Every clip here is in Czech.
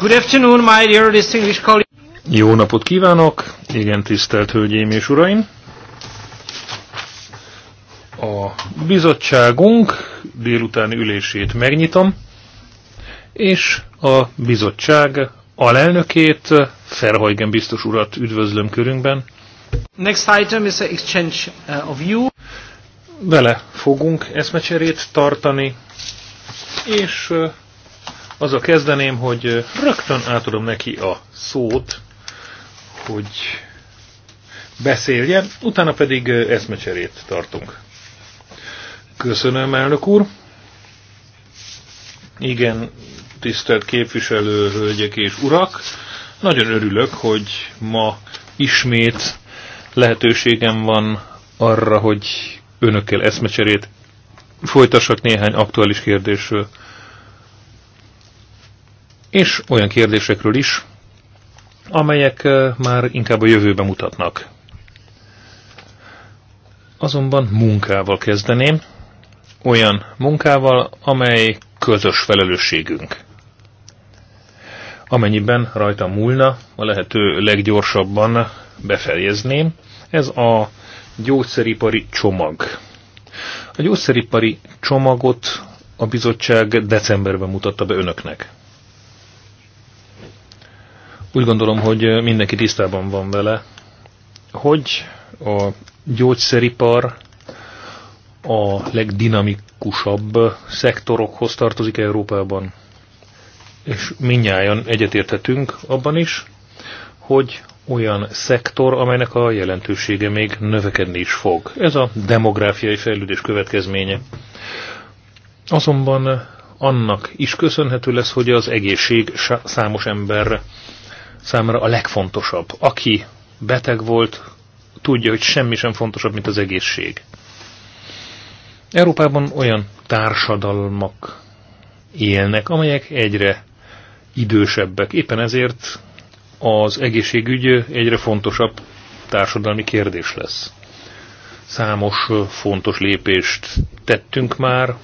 Good afternoon, my dear distinguished colleagues. Jó napot kívánok, igen tisztelt hölgyeim és uraim. A bizottságunk délutáni ülését megnyitom, és a bizottság alelnökét, Ferhajgen biztos urat üdvözlöm körünkben. Next item is exchange uh, of you. Vele fogunk eszmecserét tartani, és uh, Azzal kezdeném, hogy rögtön átadom neki a szót, hogy beszéljen, utána pedig eszmecserét tartunk. Köszönöm, elnök úr! Igen, tisztelt képviselő, hölgyek és urak! Nagyon örülök, hogy ma ismét lehetőségem van arra, hogy önökkel eszmecserét folytassak néhány aktuális kérdésről és olyan kérdésekről is, amelyek már inkább a jövőbe mutatnak. Azonban munkával kezdeném, olyan munkával, amely közös felelősségünk. Amennyiben rajta múlna, a lehető leggyorsabban befejezném, ez a gyógyszeripari csomag. A gyógyszeripari csomagot a bizottság decemberben mutatta be önöknek. Úgy gondolom, hogy mindenki tisztában van vele, hogy a gyógyszeripar a legdinamikusabb szektorokhoz tartozik Európában. És minnyáján egyetérthetünk abban is, hogy olyan szektor, amelynek a jelentősége még növekedni is fog. Ez a demográfiai fejlődés következménye. Azonban annak is köszönhető lesz, hogy az egészség számos ember számára a legfontosabb. Aki beteg volt, tudja, hogy semmi sem fontosabb, mint az egészség. Európában olyan társadalmak élnek, amelyek egyre idősebbek. Éppen ezért az egészségügy egyre fontosabb társadalmi kérdés lesz. Számos fontos lépést tettünk már,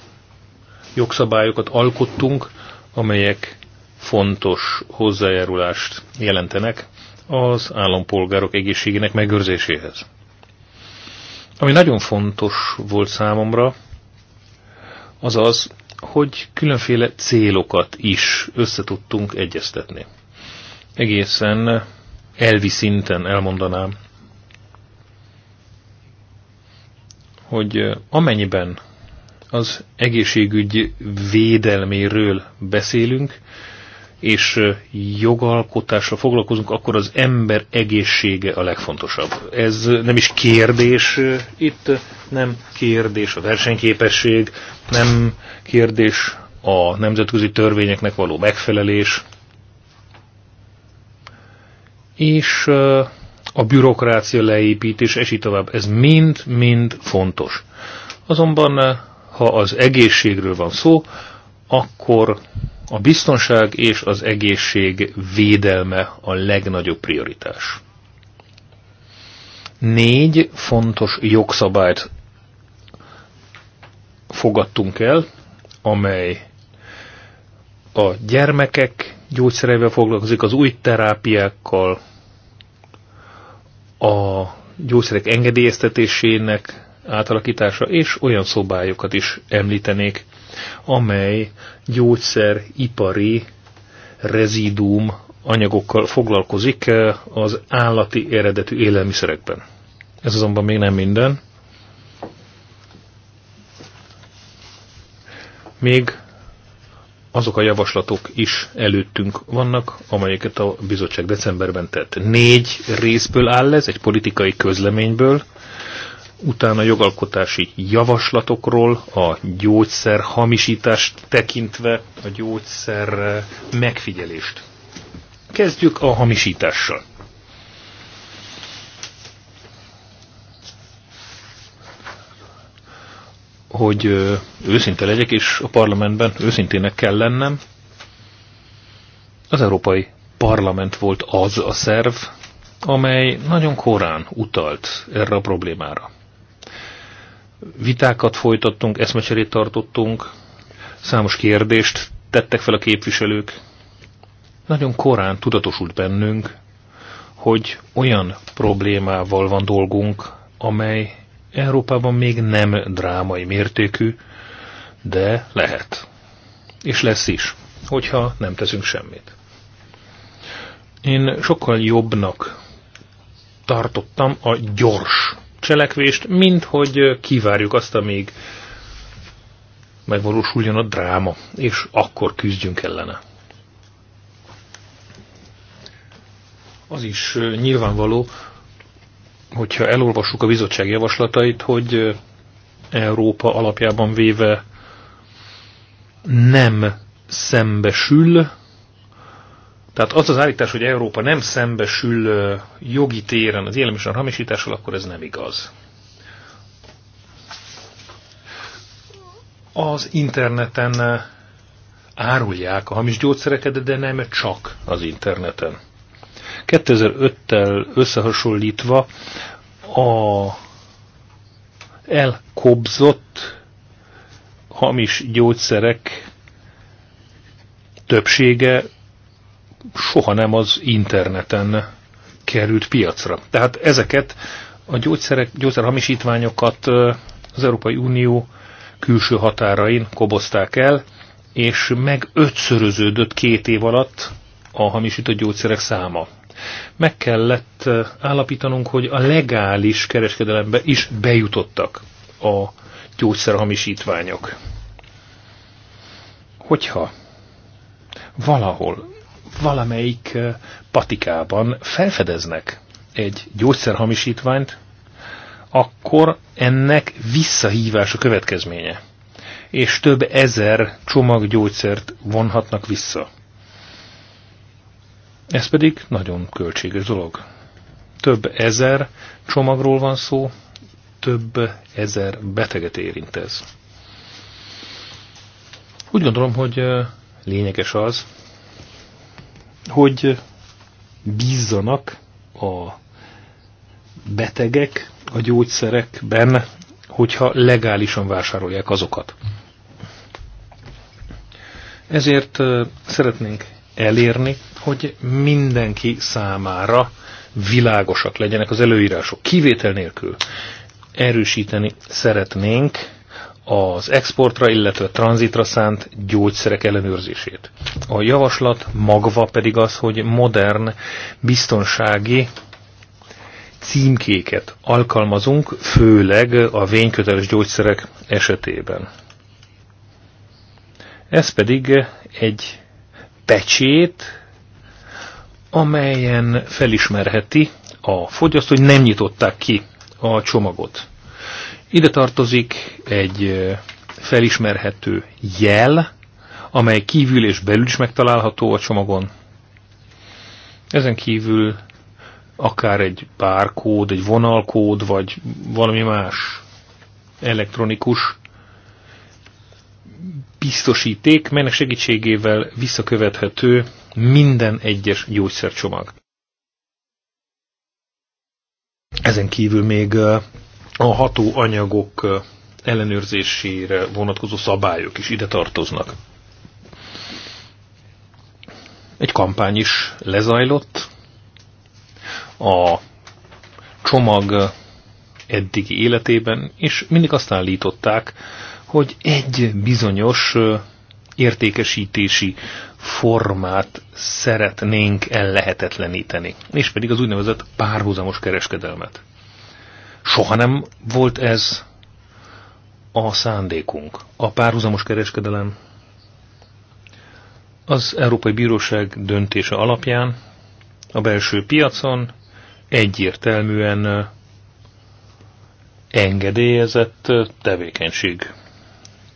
jogszabályokat alkottunk, amelyek fontos hozzájárulást jelentenek az állampolgárok egészségének megőrzéséhez. Ami nagyon fontos volt számomra, az az, hogy különféle célokat is összetudtunk egyeztetni. Egészen elvi szinten elmondanám, hogy amennyiben az egészségügy védelméről beszélünk, és jogalkotásra foglalkozunk, akkor az ember egészsége a legfontosabb. Ez nem is kérdés, itt nem kérdés a versenyképesség, nem kérdés a nemzetközi törvényeknek való megfelelés, és a bürokrácia leépítés, és így tovább. Ez mind-mind fontos. Azonban, ha az egészségről van szó, akkor a biztonság és az egészség védelme a legnagyobb prioritás. Négy fontos jogszabályt fogadtunk el, amely a gyermekek gyógyszereivel foglalkozik, az új terápiákkal, a gyógyszerek engedélyeztetésének átalakítása, és olyan szobályokat is említenék, amely gyógyszer, ipari, rezidúm anyagokkal foglalkozik eh, az állati eredetű élelmiszerekben. Ez azonban még nem minden. Még azok a javaslatok is előttünk vannak, amelyeket a bizottság decemberben tett. Négy részből áll ez, egy politikai közleményből, utána jogalkotási javaslatokról, a gyógyszer hamisítást tekintve, a gyógyszer eh, megfigyelést. Kezdjük a hamisítással. Hogy eh, őszinte legyek, és a parlamentben őszintének kell lennem, az Európai Parlament volt az a szerv, amely nagyon korán utalt erre a problémára vitákat folytattunk, eszmecserét tartottunk, számos kérdést tettek fel a képviselők. Nagyon korán tudatosult bennünk, hogy olyan problémával van dolgunk, amely Európában még nem drámai mértékű, de lehet. És lesz is, hogyha nem teszünk semmit. Én sokkal jobbnak tartottam a gyors cselekvést, mint hogy kivárjuk azt, amíg megvalósuljon a dráma, és akkor küzdjünk ellene. Az is nyilvánvaló, hogyha elolvassuk a bizottság javaslatait, hogy Európa alapjában véve nem szembesül Tehát az az állítás, hogy Európa nem szembesül jogi téren az élelmiszer hamisítással, akkor ez nem igaz. Az interneten árulják a hamis gyógyszereket, de nem csak az interneten. 2005-tel összehasonlítva a elkobzott hamis gyógyszerek többsége soha nem az interneten került piacra. Tehát ezeket a gyógyszerek, gyógyszerhamisítványokat az Európai Unió külső határain kobozták el, és meg ötszöröződött két év alatt a hamisított gyógyszerek száma. Meg kellett állapítanunk, hogy a legális kereskedelembe is bejutottak a gyógyszerhamisítványok. Hogyha valahol valamelyik eh, patikában felfedeznek egy gyógyszerhamisítványt, akkor ennek a következménye. És több ezer csomaggyógyszert vonhatnak vissza. Ez pedig nagyon költséges dolog. Több ezer csomagról van szó, több ezer beteget érint ez. Úgy gondolom, hogy eh, lényeges az, hogy bízzanak a betegek a gyógyszerekben, hogyha legálisan vásárolják azokat. Ezért szeretnénk elérni, hogy mindenki számára világosak legyenek az előírások, kivétel nélkül. Erősíteni szeretnénk az exportra, illetve tranzitra szánt gyógyszerek ellenőrzését. A javaslat magva pedig az, hogy modern, biztonsági címkéket alkalmazunk, főleg a vényköteles gyógyszerek esetében. Ez pedig egy pecsét, amelyen felismerheti a fogyasztó, hogy nem nyitották ki a csomagot. Ide tartozik egy felismerhető jel, amely kívül és belül is megtalálható a csomagon. Ezen kívül akár egy párkód, egy vonalkód, vagy valami más elektronikus biztosíték, melynek segítségével visszakövethető minden egyes gyógyszercsomag. Ezen kívül még a hatóanyagok ellenőrzésére vonatkozó szabályok is ide tartoznak. Egy kampány is lezajlott. A csomag eddigi életében, és mindig azt állították, hogy egy bizonyos értékesítési formát szeretnénk ellehetetleníteni, és pedig az úgynevezett párhuzamos kereskedelmet. Soha nem volt ez a szándékunk. A párhuzamos kereskedelem az Európai Bíróság döntése alapján a belső piacon egyértelműen engedélyezett tevékenység,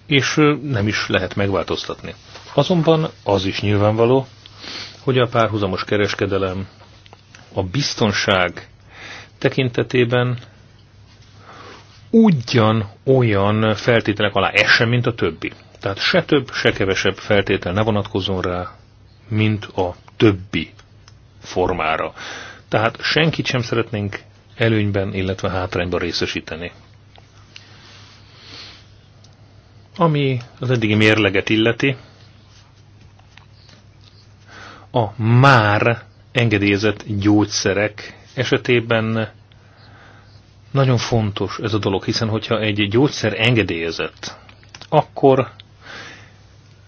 és nem is lehet megváltoztatni. Azonban az is nyilvánvaló, hogy a párhuzamos kereskedelem a biztonság tekintetében ugyan olyan feltételek alá esse, mint a többi. Tehát se több, se kevesebb feltétel ne vonatkozzon rá, mint a többi formára. Tehát senkit sem szeretnénk előnyben, illetve hátrányban részesíteni. Ami az eddigi mérleget illeti, a már engedélyezett gyógyszerek esetében Nagyon fontos ez a dolog, hiszen hogyha egy gyógyszer engedélyezett, akkor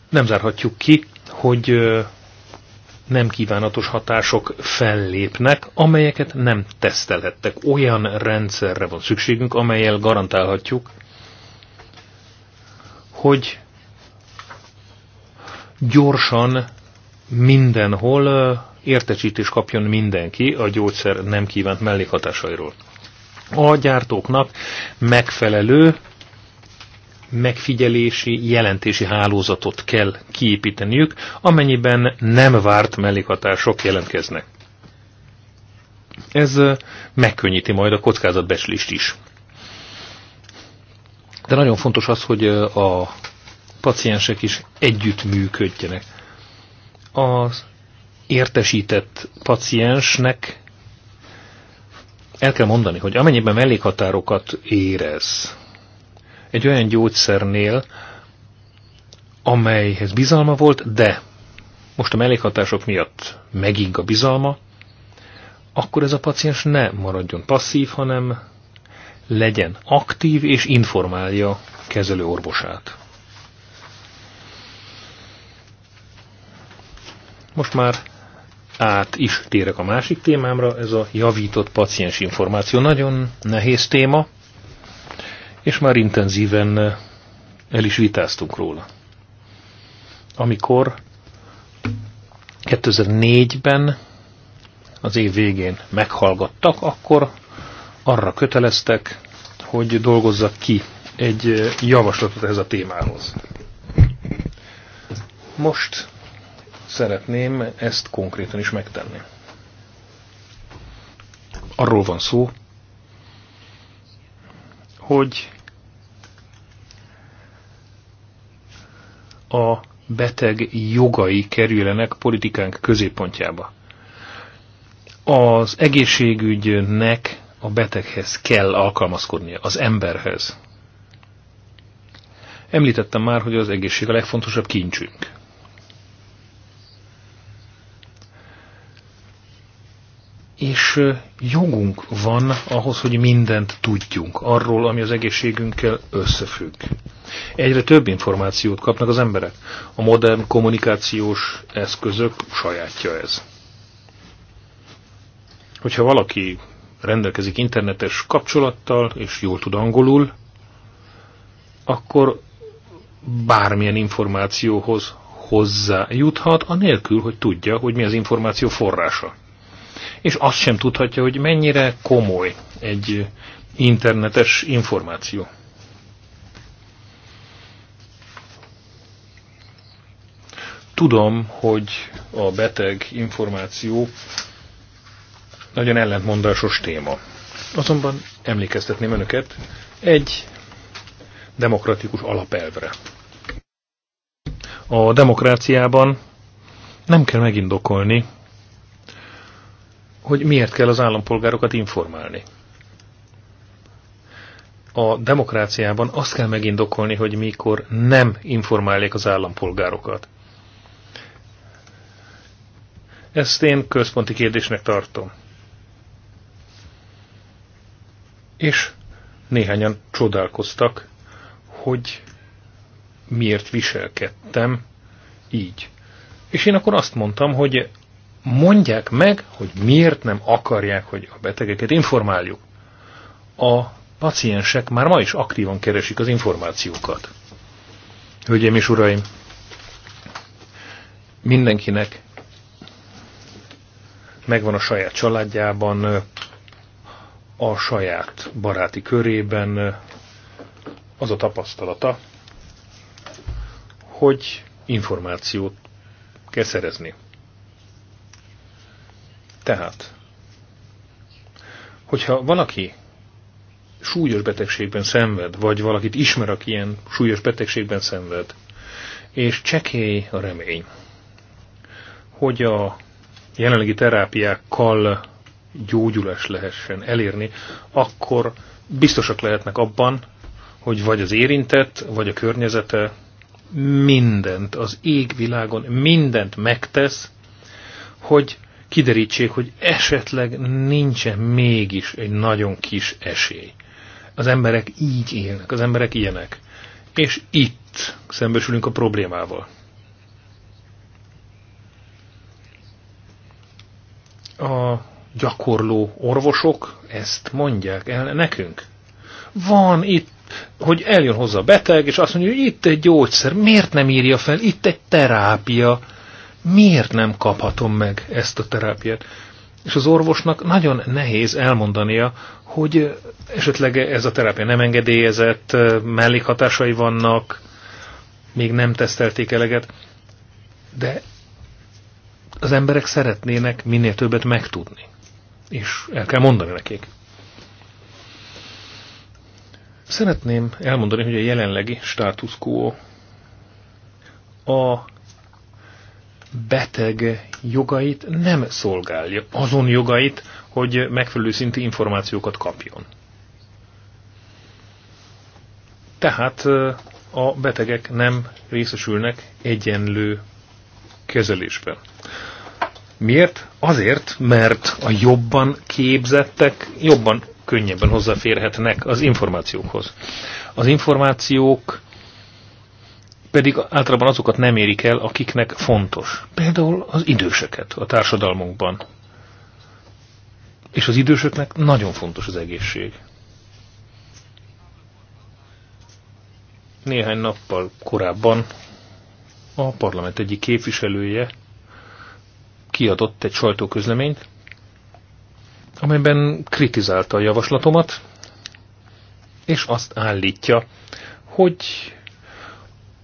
nem zárhatjuk ki, hogy nem kívánatos hatások fellépnek, amelyeket nem tesztelhettek. Olyan rendszerre van szükségünk, amelyel garantálhatjuk, hogy gyorsan mindenhol értesítést kapjon mindenki a gyógyszer nem kívánt mellékhatásairól a gyártóknak megfelelő megfigyelési, jelentési hálózatot kell kiépíteniük, amennyiben nem várt mellékhatások jelentkeznek. Ez megkönnyíti majd a kockázatbecslést is. De nagyon fontos az, hogy a paciensek is működjenek. Az értesített paciensnek el kell mondani, hogy amennyiben mellékhatárokat érez egy olyan gyógyszernél, amelyhez bizalma volt, de most a mellékhatások miatt megig a bizalma, akkor ez a paciens ne maradjon passzív, hanem legyen aktív és informálja kezelő orvosát. Most már át is térek a másik témámra, ez a javított paciens információ. Nagyon nehéz téma, és már intenzíven el is vitáztunk róla. Amikor 2004-ben az év végén meghallgattak, akkor arra köteleztek, hogy dolgozzak ki egy javaslatot ez a témához. Most szeretném ezt konkrétan is megtenni. Arról van szó, hogy a beteg jogai kerüljenek politikánk középpontjába. Az egészségügynek a beteghez kell alkalmazkodnia, az emberhez. Említettem már, hogy az egészség a legfontosabb kincsünk. és jogunk van ahhoz, hogy mindent tudjunk arról, ami az egészségünkkel összefügg. Egyre több információt kapnak az emberek. A modern kommunikációs eszközök sajátja ez. Hogyha valaki rendelkezik internetes kapcsolattal, és jól tud angolul, akkor bármilyen információhoz hozzájuthat, anélkül, hogy tudja, hogy mi az információ forrása és azt sem tudhatja, hogy mennyire komoly egy internetes információ. Tudom, hogy a beteg információ nagyon ellentmondásos téma. Azonban emlékeztetném önöket egy demokratikus alapelvre. A demokráciában nem kell megindokolni, hogy miért kell az állampolgárokat informálni. A demokráciában azt kell megindokolni, hogy mikor nem informálják az állampolgárokat. Ezt én központi kérdésnek tartom. És néhányan csodálkoztak, hogy miért viselkedtem így. És én akkor azt mondtam, hogy mondják meg, hogy miért nem akarják, hogy a betegeket informáljuk. A paciensek már ma is aktívan keresik az információkat. Hölgyeim és uraim, mindenkinek megvan a saját családjában, a saját baráti körében az a tapasztalata, hogy információt kell szerezni. Tehát, hogyha valaki súlyos betegségben szenved, vagy valakit ismer, aki ilyen súlyos betegségben szenved, és csekély a remény, hogy a jelenlegi terápiákkal gyógyulás lehessen elérni, akkor biztosak lehetnek abban, hogy vagy az érintett, vagy a környezete mindent, az égvilágon mindent megtesz, hogy kiderítsék, hogy esetleg nincsen mégis egy nagyon kis esély. Az emberek így élnek, az emberek ilyenek. És itt szembesülünk a problémával. A gyakorló orvosok ezt mondják el nekünk. Van itt, hogy eljön hozzá a beteg, és azt mondja, hogy itt egy gyógyszer, miért nem írja fel, itt egy terápia, miért nem kaphatom meg ezt a terápiát? És az orvosnak nagyon nehéz elmondania, hogy esetleg ez a terápia nem engedélyezett, mellékhatásai vannak, még nem tesztelték eleget, de az emberek szeretnének minél többet megtudni. És el kell mondani nekik. Szeretném elmondani, hogy a jelenlegi status quo a beteg jogait nem szolgálja, azon jogait, hogy megfelelő szintű információkat kapjon. Tehát a betegek nem részesülnek egyenlő kezelésben. Miért? Azért, mert a jobban képzettek jobban könnyebben hozzáférhetnek az információkhoz. Az információk pedig általában azokat nem érik el, akiknek fontos. Például az időseket a társadalmunkban. És az idősöknek nagyon fontos az egészség. Néhány nappal korábban a parlament egyik képviselője kiadott egy sajtóközleményt, amelyben kritizálta a javaslatomat, és azt állítja, hogy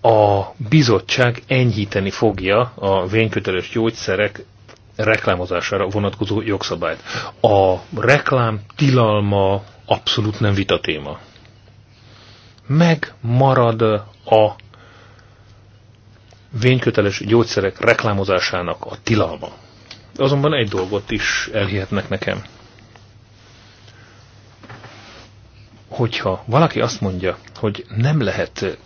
a bizottság enyhíteni fogja a vényköteles gyógyszerek reklámozására vonatkozó jogszabályt. A reklám tilalma abszolút nem téma. Megmarad a vényköteles gyógyszerek reklámozásának a tilalma. Azonban egy dolgot is elhihetnek nekem. hogyha valaki azt mondja, hogy nem lehet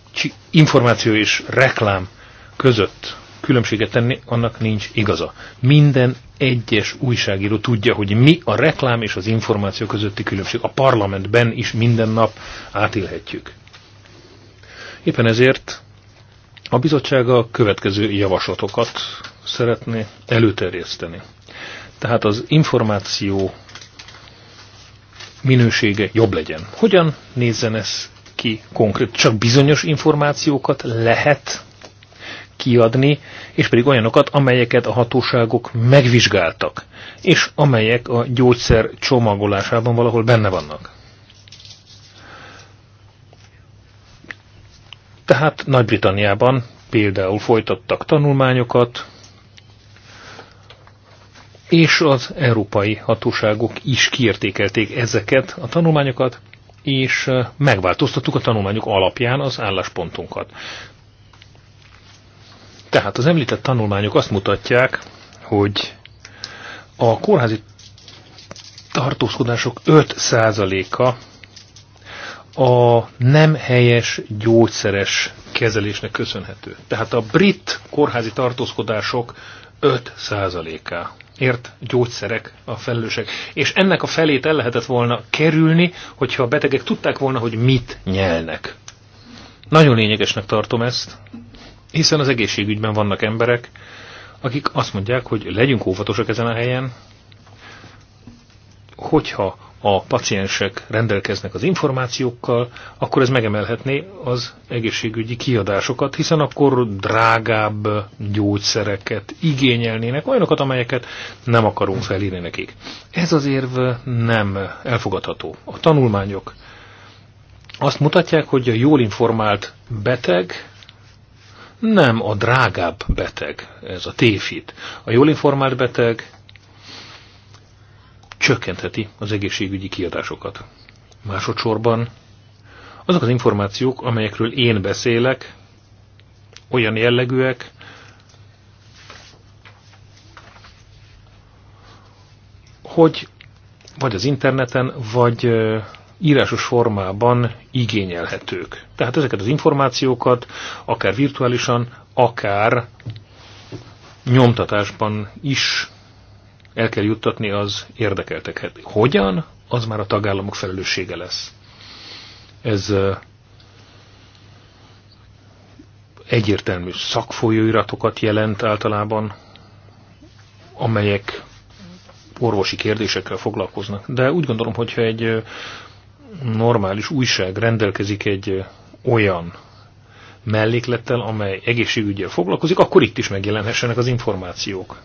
információ és reklám között különbséget tenni, annak nincs igaza. Minden egyes újságíró tudja, hogy mi a reklám és az információ közötti különbség. A parlamentben is minden nap átélhetjük. Éppen ezért a bizottság a következő javaslatokat szeretné előterjeszteni. Tehát az információ minősége jobb legyen. Hogyan nézzen ez ki konkrét? Csak bizonyos információkat lehet kiadni, és pedig olyanokat, amelyeket a hatóságok megvizsgáltak, és amelyek a gyógyszer csomagolásában valahol benne vannak. Tehát Nagy-Britanniában például folytattak tanulmányokat, és az európai hatóságok is kiértékelték ezeket a tanulmányokat, és megváltoztattuk a tanulmányok alapján az álláspontunkat. Tehát az említett tanulmányok azt mutatják, hogy a kórházi tartózkodások 5%-a a nem helyes gyógyszeres kezelésnek köszönhető. Tehát a brit kórházi tartózkodások 5%-a ért gyógyszerek a felelősek. És ennek a felét el lehetett volna kerülni, hogyha a betegek tudták volna, hogy mit nyelnek. Nagyon lényegesnek tartom ezt, hiszen az egészségügyben vannak emberek, akik azt mondják, hogy legyünk óvatosak ezen a helyen, hogyha a paciensek rendelkeznek az információkkal, akkor ez megemelhetné az egészségügyi kiadásokat, hiszen akkor drágább gyógyszereket igényelnének, olyanokat, amelyeket nem akarunk felírni nekik. Ez az érv nem elfogadható. A tanulmányok azt mutatják, hogy a jól informált beteg nem a drágább beteg, ez a téfit. A jól informált beteg csökkentheti az egészségügyi kiadásokat. Másodszorban azok az információk, amelyekről én beszélek, olyan jellegűek, hogy vagy az interneten, vagy írásos formában igényelhetők. Tehát ezeket az információkat akár virtuálisan, akár nyomtatásban is el kell juttatni az érdekelteket. Hogyan? Az már a tagállamok felelőssége lesz. Ez egyértelmű szakfolyóiratokat jelent általában, amelyek orvosi kérdésekkel foglalkoznak. De úgy gondolom, hogyha egy normális újság rendelkezik egy olyan melléklettel, amely egészségügyel foglalkozik, akkor itt is megjelenhessenek az információk.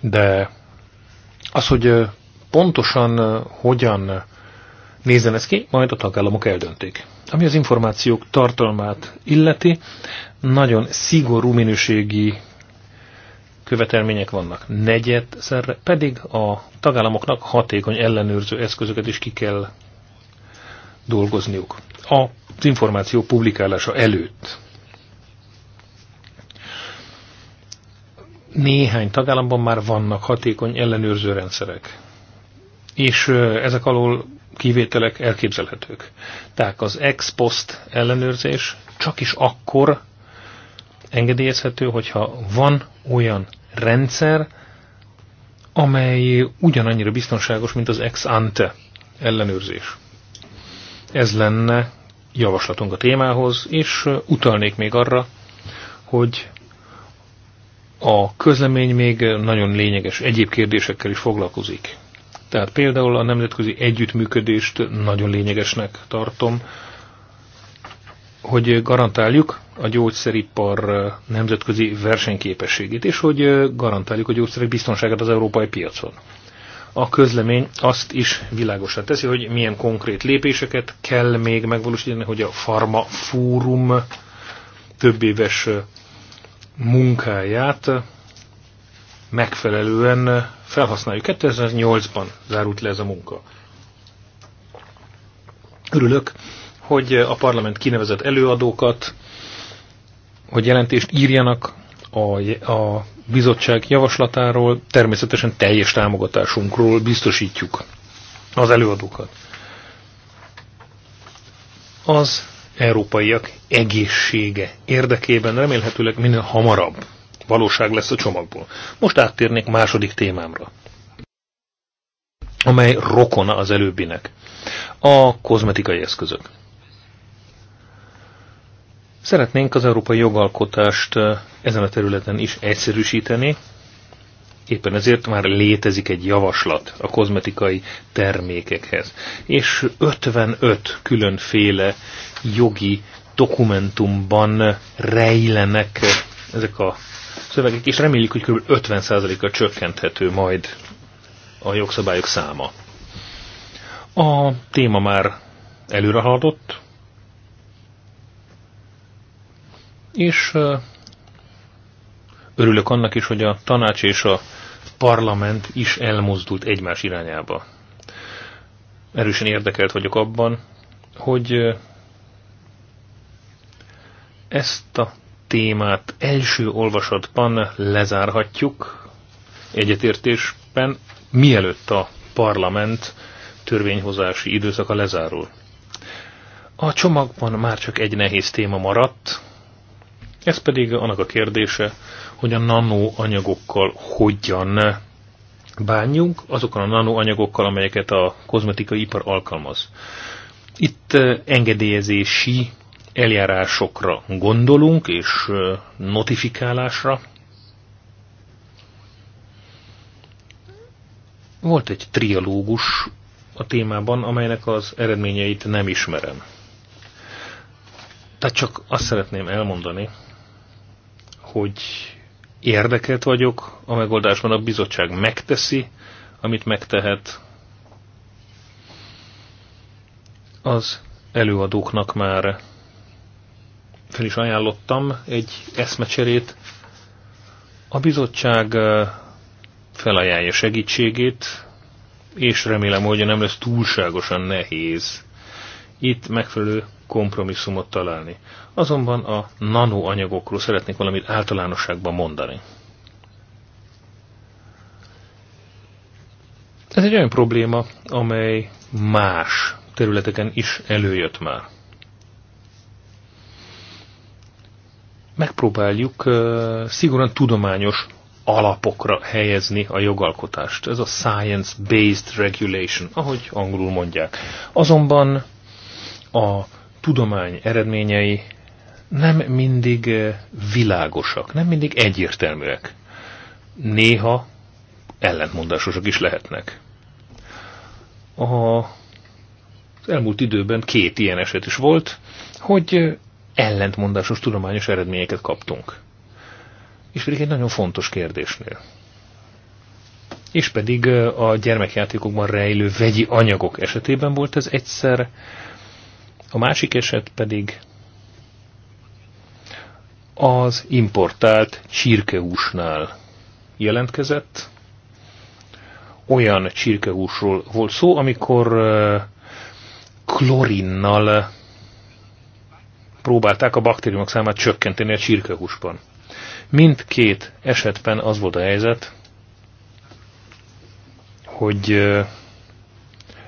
De az, hogy pontosan hogyan nézzen ez ki, majd a tagállamok eldöntik. Ami az információk tartalmát illeti, nagyon szigorú minőségi követelmények vannak. Negyedszerre pedig a tagállamoknak hatékony ellenőrző eszközöket is ki kell dolgozniuk. Az információ publikálása előtt Néhány tagállamban már vannak hatékony ellenőrző rendszerek, és ezek alól kivételek elképzelhetők. Tehát az ex post ellenőrzés csak is akkor engedélyezhető, hogyha van olyan rendszer, amely ugyanannyira biztonságos, mint az ex ante ellenőrzés. Ez lenne javaslatunk a témához, és utalnék még arra, hogy a közlemény még nagyon lényeges egyéb kérdésekkel is foglalkozik. Tehát például a nemzetközi együttműködést nagyon lényegesnek tartom, hogy garantáljuk a gyógyszeripar nemzetközi versenyképességét, és hogy garantáljuk a gyógyszerek biztonságát az európai piacon. A közlemény azt is világosan teszi, hogy milyen konkrét lépéseket kell még megvalósítani, hogy a Pharma Fórum több éves munkáját megfelelően felhasználjuk. 2008-ban zárult le ez a munka. Örülök, hogy a parlament kinevezett előadókat, hogy jelentést írjanak a, a bizottság javaslatáról, természetesen teljes támogatásunkról biztosítjuk az előadókat. Az európaiak egészsége érdekében remélhetőleg minél hamarabb valóság lesz a csomagból. Most áttérnék második témámra, amely rokona az előbbinek. A kozmetikai eszközök. Szeretnénk az európai jogalkotást eh, ezen a területen is egyszerűsíteni, Éppen ezért már létezik egy javaslat a kozmetikai termékekhez. És 55 különféle jogi dokumentumban rejlenek ezek a szövegek, és reméljük, hogy kb. 50 a csökkenthető majd a jogszabályok száma. A téma már előre haladott, és örülök annak is, hogy a tanács és a parlament is elmozdult egymás irányába. Erősen érdekelt vagyok abban, hogy ezt a témát első olvasatban lezárhatjuk egyetértésben, mielőtt a parlament törvényhozási időszaka lezárul. A csomagban már csak egy nehéz téma maradt, ez pedig annak a kérdése, hogy a nanóanyagokkal hogyan bánjunk, azokkal a nanóanyagokkal, amelyeket a kozmetikai ipar alkalmaz. Itt engedélyezési eljárásokra gondolunk, és notifikálásra. Volt egy trialógus a témában, amelynek az eredményeit nem ismerem. Tehát csak azt szeretném elmondani, hogy érdekelt vagyok a megoldásban, a bizottság megteszi, amit megtehet. Az előadóknak már fel is ajánlottam egy eszmecserét. A bizottság felajánlja segítségét, és remélem, hogy nem lesz túlságosan nehéz itt megfelelő kompromisszumot találni. Azonban a nanoanyagokról szeretnék valamit általánosságban mondani. Ez egy olyan probléma, amely más területeken is előjött már. Megpróbáljuk uh, szigorúan tudományos alapokra helyezni a jogalkotást. Ez a science-based regulation, ahogy angolul mondják. Azonban a tudomány eredményei nem mindig világosak, nem mindig egyértelműek. Néha ellentmondásosak is lehetnek. A elmúlt időben két ilyen eset is volt, hogy ellentmondásos tudományos eredményeket kaptunk. És pedig egy nagyon fontos kérdésnél. És pedig a gyermekjátékokban rejlő vegyi anyagok esetében volt ez egyszer, a másik eset pedig az importált csirkehúsnál jelentkezett. Olyan csirkehúsról volt szó, amikor klorinnal próbálták a baktériumok számát csökkenteni a csirkehúsban. Mindkét esetben az volt a helyzet, hogy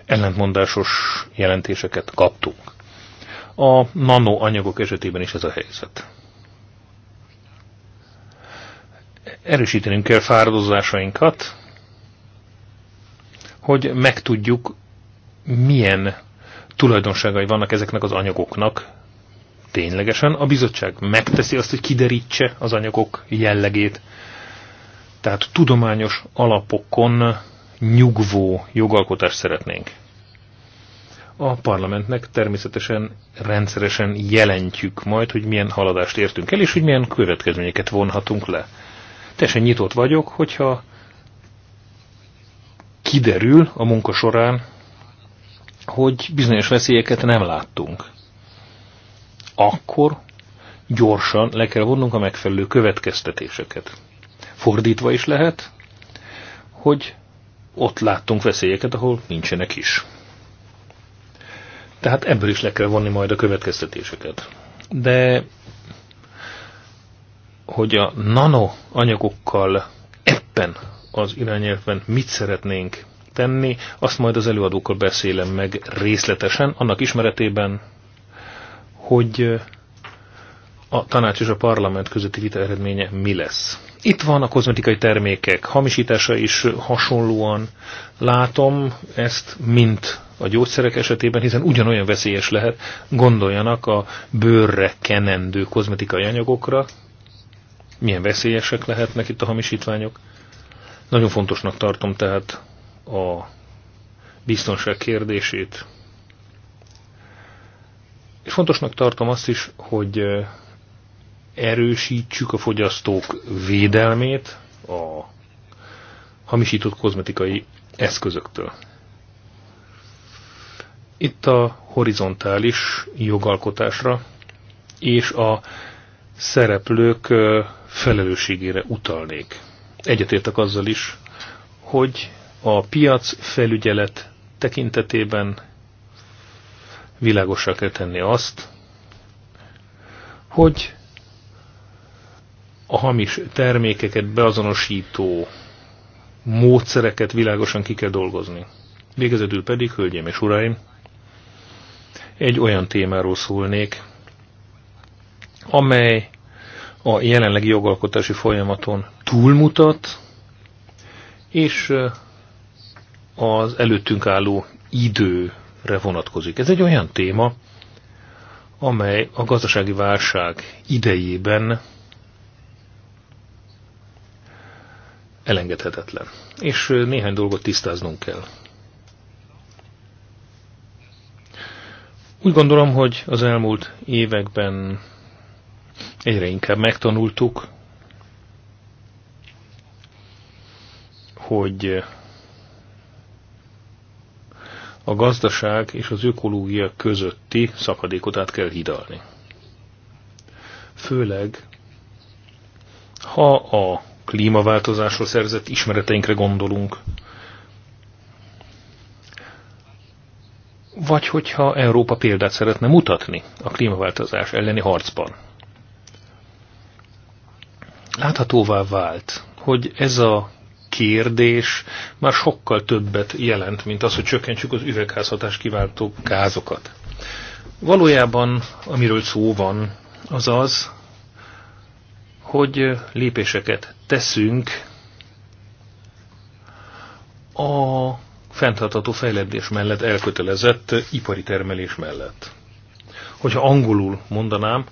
ellentmondásos jelentéseket kaptunk. A nanoanyagok esetében is ez a helyzet. Erősítenünk kell fáradozásainkat, hogy megtudjuk, milyen tulajdonságai vannak ezeknek az anyagoknak ténylegesen. A bizottság megteszi azt, hogy kiderítse az anyagok jellegét. Tehát tudományos alapokon nyugvó jogalkotást szeretnénk a parlamentnek természetesen rendszeresen jelentjük majd, hogy milyen haladást értünk el, és hogy milyen következményeket vonhatunk le. Teljesen nyitott vagyok, hogyha kiderül a munka során, hogy bizonyos veszélyeket nem láttunk. Akkor gyorsan le kell vonnunk a megfelelő következtetéseket. Fordítva is lehet, hogy ott láttunk veszélyeket, ahol nincsenek is. Tehát ebből is le kell vonni majd a következtetéseket. De hogy a nano anyagokkal ebben az irányelvben mit szeretnénk tenni, azt majd az előadókkal beszélem meg részletesen, annak ismeretében, hogy a tanács és a parlament közötti vita eredménye mi lesz. Itt van a kozmetikai termékek hamisítása is hasonlóan. Látom ezt, mint a gyógyszerek esetében, hiszen ugyanolyan veszélyes lehet. Gondoljanak a bőrre kenendő kozmetikai anyagokra, milyen veszélyesek lehetnek itt a hamisítványok. Nagyon fontosnak tartom tehát a biztonság kérdését. És fontosnak tartom azt is, hogy erősítsük a fogyasztók védelmét a hamisított kozmetikai eszközöktől. Itt a horizontális jogalkotásra és a szereplők felelősségére utalnék. Egyetértek azzal is, hogy a piac felügyelet tekintetében világosra kell tenni azt, hogy a hamis termékeket beazonosító módszereket világosan ki kell dolgozni. Végezetül pedig, hölgyeim és uraim, egy olyan témáról szólnék, amely a jelenlegi jogalkotási folyamaton túlmutat, és az előttünk álló időre vonatkozik. Ez egy olyan téma, amely a gazdasági válság idejében elengedhetetlen. És néhány dolgot tisztáznunk kell. Úgy gondolom, hogy az elmúlt években egyre inkább megtanultuk, hogy a gazdaság és az ökológia közötti szakadékot át kell hidalni. Főleg, ha a klímaváltozásról szerzett ismereteinkre gondolunk. Vagy hogyha Európa példát szeretne mutatni a klímaváltozás elleni harcban. Láthatóvá vált, hogy ez a kérdés már sokkal többet jelent, mint az, hogy csökkentsük az üvegházhatás kiváltó gázokat. Valójában, amiről szó van, az az, hogy lépéseket teszünk a fenntartható fejlődés mellett elkötelezett ipari termelés mellett. Hogyha angolul mondanám,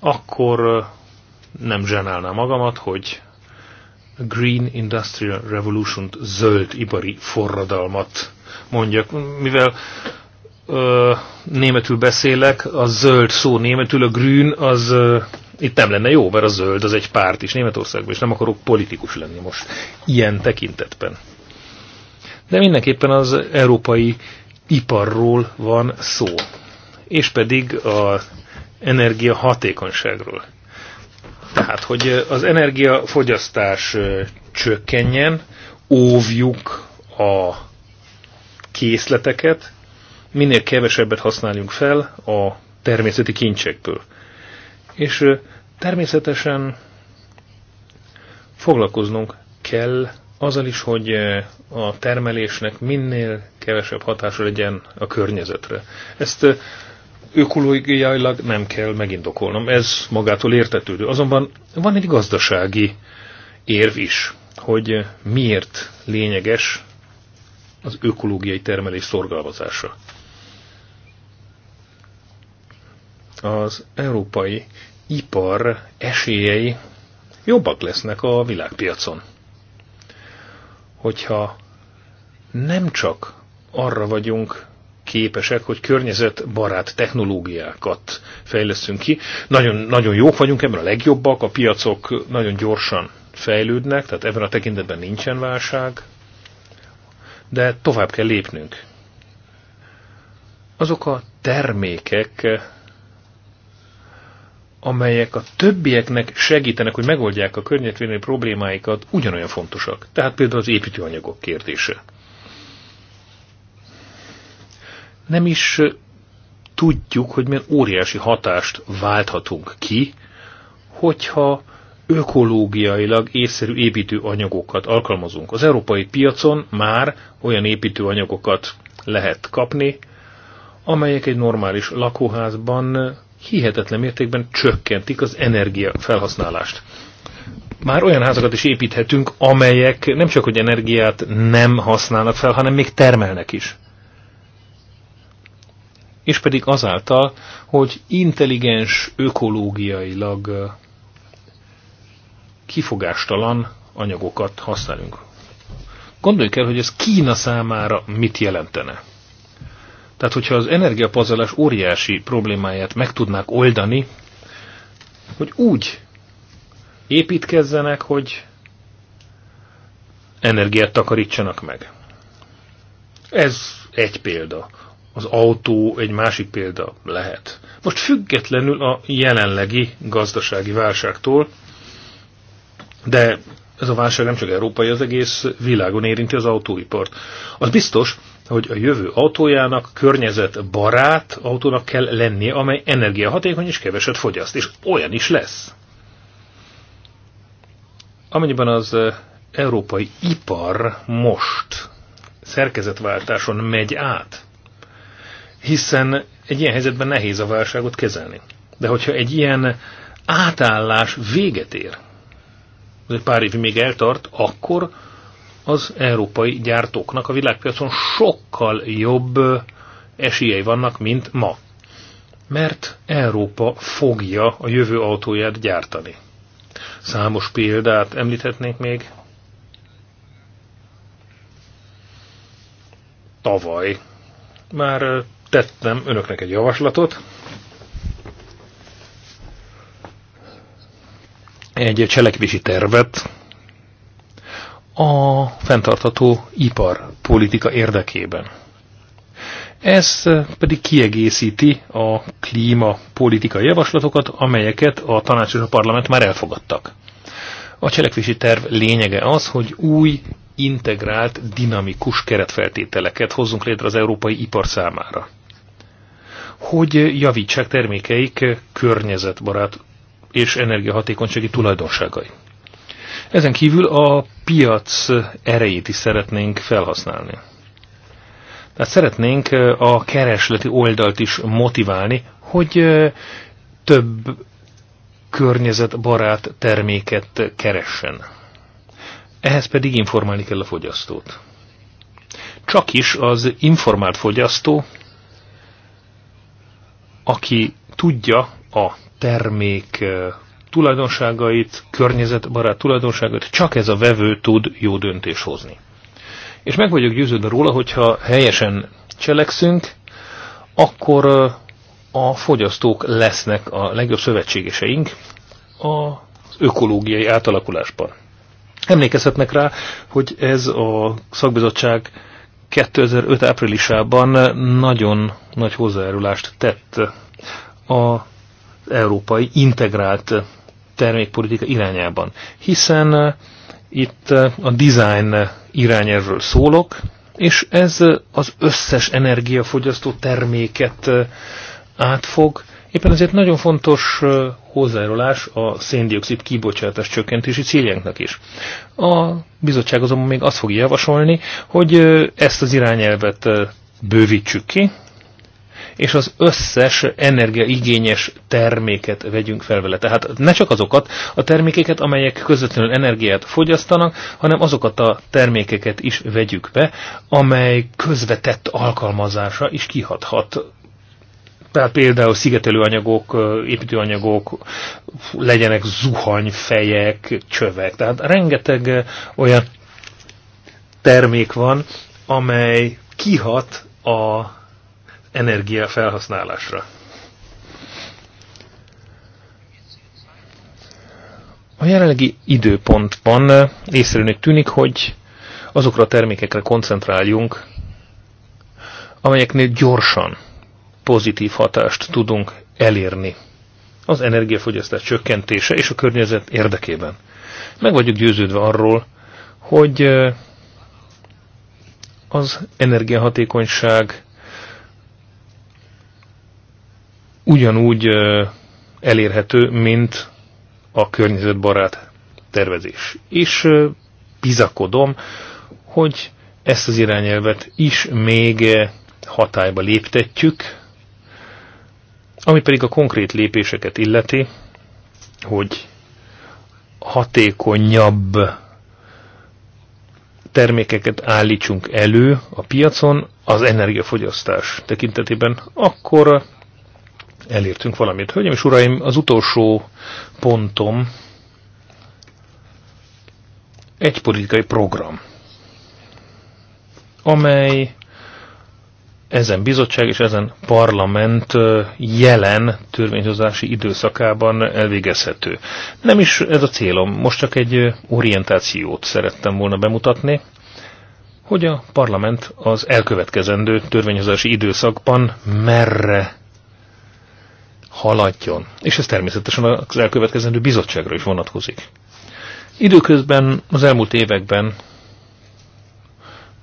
akkor nem zsenálnám magamat, hogy Green Industrial revolution zöld ipari forradalmat mondjak, mivel ö, németül beszélek, a zöld szó németül, a green az ö, itt nem lenne jó, mert a zöld az egy párt is Németországban, és nem akarok politikus lenni most ilyen tekintetben. De mindenképpen az európai iparról van szó, és pedig az energia hatékonyságról. Tehát, hogy az energiafogyasztás csökkenjen, óvjuk a készleteket, minél kevesebbet használjunk fel a természeti kincsekből. És természetesen foglalkoznunk kell azzal is, hogy a termelésnek minél kevesebb hatása legyen a környezetre. Ezt ökológiailag nem kell megindokolnom, ez magától értetődő. Azonban van egy gazdasági érv is, hogy miért lényeges az ökológiai termelés szorgalmazása. Az európai ipar esélyei jobbak lesznek a világpiacon. Hogyha nem csak arra vagyunk képesek, hogy környezetbarát technológiákat fejlesztünk ki. Nagyon, nagyon jók vagyunk ebben, a legjobbak, a piacok nagyon gyorsan fejlődnek, tehát ebben a tekintetben nincsen válság, de tovább kell lépnünk. Azok a termékek, amelyek a többieknek segítenek, hogy megoldják a környezetvédelmi problémáikat, ugyanolyan fontosak. Tehát például az építőanyagok kérdése. Nem is tudjuk, hogy milyen óriási hatást válthatunk ki, hogyha ökológiailag észszerű építőanyagokat alkalmazunk. Az európai piacon már olyan építőanyagokat lehet kapni, amelyek egy normális lakóházban hihetetlen mértékben csökkentik az energia felhasználást. Már olyan házakat is építhetünk, amelyek nem csak, hogy energiát nem használnak fel, hanem még termelnek is. És pedig azáltal, hogy intelligens, ökológiailag kifogástalan anyagokat használunk. Gondoljuk el, hogy ez Kína számára mit jelentene. Tehát, hogyha az energiapazarlás óriási problémáját meg tudnák oldani, hogy úgy építkezzenek, hogy energiát takarítsanak meg. Ez egy példa. Az autó egy másik példa lehet. Most függetlenül a jelenlegi gazdasági válságtól, de ez a válság nem csak európai, az egész világon érinti az autóipart. Az biztos, hogy a jövő autójának barát autónak kell lennie, amely energiahatékony és keveset fogyaszt, és olyan is lesz. Amennyiben az eh, európai ipar most szerkezetváltáson megy át, hiszen egy ilyen helyzetben nehéz a válságot kezelni. De hogyha egy ilyen átállás véget ér, vagy pár évig még eltart, akkor az európai gyártóknak a világpiacon sokkal jobb esélyei vannak, mint ma. Mert Európa fogja a jövő autóját gyártani. Számos példát említhetnék még. Tavaly már tettem önöknek egy javaslatot. Egy cselekvési tervet a fenntartató iparpolitika érdekében. Ez pedig kiegészíti a klímapolitikai javaslatokat, amelyeket a tanács és a parlament már elfogadtak. A cselekvési terv lényege az, hogy új, integrált, dinamikus keretfeltételeket hozzunk létre az európai ipar számára. Hogy javítsák termékeik környezetbarát és energiahatékonysági tulajdonságai. Ezen kívül a piac erejét is szeretnénk felhasználni. Tehát szeretnénk a keresleti oldalt is motiválni, hogy több környezetbarát terméket keressen. Ehhez pedig informálni kell a fogyasztót. Csak is az informált fogyasztó, aki tudja a termék tulajdonságait, környezetbarát tulajdonságait, csak ez a vevő tud jó döntés hozni. És meg vagyok győződve róla, hogyha helyesen cselekszünk, akkor a fogyasztók lesznek a legjobb szövetségeseink az ökológiai átalakulásban. Emlékezhetnek rá, hogy ez a szakbizottság 2005 áprilisában nagyon nagy hozzájárulást tett az európai integrált termékpolitika irányában, hiszen eh, itt eh, a design eh, irányelvről szólok, és ez az összes energiafogyasztó terméket átfog. Éppen ezért nagyon fontos hozzájárulás a széndiokszid kibocsátás csökkentési céljánknak is. A bizottság azonban még azt fogja javasolni, hogy ezt az irányelvet bővítsük ki, és az összes energiaigényes terméket vegyünk fel vele. Tehát ne csak azokat a termékeket, amelyek közvetlenül energiát fogyasztanak, hanem azokat a termékeket is vegyük be, amely közvetett alkalmazása is kihathat tehát például szigetelőanyagok, építőanyagok, legyenek zuhanyfejek, csövek. Tehát rengeteg eh, olyan termék van, amely kihat a energiafelhasználásra. A jelenlegi időpontban észrevőnek tűnik, hogy azokra a termékekre koncentráljunk, amelyeknél gyorsan pozitív hatást tudunk elérni az energiafogyasztás csökkentése és a környezet érdekében. Meg vagyok győződve arról, hogy az energiahatékonyság ugyanúgy elérhető, mint a környezetbarát tervezés. És bizakodom, hogy ezt az irányelvet is még hatályba léptetjük, ami pedig a konkrét lépéseket illeti, hogy hatékonyabb termékeket állítsunk elő a piacon az energiafogyasztás tekintetében, akkor elértünk valamit. Hölgyeim és uraim, az utolsó pontom egy politikai program, amely ezen bizottság és ezen parlament jelen törvényhozási időszakában elvégezhető. Nem is ez a célom, most csak egy orientációt szerettem volna bemutatni, hogy a parlament az elkövetkezendő törvényhozási időszakban merre haladjon. És ez természetesen az elkövetkezendő bizottságra is vonatkozik. Időközben az elmúlt években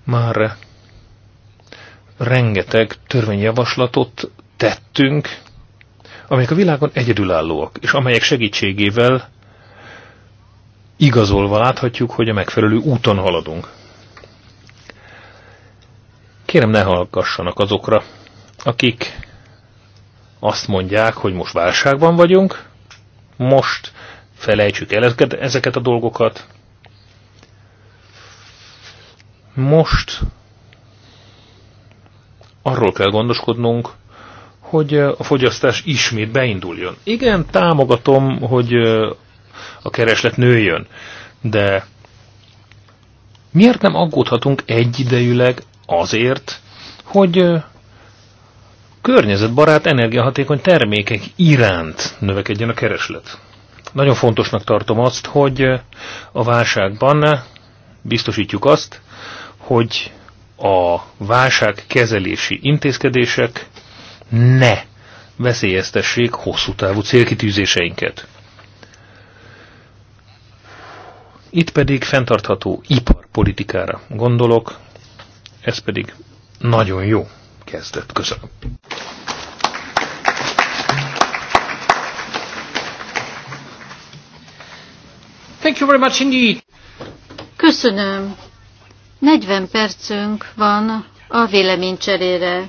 már rengeteg törvényjavaslatot tettünk, amelyek a világon egyedülállóak, és amelyek segítségével igazolva láthatjuk, hogy a megfelelő úton haladunk. Kérem ne hallgassanak azokra, akik azt mondják, hogy most válságban vagyunk, most felejtsük el ezeket a dolgokat, most arról kell gondoskodnunk, hogy a fogyasztás ismét beinduljon. Igen, támogatom, hogy a kereslet nőjön, de miért nem aggódhatunk egyidejűleg azért, hogy környezetbarát, energiahatékony termékek iránt növekedjen a kereslet. Nagyon fontosnak tartom azt, hogy a válságban biztosítjuk azt, hogy a kezelési intézkedések ne veszélyeztessék hosszú távú célkitűzéseinket. Itt pedig fenntartható iparpolitikára gondolok, ez pedig nagyon jó kezdett. Köszönöm. Thank you very much indeed. Köszönöm. 40 percünk van a véleménycserére.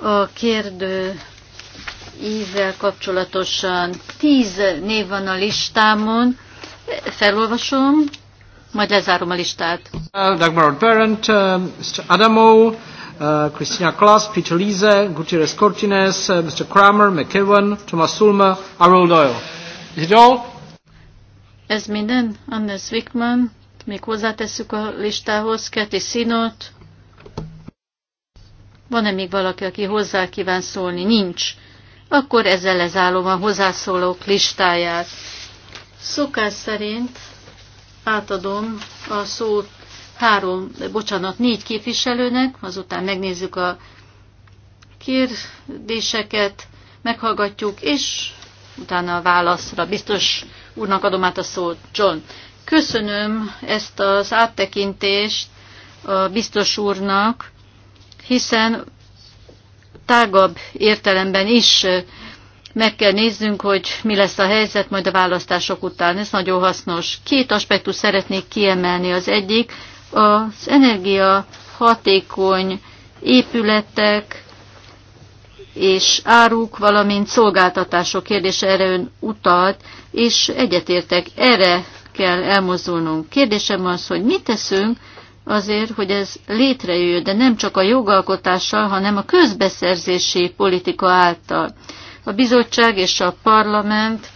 A kérdő ízzel kapcsolatosan 10 név van a listámon. Felolvasom, majd lezárom a listát. Uh, Dagmar Berend, um, Mr. Adamo, uh, Christina Klaas, Peter Liese, Gutierrez Cortines, uh, eh, Mr. Kramer, McEwen, Thomas Sulmer, Arul Doyle. Is it all? Ez minden, Anders Wickman, még hozzáteszük a listához Keti Sinot. Van-e még valaki, aki hozzá kíván szólni? Nincs. Akkor ezzel lezállom a hozzászólók listáját. Szokás szerint átadom a szót három, bocsánat, négy képviselőnek, azután megnézzük a kérdéseket, meghallgatjuk, és utána a válaszra. Biztos úrnak adom át a szót, John. Köszönöm ezt az áttekintést a biztos úrnak, hiszen tágabb értelemben is meg kell néznünk, hogy mi lesz a helyzet majd a választások után. Ez nagyon hasznos. Két aspektus szeretnék kiemelni. Az egyik az energia hatékony épületek és áruk, valamint szolgáltatások kérdése erre ön utalt, és egyetértek, erre kell elmozdulnunk. Kérdésem az, hogy mit teszünk azért, hogy ez létrejöjjön, de nem csak a jogalkotással, hanem a közbeszerzési politika által. A bizottság és a parlament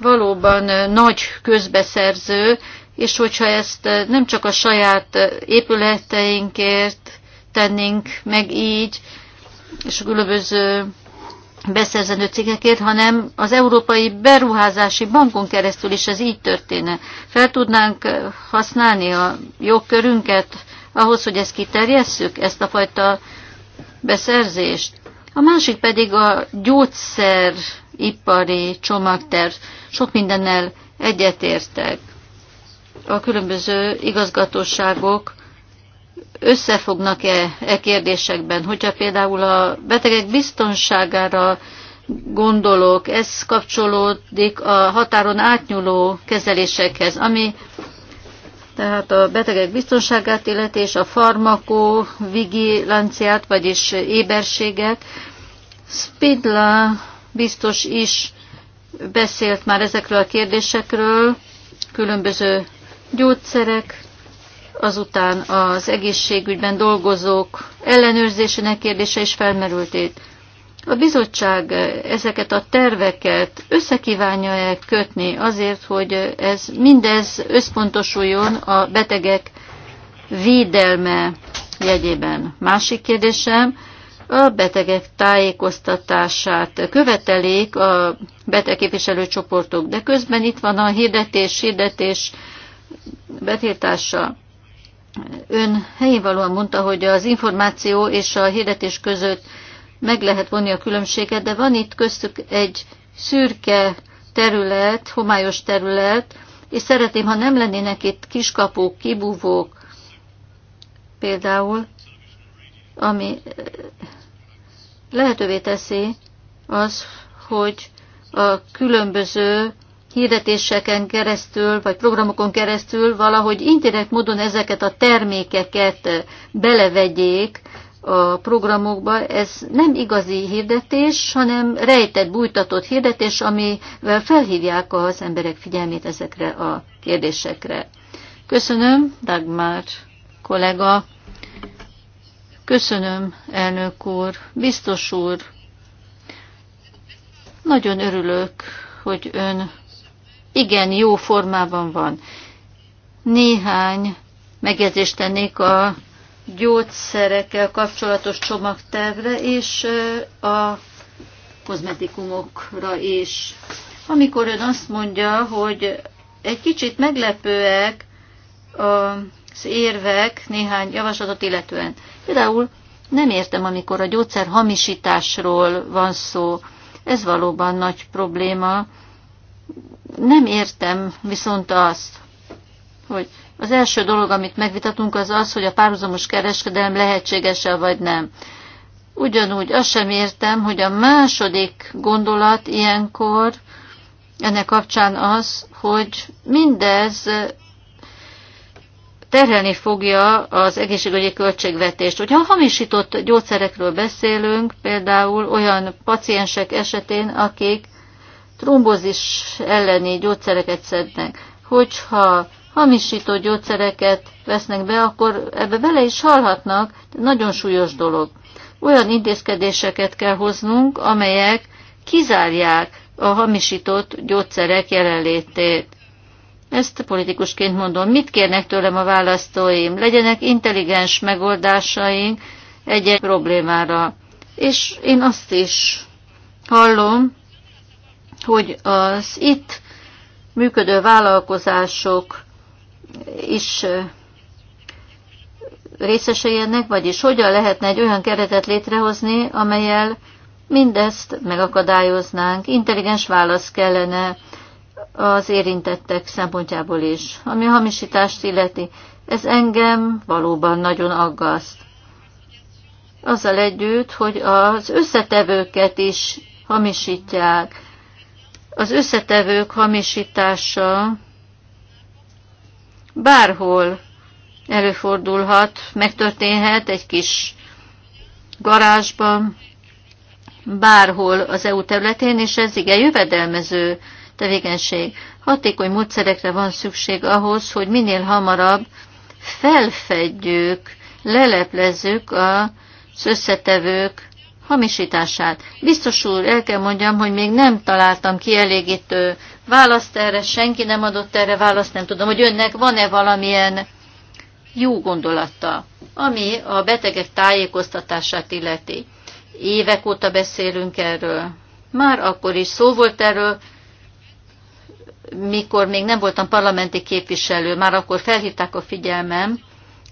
valóban nagy közbeszerző, és hogyha ezt eh, nem csak a saját eh, épületeinkért tennénk meg így, és a különböző beszerzendő cégekért, hanem az Európai Beruházási Bankon keresztül is ez így történne. Fel tudnánk eh, használni a jogkörünket ahhoz, hogy ezt kiterjesszük, ezt a fajta beszerzést. A másik pedig a gyógyszeripari csomagterv. Sok mindennel egyetértek a különböző igazgatóságok összefognak-e e kérdésekben. Hogyha például a betegek biztonságára gondolok, ez kapcsolódik a határon átnyúló kezelésekhez, ami tehát a betegek biztonságát illeti és a vigilanciát, vagyis éberséget. Spidla biztos is beszélt már ezekről a kérdésekről, különböző gyógyszerek, azután az egészségügyben dolgozók ellenőrzésének kérdése is felmerült itt. A bizottság ezeket a terveket összekívánja-e kötni azért, hogy ez mindez összpontosuljon a betegek védelme jegyében? Másik kérdésem, a betegek tájékoztatását követelik a betegképviselő csoportok, de közben itt van a hirdetés, hirdetés, betiltása. Ön helyén valóan mondta, hogy az információ és a hirdetés között meg lehet vonni a különbséget, de van itt köztük egy szürke terület, homályos terület, és szeretném, ha nem lennének itt kiskapók, kibúvók, például, ami lehetővé teszi az, hogy a különböző hirdetéseken keresztül, vagy programokon keresztül valahogy indirekt módon ezeket a termékeket belevegyék a programokba. Ez nem igazi hirdetés, hanem rejtett, bújtatott hirdetés, amivel felhívják az emberek figyelmét ezekre a kérdésekre. Köszönöm, Dagmar kollega. Köszönöm, elnök úr, biztos úr. Nagyon örülök, hogy ön igen jó formában van. Néhány megjegyzést tennék a gyógyszerekkel kapcsolatos csomagtervre és a kozmetikumokra is. Amikor ön azt mondja, hogy egy kicsit meglepőek az érvek néhány javaslatot illetően. Például nem értem, amikor a gyógyszer hamisításról van szó. Ez valóban nagy probléma, nem értem viszont azt, hogy az első dolog, amit megvitatunk, az az, hogy a párhuzamos kereskedelem lehetséges-e vagy nem. Ugyanúgy azt sem értem, hogy a második gondolat ilyenkor ennek kapcsán az, hogy mindez terhelni fogja az egészségügyi költségvetést. Hogyha hamisított gyógyszerekről beszélünk, például olyan paciensek esetén, akik trombozis elleni gyógyszereket szednek. Hogyha hamisító gyógyszereket vesznek be, akkor ebbe bele is halhatnak, nagyon súlyos dolog. Olyan intézkedéseket kell hoznunk, amelyek kizárják a hamisított gyógyszerek jelenlétét. Ezt politikusként mondom, mit kérnek tőlem a választóim? Legyenek intelligens megoldásaink egy-egy problémára. És én azt is hallom, hogy az itt működő vállalkozások is ennek, vagyis hogyan lehetne egy olyan keretet létrehozni, amelyel mindezt megakadályoznánk. Intelligens válasz kellene az érintettek szempontjából is, ami a hamisítást illeti. Ez engem valóban nagyon aggaszt. Azzal együtt, hogy az összetevőket is hamisítják, az összetevők hamisítása bárhol előfordulhat, megtörténhet egy kis garázsban, bárhol az EU területén, és ez igen jövedelmező tevékenység. Hatékony módszerekre van szükség ahhoz, hogy minél hamarabb felfedjük, leleplezzük az összetevők hamisítását. Biztos úr, el kell mondjam, hogy még nem találtam kielégítő választ erre, senki nem adott erre választ, nem tudom, hogy önnek van-e valamilyen jó gondolata, ami a betegek tájékoztatását illeti. Évek óta beszélünk erről. Már akkor is szó volt erről, mikor még nem voltam parlamenti képviselő, már akkor felhívták a figyelmem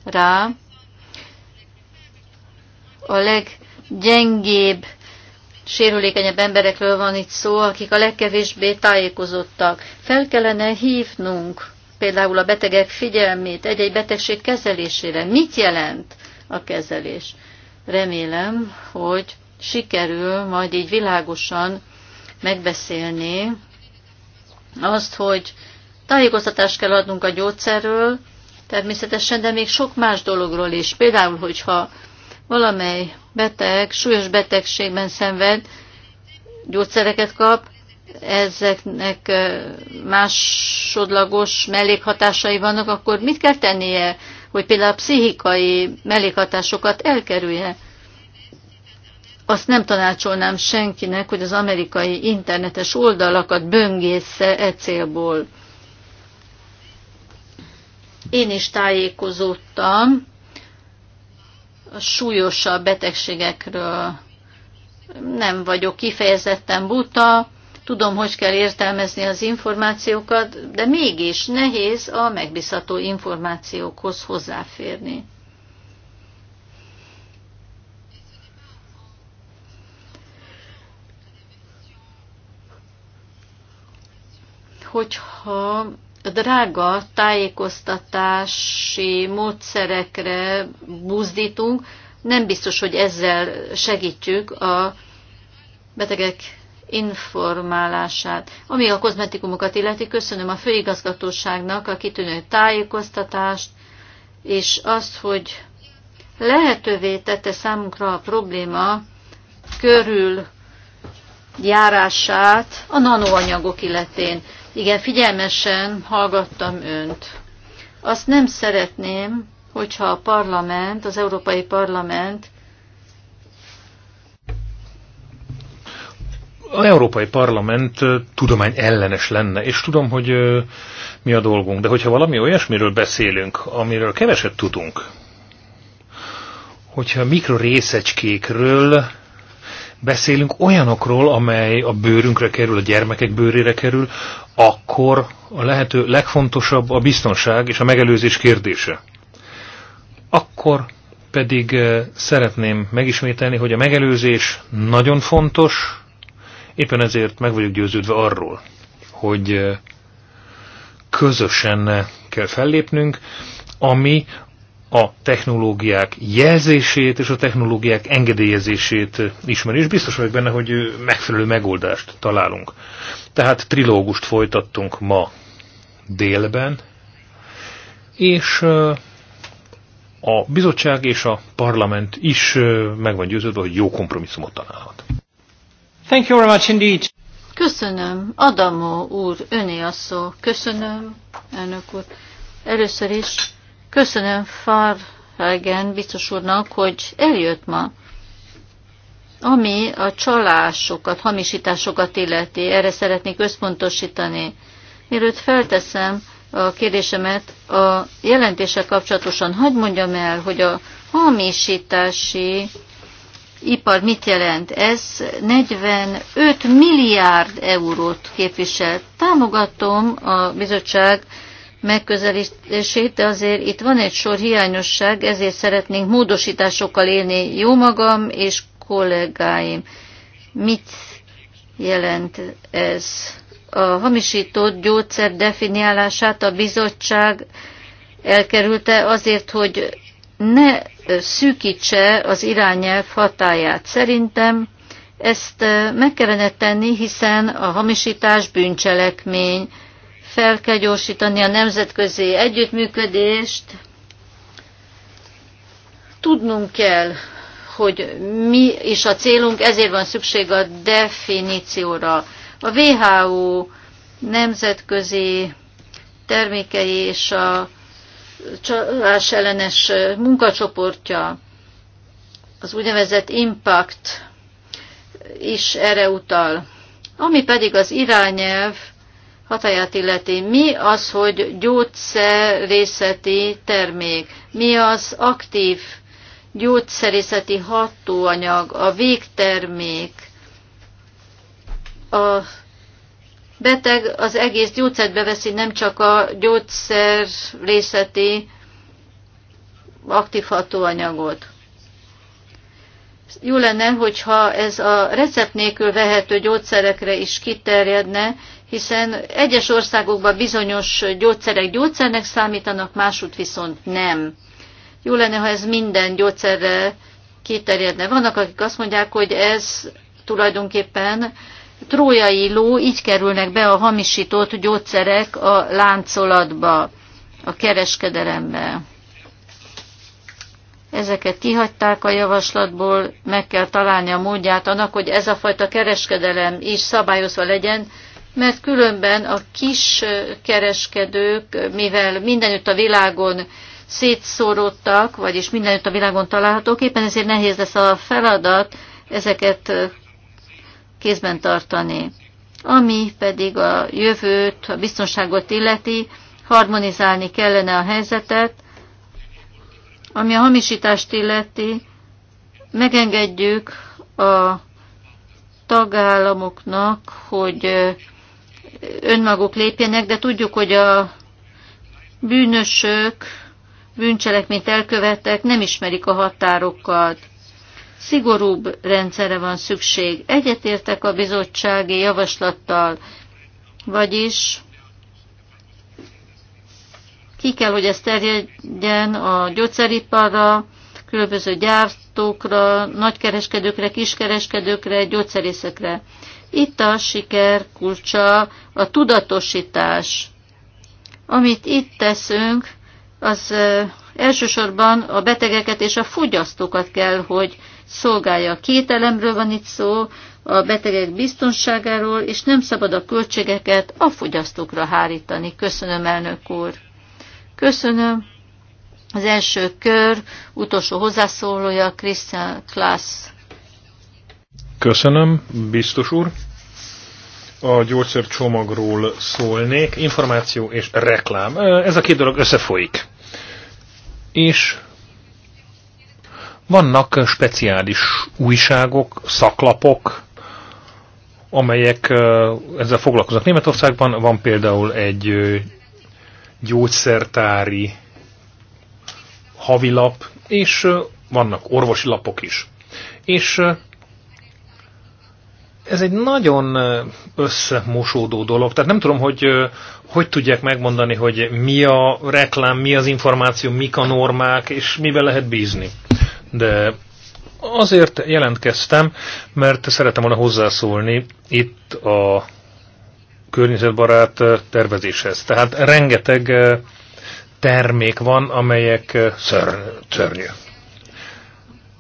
rá, a leg gyengébb, sérülékenyebb emberekről van itt szó, akik a legkevésbé tájékozottak. Fel kellene hívnunk például a betegek figyelmét egy-egy betegség kezelésére. Mit jelent a kezelés? Remélem, hogy sikerül majd így világosan megbeszélni azt, hogy tájékoztatást kell adnunk a gyógyszerről, természetesen, de még sok más dologról is. Például, hogyha valamely beteg súlyos betegségben szenved, gyógyszereket kap, ezeknek másodlagos mellékhatásai vannak, akkor mit kell tennie, hogy például a pszichikai mellékhatásokat elkerülje? Azt nem tanácsolnám senkinek, hogy az amerikai internetes oldalakat böngészze e célból. Én is tájékozódtam súlyosabb betegségekről. Nem vagyok kifejezetten buta, tudom, hogy kell értelmezni az információkat, de mégis nehéz a megbízható információkhoz hozzáférni. Hogyha drága tájékoztatási módszerekre buzdítunk, nem biztos, hogy ezzel segítjük a betegek informálását. Ami a kozmetikumokat illeti, köszönöm a főigazgatóságnak a kitűnő tájékoztatást, és azt, hogy lehetővé tette számunkra a probléma körül járását a nanoanyagok illetén. Igen, figyelmesen hallgattam önt. Azt nem szeretném, hogyha a parlament, az Európai Parlament az Európai Parlament tudomány ellenes lenne, és tudom, hogy mi a dolgunk, de hogyha valami olyasmiről beszélünk, amiről keveset tudunk, hogyha mikrorészecskékről beszélünk olyanokról, amely a bőrünkre kerül, a gyermekek bőrére kerül, akkor a lehető legfontosabb a biztonság és a megelőzés kérdése. Akkor pedig eh, szeretném megismételni, hogy a megelőzés nagyon fontos, éppen ezért meg vagyok győződve arról, hogy eh, közösen kell fellépnünk, ami a technológiák jelzését és a technológiák engedélyezését ismeri, és biztos vagyok benne, hogy megfelelő megoldást találunk. Tehát trilógust folytattunk ma délben, és a bizottság és a parlament is meg van győződve, hogy jó kompromisszumot találhat. Thank you very much indeed. Köszönöm, Adamo úr, öné a szó. Köszönöm, elnök úr. Először is Köszönöm Farhagen biztos úrnak, hogy eljött ma. Ami a csalásokat, hamisításokat illeti, erre szeretnék összpontosítani. Mielőtt felteszem a kérdésemet a jelentése kapcsolatosan, hagyd mondjam el, hogy a hamisítási ipar mit jelent? Ez 45 milliárd eurót képvisel. Támogatom a bizottság megközelítését, de azért itt van egy sor hiányosság, ezért szeretnénk módosításokkal élni jó magam és kollégáim. Mit jelent ez? A hamisított gyógyszer definiálását a bizottság elkerülte azért, hogy ne szűkítse az irányelv hatáját. Szerintem ezt meg kellene tenni, hiszen a hamisítás bűncselekmény, fel kell gyorsítani a nemzetközi együttműködést, tudnunk kell, hogy mi is a célunk, ezért van szükség a definícióra. A WHO nemzetközi termékei és a csalás ellenes munkacsoportja, az úgynevezett impact is erre utal. Ami pedig az irányelv hatáját illeti. Mi az, hogy gyógyszerészeti termék? Mi az aktív gyógyszerészeti hatóanyag, a végtermék? A beteg az egész gyógyszert beveszi, nem csak a gyógyszerészeti aktív hatóanyagot. Jó lenne, hogyha ez a recept nélkül vehető gyógyszerekre is kiterjedne, hiszen egyes országokban bizonyos gyógyszerek gyógyszernek számítanak, másút viszont nem. Jó lenne, ha ez minden gyógyszerre kiterjedne. Vannak, akik azt mondják, hogy ez tulajdonképpen trójai ló, így kerülnek be a hamisított gyógyszerek a láncolatba, a kereskedelembe. Ezeket kihagyták a javaslatból, meg kell találni a módját annak, hogy ez a fajta kereskedelem is szabályozva legyen, mert különben a kis kereskedők, mivel mindenütt a világon szétszórodtak, vagyis mindenütt a világon találhatók, éppen ezért nehéz lesz a feladat ezeket kézben tartani. Ami pedig a jövőt, a biztonságot illeti, harmonizálni kellene a helyzetet, ami a hamisítást illeti, megengedjük a tagállamoknak, hogy önmaguk lépjenek, de tudjuk, hogy a bűnösök, bűncselekményt elkövettek, nem ismerik a határokat. Szigorúbb rendszerre van szükség. Egyetértek a bizottsági javaslattal, vagyis ki kell, hogy ez terjedjen a gyógyszeriparra, különböző gyártókra, nagykereskedőkre, kiskereskedőkre, gyógyszerészekre. Itt a siker kulcsa a tudatosítás. Amit itt teszünk, az elsősorban a betegeket és a fogyasztókat kell, hogy szolgálja. Két elemről van itt szó, a betegek biztonságáról, és nem szabad a költségeket a fogyasztókra hárítani. Köszönöm, elnök úr. Köszönöm. Az első kör utolsó hozzászólója Christian Klass. Köszönöm, biztos úr. A gyógyszercsomagról szólnék, információ és reklám. Ez a két dolog összefolyik. És vannak speciális újságok, szaklapok, amelyek ezzel foglalkoznak. Németországban van például egy gyógyszertári havilap, és vannak orvosi lapok is. És ez egy nagyon összemosódó dolog, tehát nem tudom, hogy hogy tudják megmondani, hogy mi a reklám, mi az információ, mik a normák, és miben lehet bízni. De azért jelentkeztem, mert szeretem volna hozzászólni itt a környezetbarát tervezéshez. Tehát rengeteg termék van, amelyek szörnyű.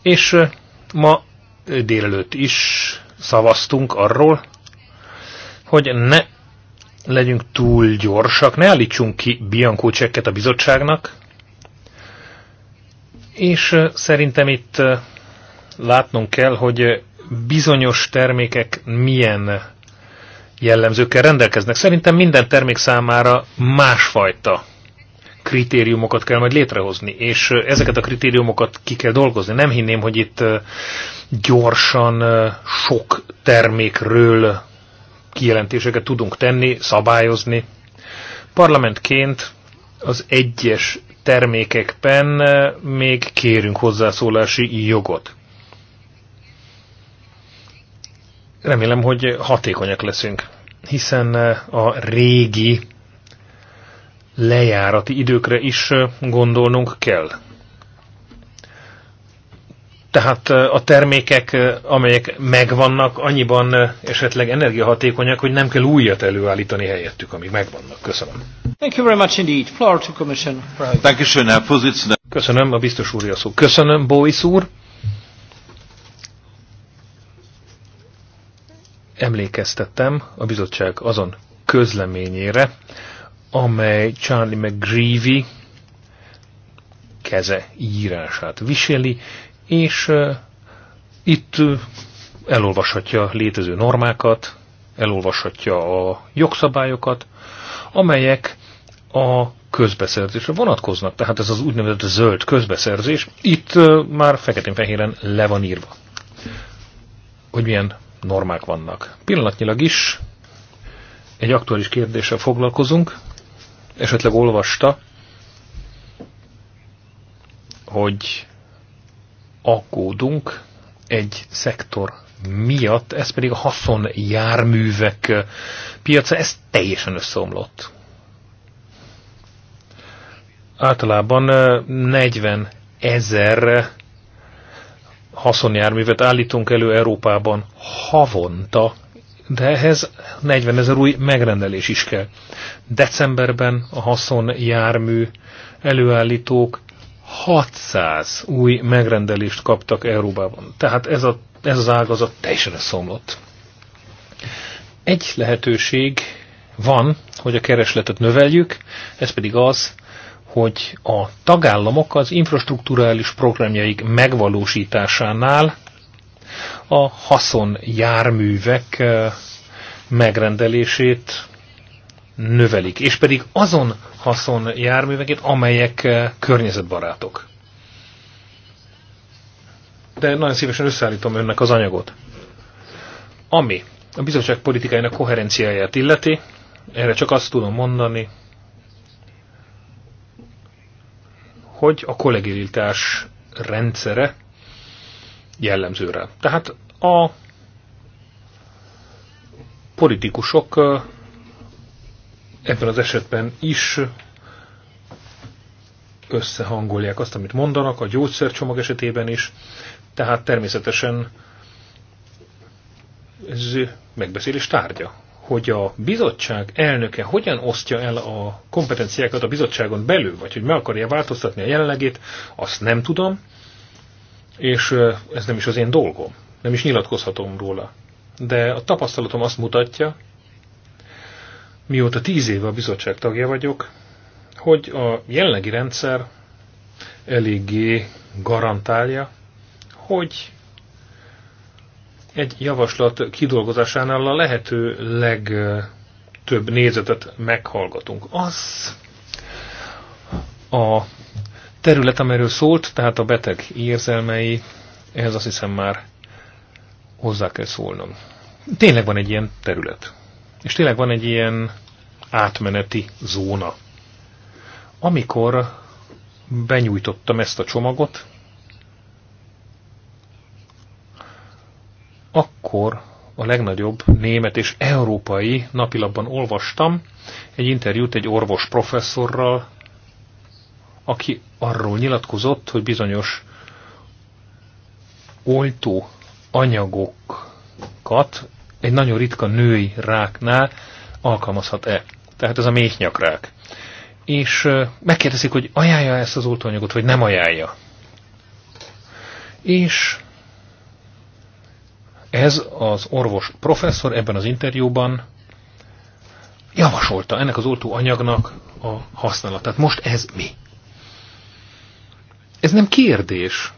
És ma délelőtt is szavaztunk arról, hogy ne legyünk túl gyorsak, ne állítsunk ki Bianco csekket a bizottságnak, és szerintem itt látnunk kell, hogy bizonyos termékek milyen jellemzőkkel rendelkeznek. Szerintem minden termék számára másfajta kritériumokat kell majd létrehozni, és ezeket a kritériumokat ki kell dolgozni. Nem hinném, hogy itt gyorsan sok termékről kijelentéseket tudunk tenni, szabályozni. Parlamentként az egyes termékekben még kérünk hozzászólási jogot. Remélem, hogy hatékonyak leszünk, hiszen a régi lejárati időkre is gondolnunk kell. Tehát a termékek, amelyek megvannak, annyiban esetleg energiahatékonyak, hogy nem kell újat előállítani helyettük, amíg megvannak. Köszönöm. Thank you very much indeed. Floor to Commission. Thank you, Sir. Vorsitzender. Köszönöm, a biztos úr a szó. Köszönöm, Bois úr. Emlékeztettem a bizottság azon közleményére, amely Charlie McGreevy keze írását viseli, és uh, itt uh, elolvashatja létező normákat, elolvashatja a jogszabályokat, amelyek a közbeszerzésre vonatkoznak. Tehát ez az úgynevezett zöld közbeszerzés, itt uh, már feketén-fehéren le van írva, hogy milyen normák vannak. Pillanatnyilag is egy aktuális kérdéssel foglalkozunk, esetleg olvasta, hogy aggódunk egy szektor miatt, ez pedig a haszonjárművek piaca, ez teljesen összeomlott. Általában 40 eh, ezer haszonjárművet állítunk elő Európában havonta de ehhez 40 ezer új megrendelés is kell. Decemberben a haszon jármű előállítók 600 új megrendelést kaptak Európában. Tehát ez, a, ez az ágazat teljesen szomlott. Egy lehetőség van, hogy a keresletet növeljük, ez pedig az, hogy a tagállamok az infrastruktúrális programjaik megvalósításánál a haszon járművek eh, megrendelését növelik, és pedig azon haszon amelyek eh, környezetbarátok. De nagyon szívesen összeállítom önnek az anyagot. Ami a bizottság politikájának koherenciáját illeti, erre csak azt tudom mondani, hogy a kollegialitás rendszere jellemzőre. Tehát a politikusok ebben az esetben is összehangolják azt, amit mondanak, a gyógyszercsomag esetében is, tehát természetesen ez megbeszélés tárgya, hogy a bizottság elnöke hogyan osztja el a kompetenciákat a bizottságon belül, vagy hogy meg akarja változtatni a jelenlegét, azt nem tudom, és ez nem is az én dolgom, nem is nyilatkozhatom róla. De a tapasztalatom azt mutatja, mióta tíz éve a bizottság tagja vagyok, hogy a jelenlegi rendszer eléggé garantálja, hogy egy javaslat kidolgozásánál a lehető legtöbb nézetet meghallgatunk. Az a terület, amiről szólt, tehát a beteg érzelmei, ehhez azt hiszem már hozzá kell szólnom. Tényleg van egy ilyen terület. És tényleg van egy ilyen átmeneti zóna. Amikor benyújtottam ezt a csomagot, akkor a legnagyobb német és európai napilapban olvastam egy interjút egy orvos professzorral, aki arról nyilatkozott, hogy bizonyos oltó anyagokat egy nagyon ritka női ráknál alkalmazhat-e. Tehát ez a méhnyakrák. És megkérdezik, hogy ajánlja ezt az oltóanyagot, vagy nem ajánlja. És ez az orvos professzor ebben az interjúban javasolta ennek az oltóanyagnak a használatát. Most ez mi? Ez nem kérdés.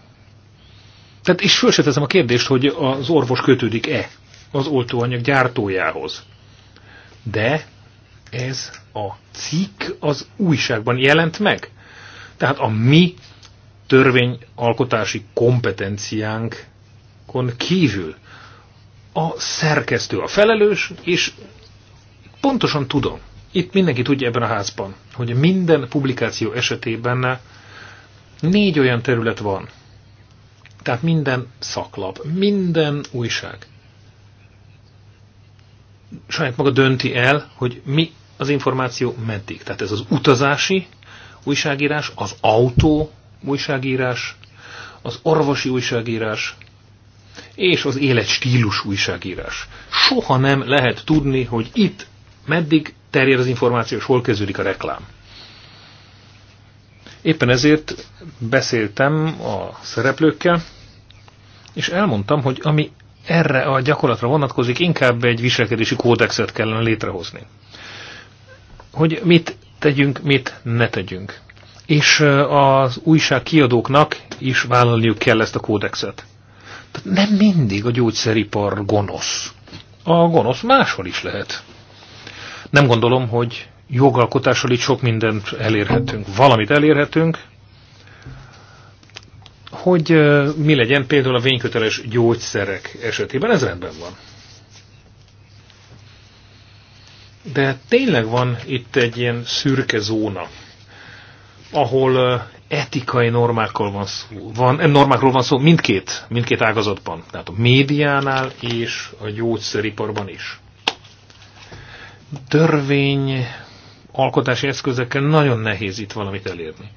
Tehát és föl se a kérdést, hogy az orvos kötődik-e az oltóanyag gyártójához. De ez a cikk az újságban jelent meg. Tehát a mi törvényalkotási kompetenciánkon kívül a szerkesztő a felelős, és pontosan tudom, itt mindenki tudja ebben a házban, hogy minden publikáció esetében Négy olyan terület van. Tehát minden szaklap, minden újság saját maga dönti el, hogy mi az információ meddig. Tehát ez az utazási újságírás, az autó újságírás, az orvosi újságírás, és az életstílus újságírás. Soha nem lehet tudni, hogy itt meddig terjed az információ, és hol kezdődik a reklám. Éppen ezért beszéltem a szereplőkkel, és elmondtam, hogy ami erre a gyakorlatra vonatkozik, inkább egy viselkedési kódexet kellene létrehozni. Hogy mit tegyünk, mit ne tegyünk. És az újság kiadóknak is vállalniuk kell ezt a kódexet. Tehát nem mindig a gyógyszeripar gonosz. A gonosz máshol is lehet. Nem gondolom, hogy jogalkotással itt sok mindent elérhetünk, valamit elérhetünk, hogy mi legyen például a vényköteles gyógyszerek esetében, ez rendben van. De tényleg van itt egy ilyen szürke zóna, ahol etikai normákról van szó, van, eh, normákról van szó mindkét, mindkét ágazatban, tehát a médiánál és a gyógyszeriparban is. Törvény alkotási eszközökkel nagyon nehéz itt valamit elérni.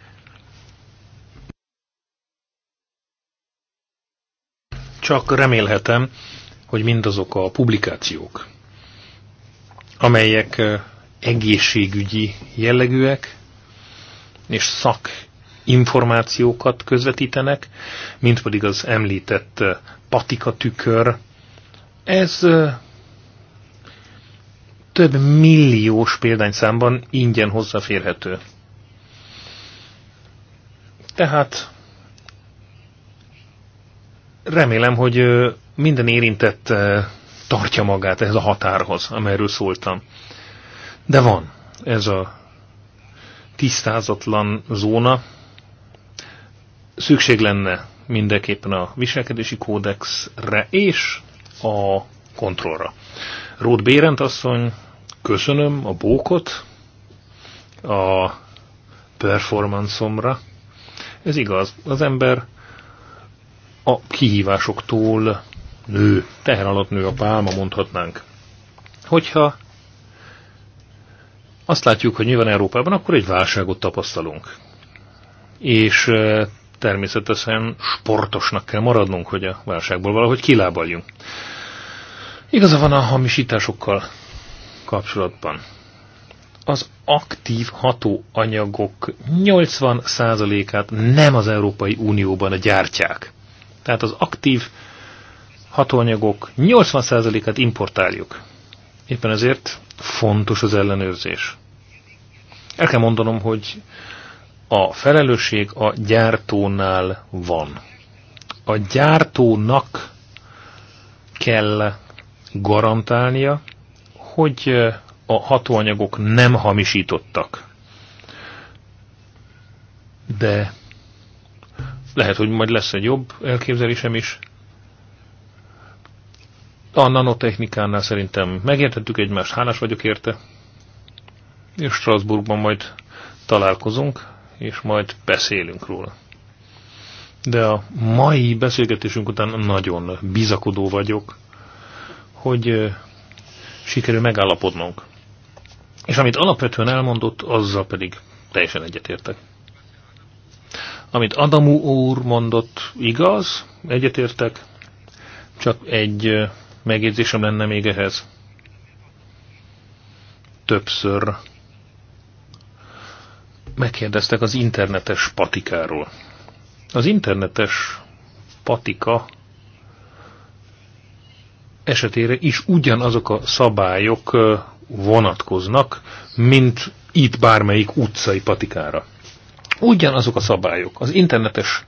Csak remélhetem, hogy mindazok a publikációk, amelyek eh, egészségügyi jellegűek, és szakinformációkat közvetítenek, mint pedig az említett eh, patika tükör. Ez eh, több milliós példányszámban ingyen hozzáférhető. Tehát remélem, hogy minden érintett tartja magát ehhez a határhoz, amelyről szóltam. De van ez a tisztázatlan zóna. Szükség lenne mindenképpen a viselkedési kódexre és a kontrollra. Ruth Bérent asszony Köszönöm a bókot a performanszomra. Ez igaz, az ember a kihívásoktól nő, teher alatt nő a pálma, mondhatnánk. Hogyha azt látjuk, hogy mi van Európában, akkor egy válságot tapasztalunk. És eh, természetesen sportosnak kell maradnunk, hogy a válságból valahogy kilábaljunk. Igaza van a hamisításokkal kapcsolatban. Az aktív hatóanyagok 80%-át nem az Európai Unióban a gyártják. Tehát az aktív hatóanyagok 80%-át importáljuk. Éppen ezért fontos az ellenőrzés. El kell mondanom, hogy a felelősség a gyártónál van. A gyártónak kell garantálnia, hogy a hatóanyagok nem hamisítottak. De lehet, hogy majd lesz egy jobb elképzelésem is. A nanotechnikánál szerintem megértettük egymást, hálás vagyok érte. És Strasbourgban majd találkozunk, és majd beszélünk róla. De a mai beszélgetésünk után nagyon bizakodó vagyok, hogy sikerül megállapodnunk. És amit alapvetően elmondott, azzal pedig teljesen egyetértek. Amit Adamú úr mondott, igaz, egyetértek, csak egy megjegyzésem lenne még ehhez. Többször megkérdeztek az internetes patikáról. Az internetes patika esetére is ugyanazok a szabályok vonatkoznak, mint itt bármelyik utcai patikára. Ugyanazok a szabályok. Az internetes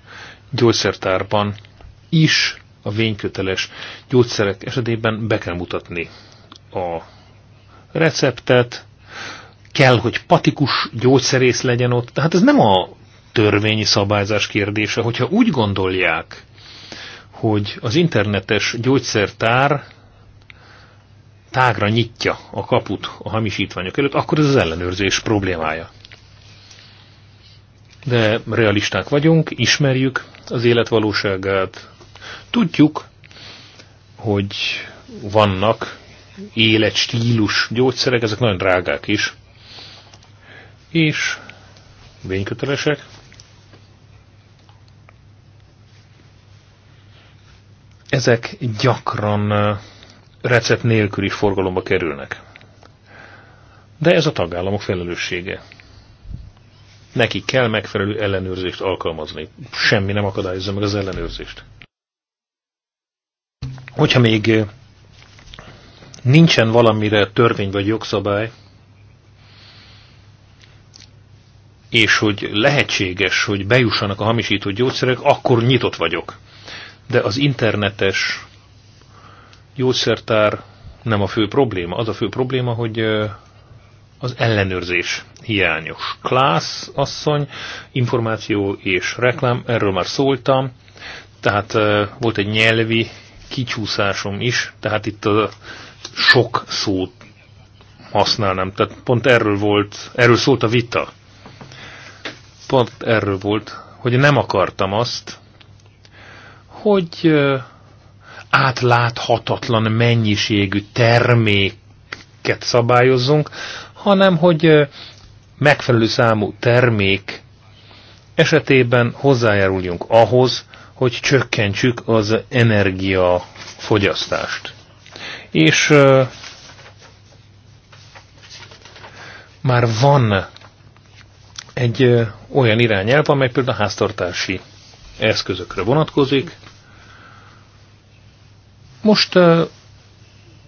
gyógyszertárban is a vényköteles gyógyszerek esetében be kell mutatni a receptet, kell, hogy patikus gyógyszerész legyen ott. Tehát ez nem a törvényi szabályzás kérdése. Hogyha úgy gondolják, hogy az internetes gyógyszertár tágra nyitja a kaput a hamisítványok előtt, akkor ez az ellenőrzés problémája. De realisták vagyunk, ismerjük az életvalóságát, tudjuk, hogy vannak életstílus gyógyszerek, ezek nagyon drágák is, és vénykötelesek, ezek gyakran recept nélkül is forgalomba kerülnek. De ez a tagállamok felelőssége. Neki kell megfelelő ellenőrzést alkalmazni. Semmi nem akadályozza meg az ellenőrzést. Hogyha még nincsen valamire törvény vagy jogszabály, és hogy lehetséges, hogy bejussanak a hamisított gyógyszerek, akkor nyitott vagyok. De az internetes gyógyszertár nem a fő probléma. Az a fő probléma, hogy az ellenőrzés hiányos. Klász asszony, információ és reklám, erről már szóltam, tehát volt egy nyelvi kicsúszásom is, tehát itt a sok szót használnám. Tehát pont erről volt, erről szólt a vita. Pont erről volt, hogy nem akartam azt, hogy átláthatatlan mennyiségű terméket szabályozzunk, hanem hogy megfelelő számú termék esetében hozzájáruljunk ahhoz, hogy csökkentsük az energiafogyasztást. És már van egy olyan irányelv, amely például a háztartási eszközökre vonatkozik, Most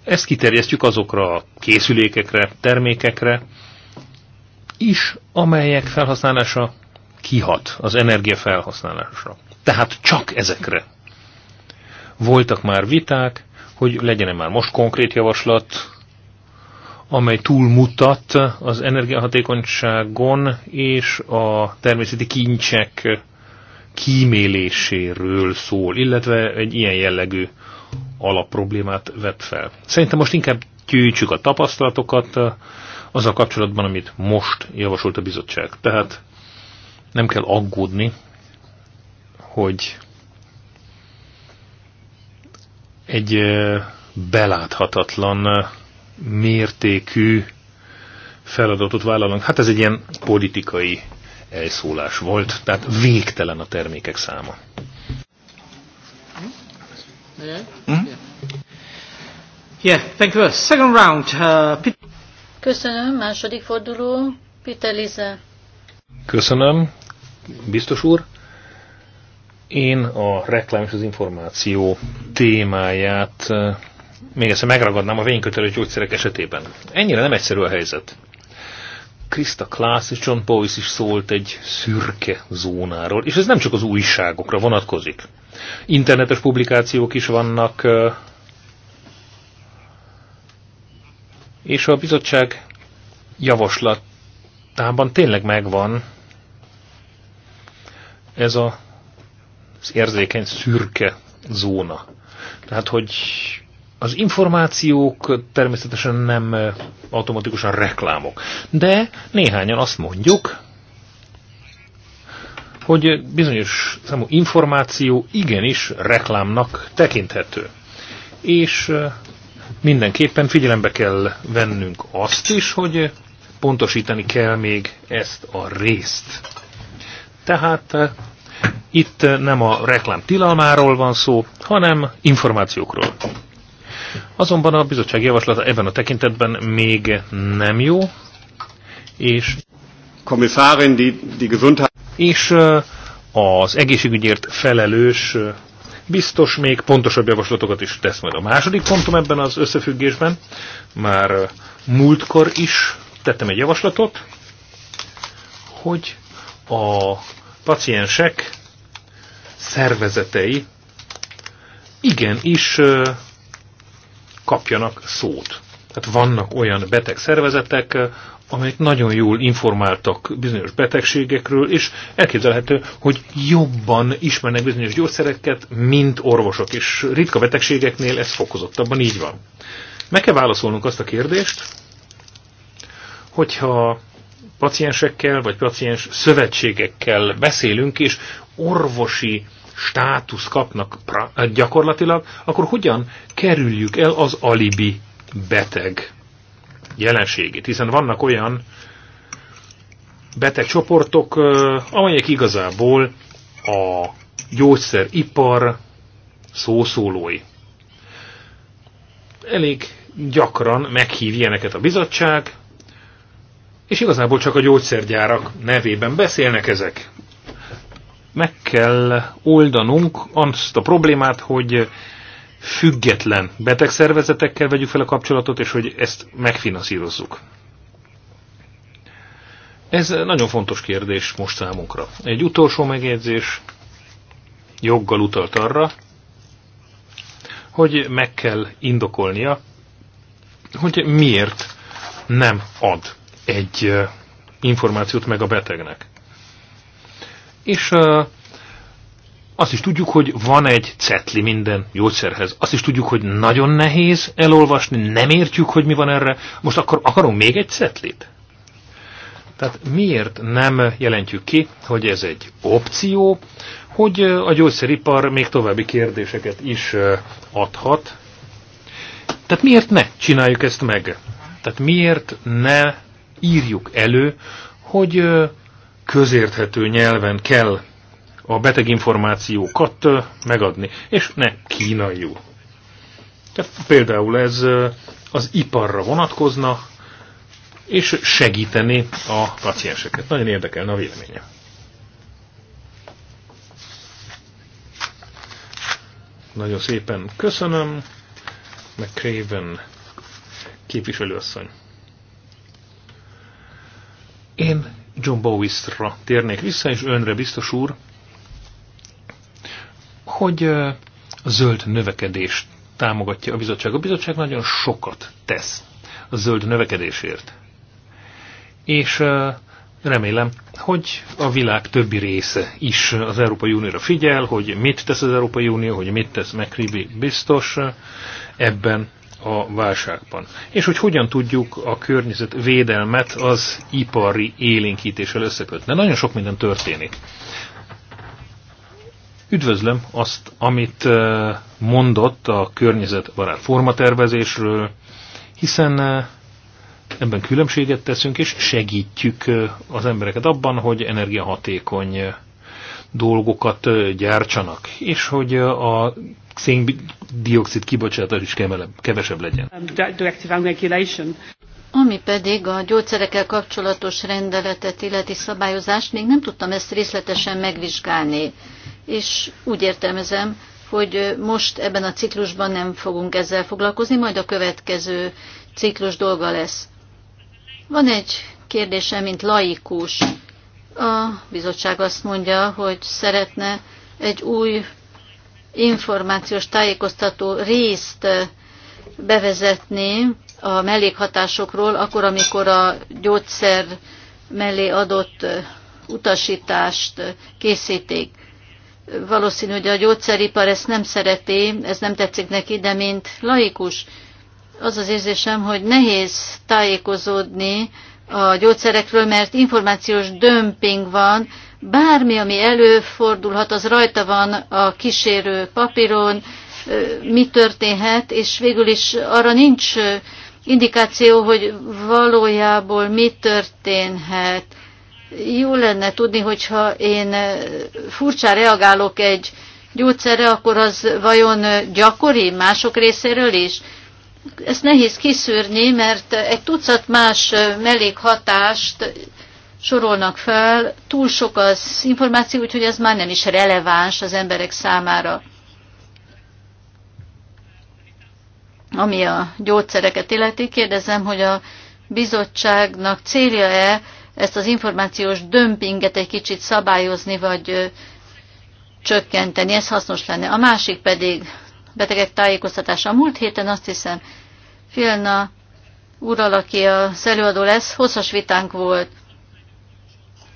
ezt kiterjesztjük azokra a készülékekre, termékekre is, amelyek felhasználása kihat az energia felhasználásra. Tehát csak ezekre. Voltak már viták, hogy legyen -e már most konkrét javaslat, amely túlmutat az energiahatékonyságon és a természeti kincsek kíméléséről szól, illetve egy ilyen jellegű alapproblémát vet fel. Szerintem most inkább gyűjtsük a tapasztalatokat az a kapcsolatban, amit most javasolt a bizottság. Tehát nem kell aggódni, hogy egy beláthatatlan mértékű feladatot vállalunk. Hát ez egy ilyen politikai elszólás volt, tehát végtelen a termékek száma. Hmm? Hmm? Uh, Köszönöm. Második forduló. Peter Lize. Köszönöm. Biztos úr. Én a reklám és az információ témáját uh, még egyszer megragadnám a vénykötelő gyógyszerek esetében. Ennyire nem egyszerű a helyzet. Krista Klász és John Boyce is szólt egy szürke zónáról, és ez nem csak az újságokra vonatkozik. Internetes publikációk is vannak, és a bizottság javaslatában tényleg megvan ez a, az érzékeny szürke zóna. Tehát, hogy az információk természetesen nem automatikusan reklámok, de néhányan azt mondjuk, hogy bizonyos számú információ igenis reklámnak tekinthető. És mindenképpen figyelembe kell vennünk azt is, hogy pontosítani kell még ezt a részt. Tehát itt nem a reklám tilalmáról van szó, hanem információkról. Azonban a bizottság javaslata ebben a tekintetben még nem jó, és, és az egészségügyért felelős biztos még pontosabb javaslatokat is tesz majd. A második pontom ebben az összefüggésben, már múltkor is tettem egy javaslatot, hogy a paciensek szervezetei igenis kapjanak szót. Tehát vannak olyan beteg szervezetek, amelyek nagyon jól informáltak bizonyos betegségekről, és elképzelhető, hogy jobban ismernek bizonyos gyógyszereket, mint orvosok, és ritka betegségeknél ez fokozottabban így van. Meg kell válaszolnunk azt a kérdést, hogyha paciensekkel vagy paciens szövetségekkel beszélünk, és orvosi státusz kapnak eh, gyakorlatilag, akkor hogyan kerüljük el az alibi beteg jelenségét? Hiszen vannak olyan betegcsoportok, eh, amelyek igazából a gyógyszeripar szószólói. Elég gyakran meghív ilyeneket a bizottság, és igazából csak a gyógyszergyárak nevében beszélnek ezek meg kell oldanunk azt a problémát, hogy független betegszervezetekkel vegyük fel a kapcsolatot, és hogy ezt megfinanszírozzuk. Ez nagyon fontos kérdés most számunkra. Egy utolsó megjegyzés joggal utalt arra, hogy meg kell indokolnia, hogy miért nem ad egy információt meg a betegnek. És azt is tudjuk, hogy van egy cetli minden gyógyszerhez. Azt is tudjuk, hogy nagyon nehéz elolvasni, nem értjük, hogy mi van erre. Most akkor akarunk még egy cetlit? Tehát miért nem jelentjük ki, hogy ez egy opció, hogy a gyógyszeripar még további kérdéseket is adhat? Tehát miért ne csináljuk ezt meg? Tehát miért ne írjuk elő, hogy közérthető nyelven kell a beteg információkat megadni, és ne kínaiul. Tehát például ez az iparra vonatkozna, és segíteni a pacienseket. Nagyon érdekelne a véleménye. Nagyon szépen köszönöm, meg Craven képviselőasszony. Én John Bowisra térnék vissza, és önre biztos úr, hogy a zöld növekedést támogatja a bizottság. A bizottság nagyon sokat tesz a zöld növekedésért. És remélem, hogy a világ többi része is az Európai Unióra figyel, hogy mit tesz az Európai Unió, hogy mit tesz McRibby biztos ebben a válságban. És hogy hogyan tudjuk a környezet védelmet az ipari élénkítéssel összekötni. Nagyon sok minden történik. Üdvözlöm azt, amit eh, mondott a környezetbarát formatervezésről, hiszen eh, ebben különbséget teszünk, és segítjük eh, az embereket abban, hogy energiahatékony dolgokat gyártsanak, és hogy a széndiokszid kibocsátás is kevesebb legyen. Um, Ami pedig a gyógyszerekkel kapcsolatos rendeletet illeti szabályozást, még nem tudtam ezt részletesen megvizsgálni, és úgy értelmezem, hogy most ebben a ciklusban nem fogunk ezzel foglalkozni, majd a következő ciklus dolga lesz. Van egy kérdésem, mint laikus. A bizottság azt mondja, hogy szeretne egy új információs tájékoztató részt eh, bevezetni a mellékhatásokról, akkor, amikor a gyógyszer mellé adott eh, utasítást eh, készítik. Valószínű, hogy a gyógyszeripar ezt nem szereti, ez nem tetszik neki, de mint laikus az az érzésem, hogy nehéz tájékozódni a gyógyszerekről, mert információs dömping van, bármi, ami előfordulhat, az rajta van a kísérő papíron, mi történhet, és végül is arra nincs indikáció, hogy valójában mi történhet. Jó lenne tudni, hogyha én furcsa reagálok egy gyógyszerre, akkor az vajon gyakori mások részéről is? ezt nehéz kiszűrni, mert egy tucat más mellékhatást sorolnak fel, túl sok az információ, úgyhogy ez már nem is releváns az emberek számára. Ami a gyógyszereket illeti, kérdezem, hogy a bizottságnak célja-e ezt az információs dömpinget egy kicsit szabályozni, vagy csökkenteni, ez hasznos lenne. A másik pedig betegek tájékoztatása. A múlt héten azt hiszem Filna úrral, aki az előadó lesz, hosszas vitánk volt.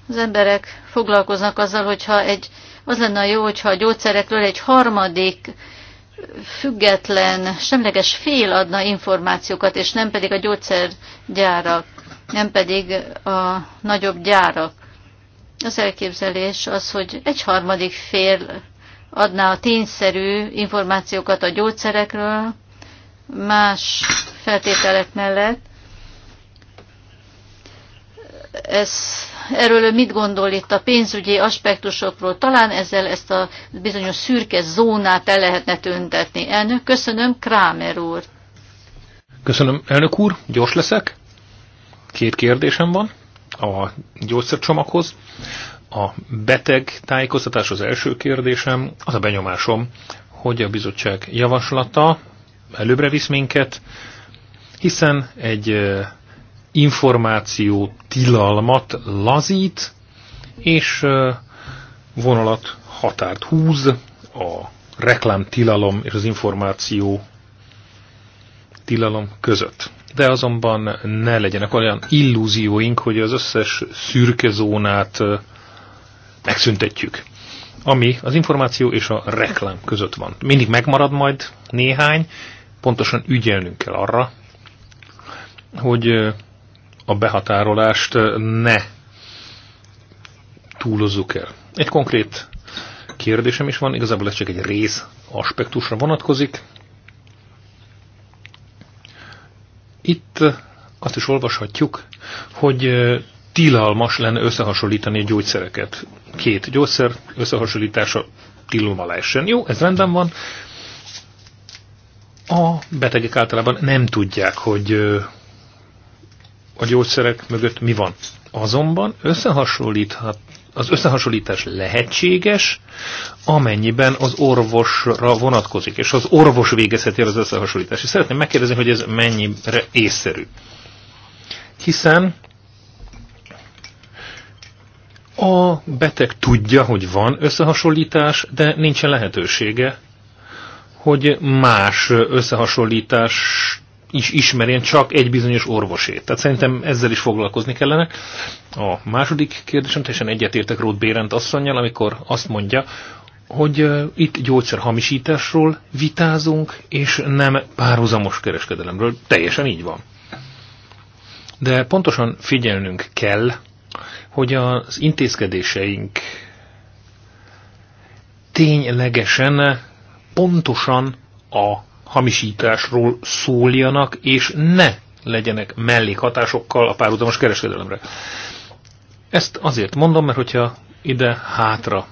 Az emberek foglalkoznak azzal, hogyha egy, az lenne jó, hogyha a gyógyszerekről egy harmadik független, semleges fél adna információkat, és nem pedig a gyógyszergyárak, nem pedig a nagyobb gyárak. Az elképzelés az, hogy egy harmadik fél adná a tényszerű információkat a gyógyszerekről, más feltételek mellett. Ez, erről ő mit gondol itt a pénzügyi aspektusokról? Talán ezzel ezt a bizonyos szürke zónát el lehetne tüntetni. Elnök, köszönöm, Krámer úr. Köszönöm, elnök úr, gyors leszek. Két kérdésem van a gyógyszercsomaghoz a beteg tájékoztatás az első kérdésem. Az a benyomásom, hogy a bizottság javaslata előbbre visz minket, hiszen egy információ tilalmat lazít, és vonalat határt húz a reklámtilalom és az információ tilalom között. De azonban ne legyenek olyan illúzióink, hogy az összes szürke zónát megszüntetjük. Ami az információ és a reklám között van. Mindig megmarad majd néhány, pontosan ügyelnünk kell arra, hogy a behatárolást ne túlozzuk el. Egy konkrét kérdésem is van, igazából ez csak egy rész aspektusra vonatkozik. Itt azt is olvashatjuk, hogy tilalmas lenne összehasonlítani gyógyszereket. Két gyógyszer összehasonlítása tilalma lehessen. Jó, ez rendben van. A betegek általában nem tudják, hogy a gyógyszerek mögött mi van. Azonban összehasonlíthat, az összehasonlítás lehetséges, amennyiben az orvosra vonatkozik, és az orvos végezheti az összehasonlítást. És szeretném megkérdezni, hogy ez mennyire észszerű. Hiszen a beteg tudja, hogy van összehasonlítás, de nincsen lehetősége, hogy más összehasonlítás is ismerjen csak egy bizonyos orvosét. Tehát szerintem ezzel is foglalkozni kellene. A második kérdésem, teljesen egyetértek Rót Bérent asszonyjal, amikor azt mondja, hogy itt gyógyszerhamisításról vitázunk, és nem párhuzamos kereskedelemről. Teljesen így van. De pontosan figyelnünk kell hogy az intézkedéseink ténylegesen pontosan a hamisításról szóljanak, és ne legyenek mellékhatásokkal a párhuzamos kereskedelemre. Ezt azért mondom, mert hogyha ide hátra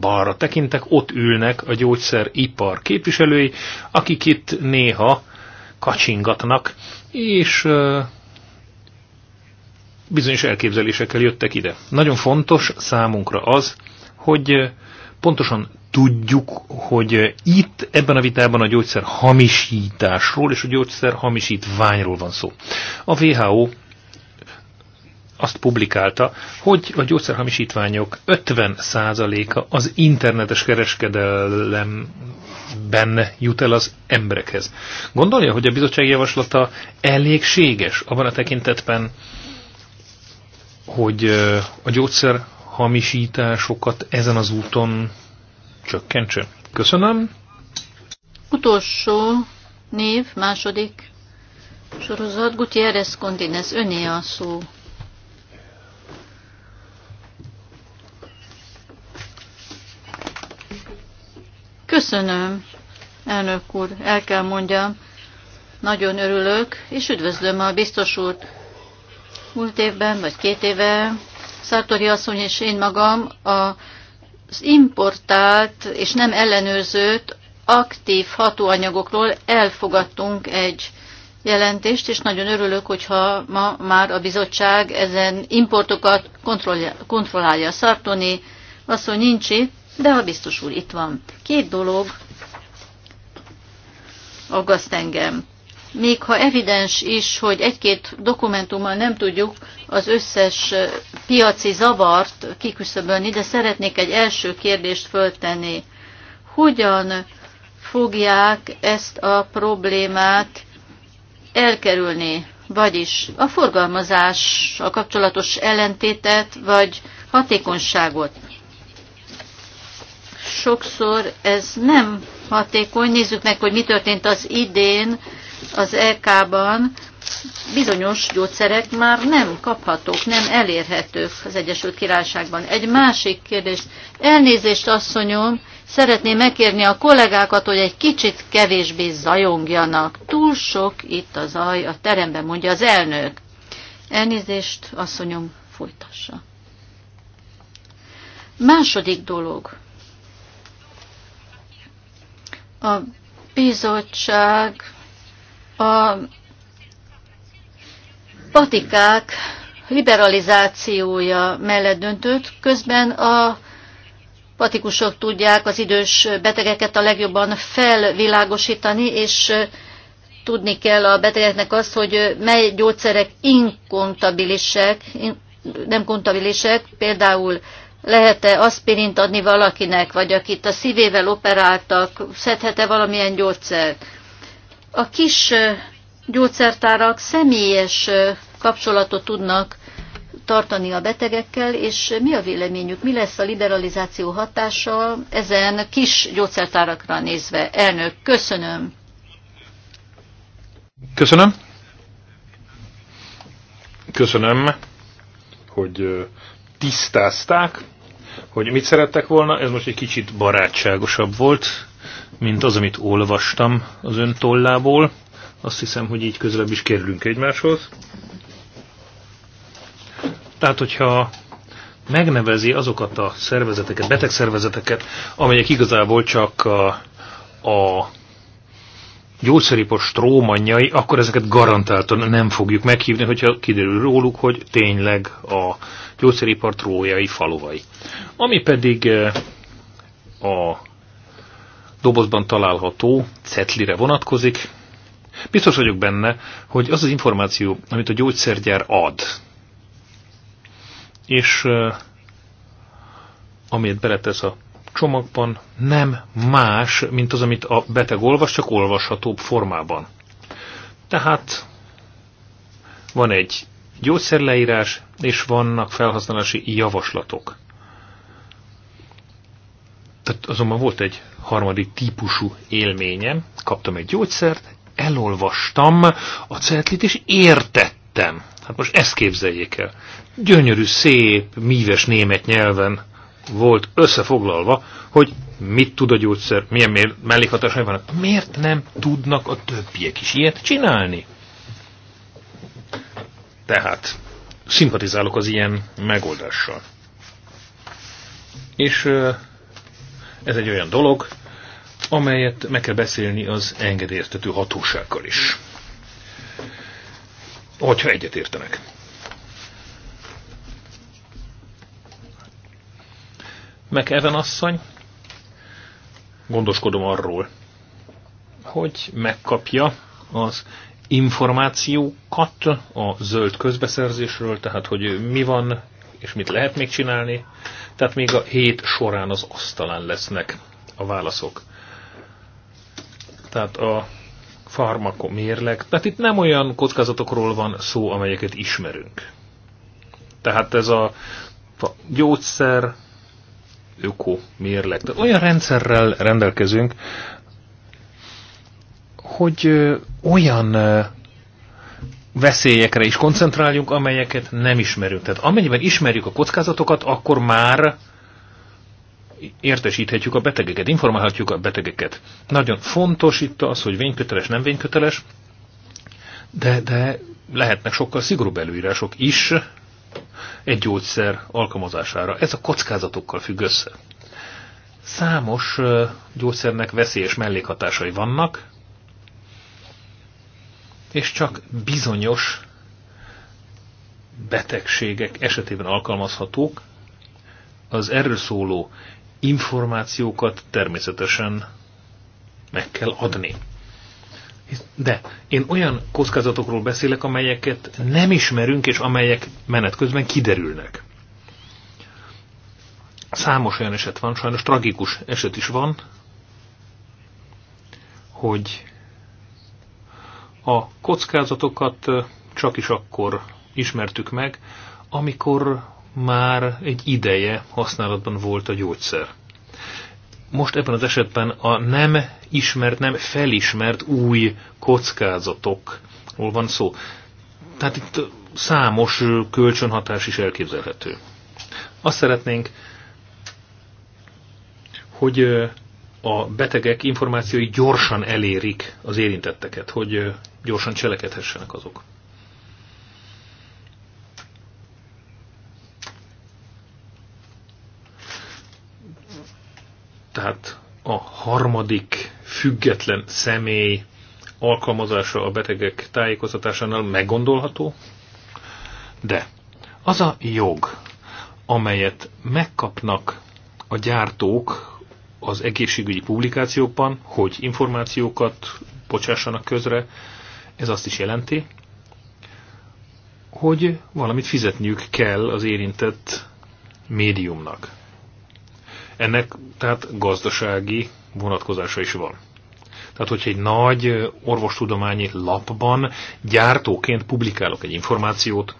balra tekintek, ott ülnek a gyógyszeripar képviselői, akik itt néha kacsingatnak, és bizonyos elképzelésekkel jöttek ide. Nagyon fontos számunkra az, hogy eh, pontosan tudjuk, hogy eh, itt ebben a vitában a gyógyszer hamisításról és a gyógyszer hamisítványról van szó. A WHO azt publikálta, hogy a gyógyszerhamisítványok 50%-a az internetes kereskedelemben jut el az emberekhez. Gondolja, hogy a bizottság javaslata elégséges abban a tekintetben, hogy a gyógyszer hamisításokat ezen az úton csökkentse. Köszönöm. Utolsó név, második sorozat, Gutierrez Continez, öné a szó. Köszönöm, elnök úr, el kell mondjam, nagyon örülök, és üdvözlöm a biztos úr. Múlt évben, vagy két éve Szartori asszony és én magam az importált és nem ellenőrzött aktív hatóanyagokról elfogadtunk egy jelentést, és nagyon örülök, hogyha ma már a bizottság ezen importokat kontrollálja. kontrollálja. Szartoni asszony nincs itt, de a biztos úr itt van. Két dolog aggaszt engem még ha evidens is, hogy egy-két dokumentummal nem tudjuk az összes piaci zavart kiküszöbölni, de szeretnék egy első kérdést föltenni. Hogyan fogják ezt a problémát elkerülni? Vagyis a forgalmazás, a kapcsolatos ellentétet, vagy hatékonyságot. Sokszor ez nem hatékony. Nézzük meg, hogy mi történt az idén az EK-ban bizonyos gyógyszerek már nem kaphatók, nem elérhetők az Egyesült Királyságban. Egy másik kérdés. Elnézést, asszonyom, szeretném megkérni a kollégákat, hogy egy kicsit kevésbé zajongjanak. Túl sok itt a zaj a teremben, mondja az elnök. Elnézést, asszonyom, folytassa. Második dolog. A bizottság a patikák liberalizációja mellett döntött, közben a patikusok tudják az idős betegeket a legjobban felvilágosítani, és tudni kell a betegeknek azt, hogy mely gyógyszerek inkontabilisek, nem kontabilisek, például lehet-e aspirint adni valakinek, vagy akit a szívével operáltak, szedhet-e valamilyen gyógyszert. A kis gyógyszertárak személyes kapcsolatot tudnak tartani a betegekkel, és mi a véleményük, mi lesz a liberalizáció hatása ezen kis gyógyszertárakra nézve? Elnök, köszönöm. Köszönöm. Köszönöm, hogy tisztázták, hogy mit szerettek volna. Ez most egy kicsit barátságosabb volt mint az, amit olvastam az ön tollából. Azt hiszem, hogy így közelebb is kerülünk egymáshoz. Tehát, hogyha megnevezi azokat a szervezeteket, betegszervezeteket, amelyek igazából csak a, a gyógyszeripos trómanjai, akkor ezeket garantáltan nem fogjuk meghívni, hogyha kiderül róluk, hogy tényleg a gyógyszeripar trójai faluvai. Ami pedig eh, a dobozban található cetlire vonatkozik. Biztos vagyok benne, hogy az az információ, amit a gyógyszergyár ad, és uh, amit beletesz a csomagban, nem más, mint az, amit a beteg olvas, csak olvashatóbb formában. Tehát van egy gyógyszerleírás, és vannak felhasználási javaslatok. Itt azonban volt egy harmadik típusú élményem, kaptam egy gyógyszert, elolvastam a cetlit, és értettem. Hát most ezt képzeljék el. Gyönyörű, szép, míves német nyelven volt összefoglalva, hogy mit tud a gyógyszer, milyen mellékhatásai vannak. Miért nem tudnak a többiek is ilyet csinálni? Tehát szimpatizálok az ilyen megoldással. És Ez egy olyan dolog, amelyet meg kell beszélni az engedélyeztető hatósággal is. Hogyha egyetértenek. Evan asszony, gondoskodom arról, hogy megkapja az információkat a zöld közbeszerzésről, tehát hogy mi van és mit lehet még csinálni, Tehát még a hét során az asztalán lesznek a válaszok. Tehát a farmakomérleg. Tehát itt nem olyan kockázatokról van szó, amelyeket ismerünk. Tehát ez a gyógyszer, öko mérleg. Tehát olyan rendszerrel rendelkezünk, hogy olyan veszélyekre is koncentráljunk, amelyeket nem ismerünk. Tehát amennyiben ismerjük a kockázatokat, akkor már értesíthetjük a betegeket, informálhatjuk a betegeket. Nagyon fontos itt az, hogy vényköteles, nem vényköteles, de, de lehetnek sokkal szigorúbb előírások is egy gyógyszer alkalmazására. Ez a kockázatokkal függ össze. Számos gyógyszernek veszélyes mellékhatásai vannak, és csak bizonyos betegségek esetében alkalmazhatók. Az erről szóló információkat természetesen meg kell adni. De én olyan kockázatokról beszélek, amelyeket nem ismerünk, és amelyek menet közben kiderülnek. Számos olyan eset van, sajnos tragikus eset is van, hogy a kockázatokat csak is akkor ismertük meg, amikor már egy ideje használatban volt a gyógyszer. Most ebben az esetben a nem ismert, nem felismert új kockázatokról van szó. Tehát itt számos kölcsönhatás is elképzelhető. Azt szeretnénk, hogy a betegek információi gyorsan elérik az érintetteket, hogy gyorsan cselekedhessenek azok. Tehát a harmadik független személy alkalmazása a betegek tájékoztatásánál meggondolható, de az a jog, amelyet megkapnak a gyártók, az egészségügyi publikációkban, hogy információkat bocsássanak közre. Ez azt is jelenti, hogy valamit fizetniük kell az érintett médiumnak. Ennek tehát gazdasági vonatkozása is van. Tehát, hogyha egy nagy orvostudományi lapban gyártóként publikálok egy információt,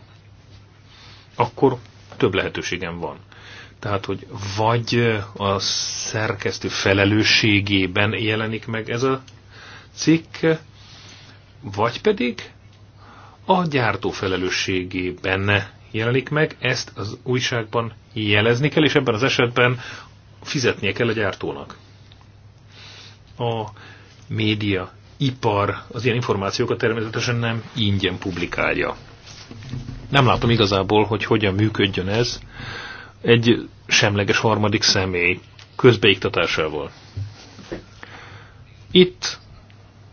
akkor több lehetőségem van. Tehát, hogy vagy a szerkesztő felelősségében jelenik meg ez a cikk, vagy pedig a gyártó felelősségében jelenik meg, ezt az újságban jelezni kell, és ebben az esetben fizetnie kell a gyártónak. A média ipar az ilyen információkat természetesen nem ingyen publikálja. Nem látom igazából, hogy hogyan működjön ez egy semleges harmadik személy közbeiktatásával. Itt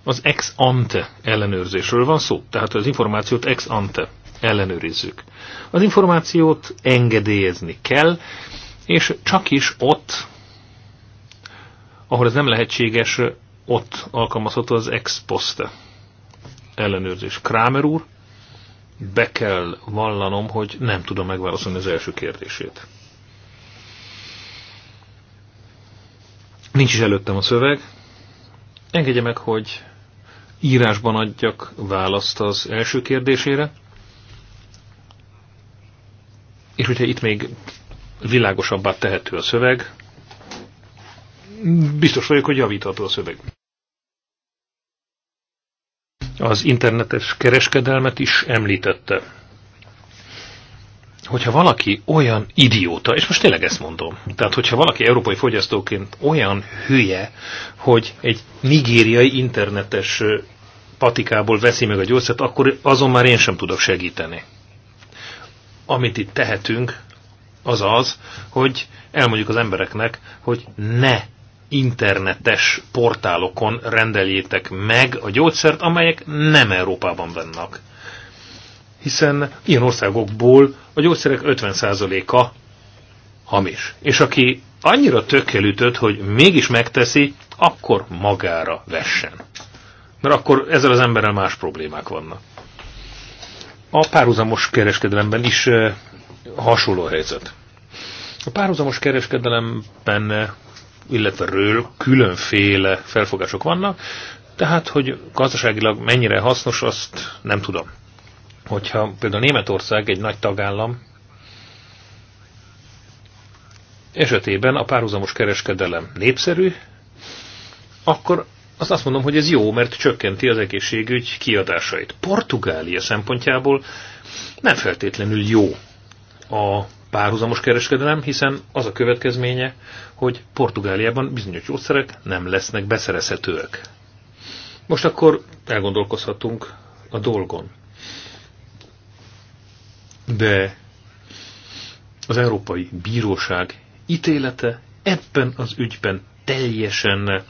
az ex ante ellenőrzésről van szó, tehát az információt ex ante ellenőrizzük. Az információt engedélyezni kell, és csak is ott, ahol ez nem lehetséges, ott alkalmazható az ex poste ellenőrzés. Kramer úr, be kell vallanom, hogy nem tudom megválaszolni az első kérdését. Nincs is előttem a szöveg. Engedje meg, hogy írásban adjak választ az első kérdésére. És hogyha itt még világosabbá tehető a szöveg, biztos vagyok, hogy javítható a szöveg. Az internetes kereskedelmet is említette hogyha valaki olyan idióta, és most tényleg ezt mondom, tehát hogyha valaki európai fogyasztóként olyan hülye, hogy egy nigériai internetes patikából veszi meg a gyógyszert, akkor azon már én sem tudok segíteni. Amit itt tehetünk, az az, hogy elmondjuk az embereknek, hogy ne internetes portálokon rendeljétek meg a gyógyszert, amelyek nem Európában vannak hiszen ilyen országokból a gyógyszerek 50%-a hamis. És aki annyira tökkelütött, hogy mégis megteszi, akkor magára vessen. Mert akkor ezzel az emberrel más problémák vannak. A párhuzamos kereskedelemben is eh, hasonló helyzet. A párhuzamos kereskedelemben, eh, illetve ről különféle felfogások vannak, tehát, hogy gazdaságilag mennyire hasznos, azt nem tudom hogyha például Németország egy nagy tagállam, esetében a párhuzamos kereskedelem népszerű, akkor azt azt mondom, hogy ez jó, mert csökkenti az egészségügy kiadásait. Portugália szempontjából nem feltétlenül jó a párhuzamos kereskedelem, hiszen az a következménye, hogy Portugáliában bizonyos gyógyszerek nem lesznek beszerezhetőek. Most akkor elgondolkozhatunk a dolgon de az Európai Bíróság ítélete ebben az ügyben teljesen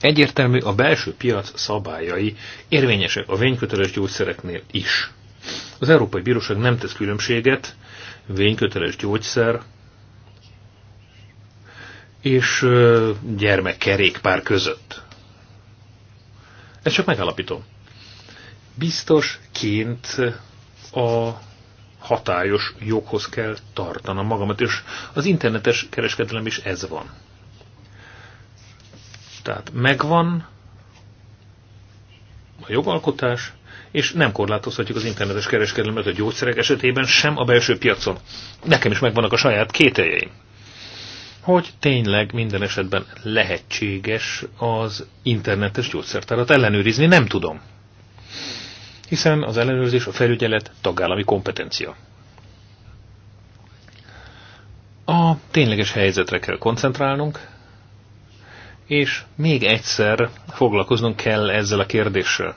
egyértelmű, a belső piac szabályai érvényesek a vényköteles gyógyszereknél is. Az Európai Bíróság nem tesz különbséget vényköteles gyógyszer és gyermekkerékpár között. Ezt csak megállapítom. Biztosként a hatályos joghoz kell tartanom magamat, és az internetes kereskedelem is ez van. Tehát megvan a jogalkotás, és nem korlátozhatjuk az internetes kereskedelmet a gyógyszerek esetében sem a belső piacon. Nekem is megvannak a saját kételjeim. Hogy tényleg minden esetben lehetséges az internetes gyógyszertárat ellenőrizni, nem tudom hiszen az ellenőrzés, a felügyelet tagállami kompetencia. A tényleges helyzetre kell koncentrálnunk, és még egyszer foglalkoznunk kell ezzel a kérdéssel,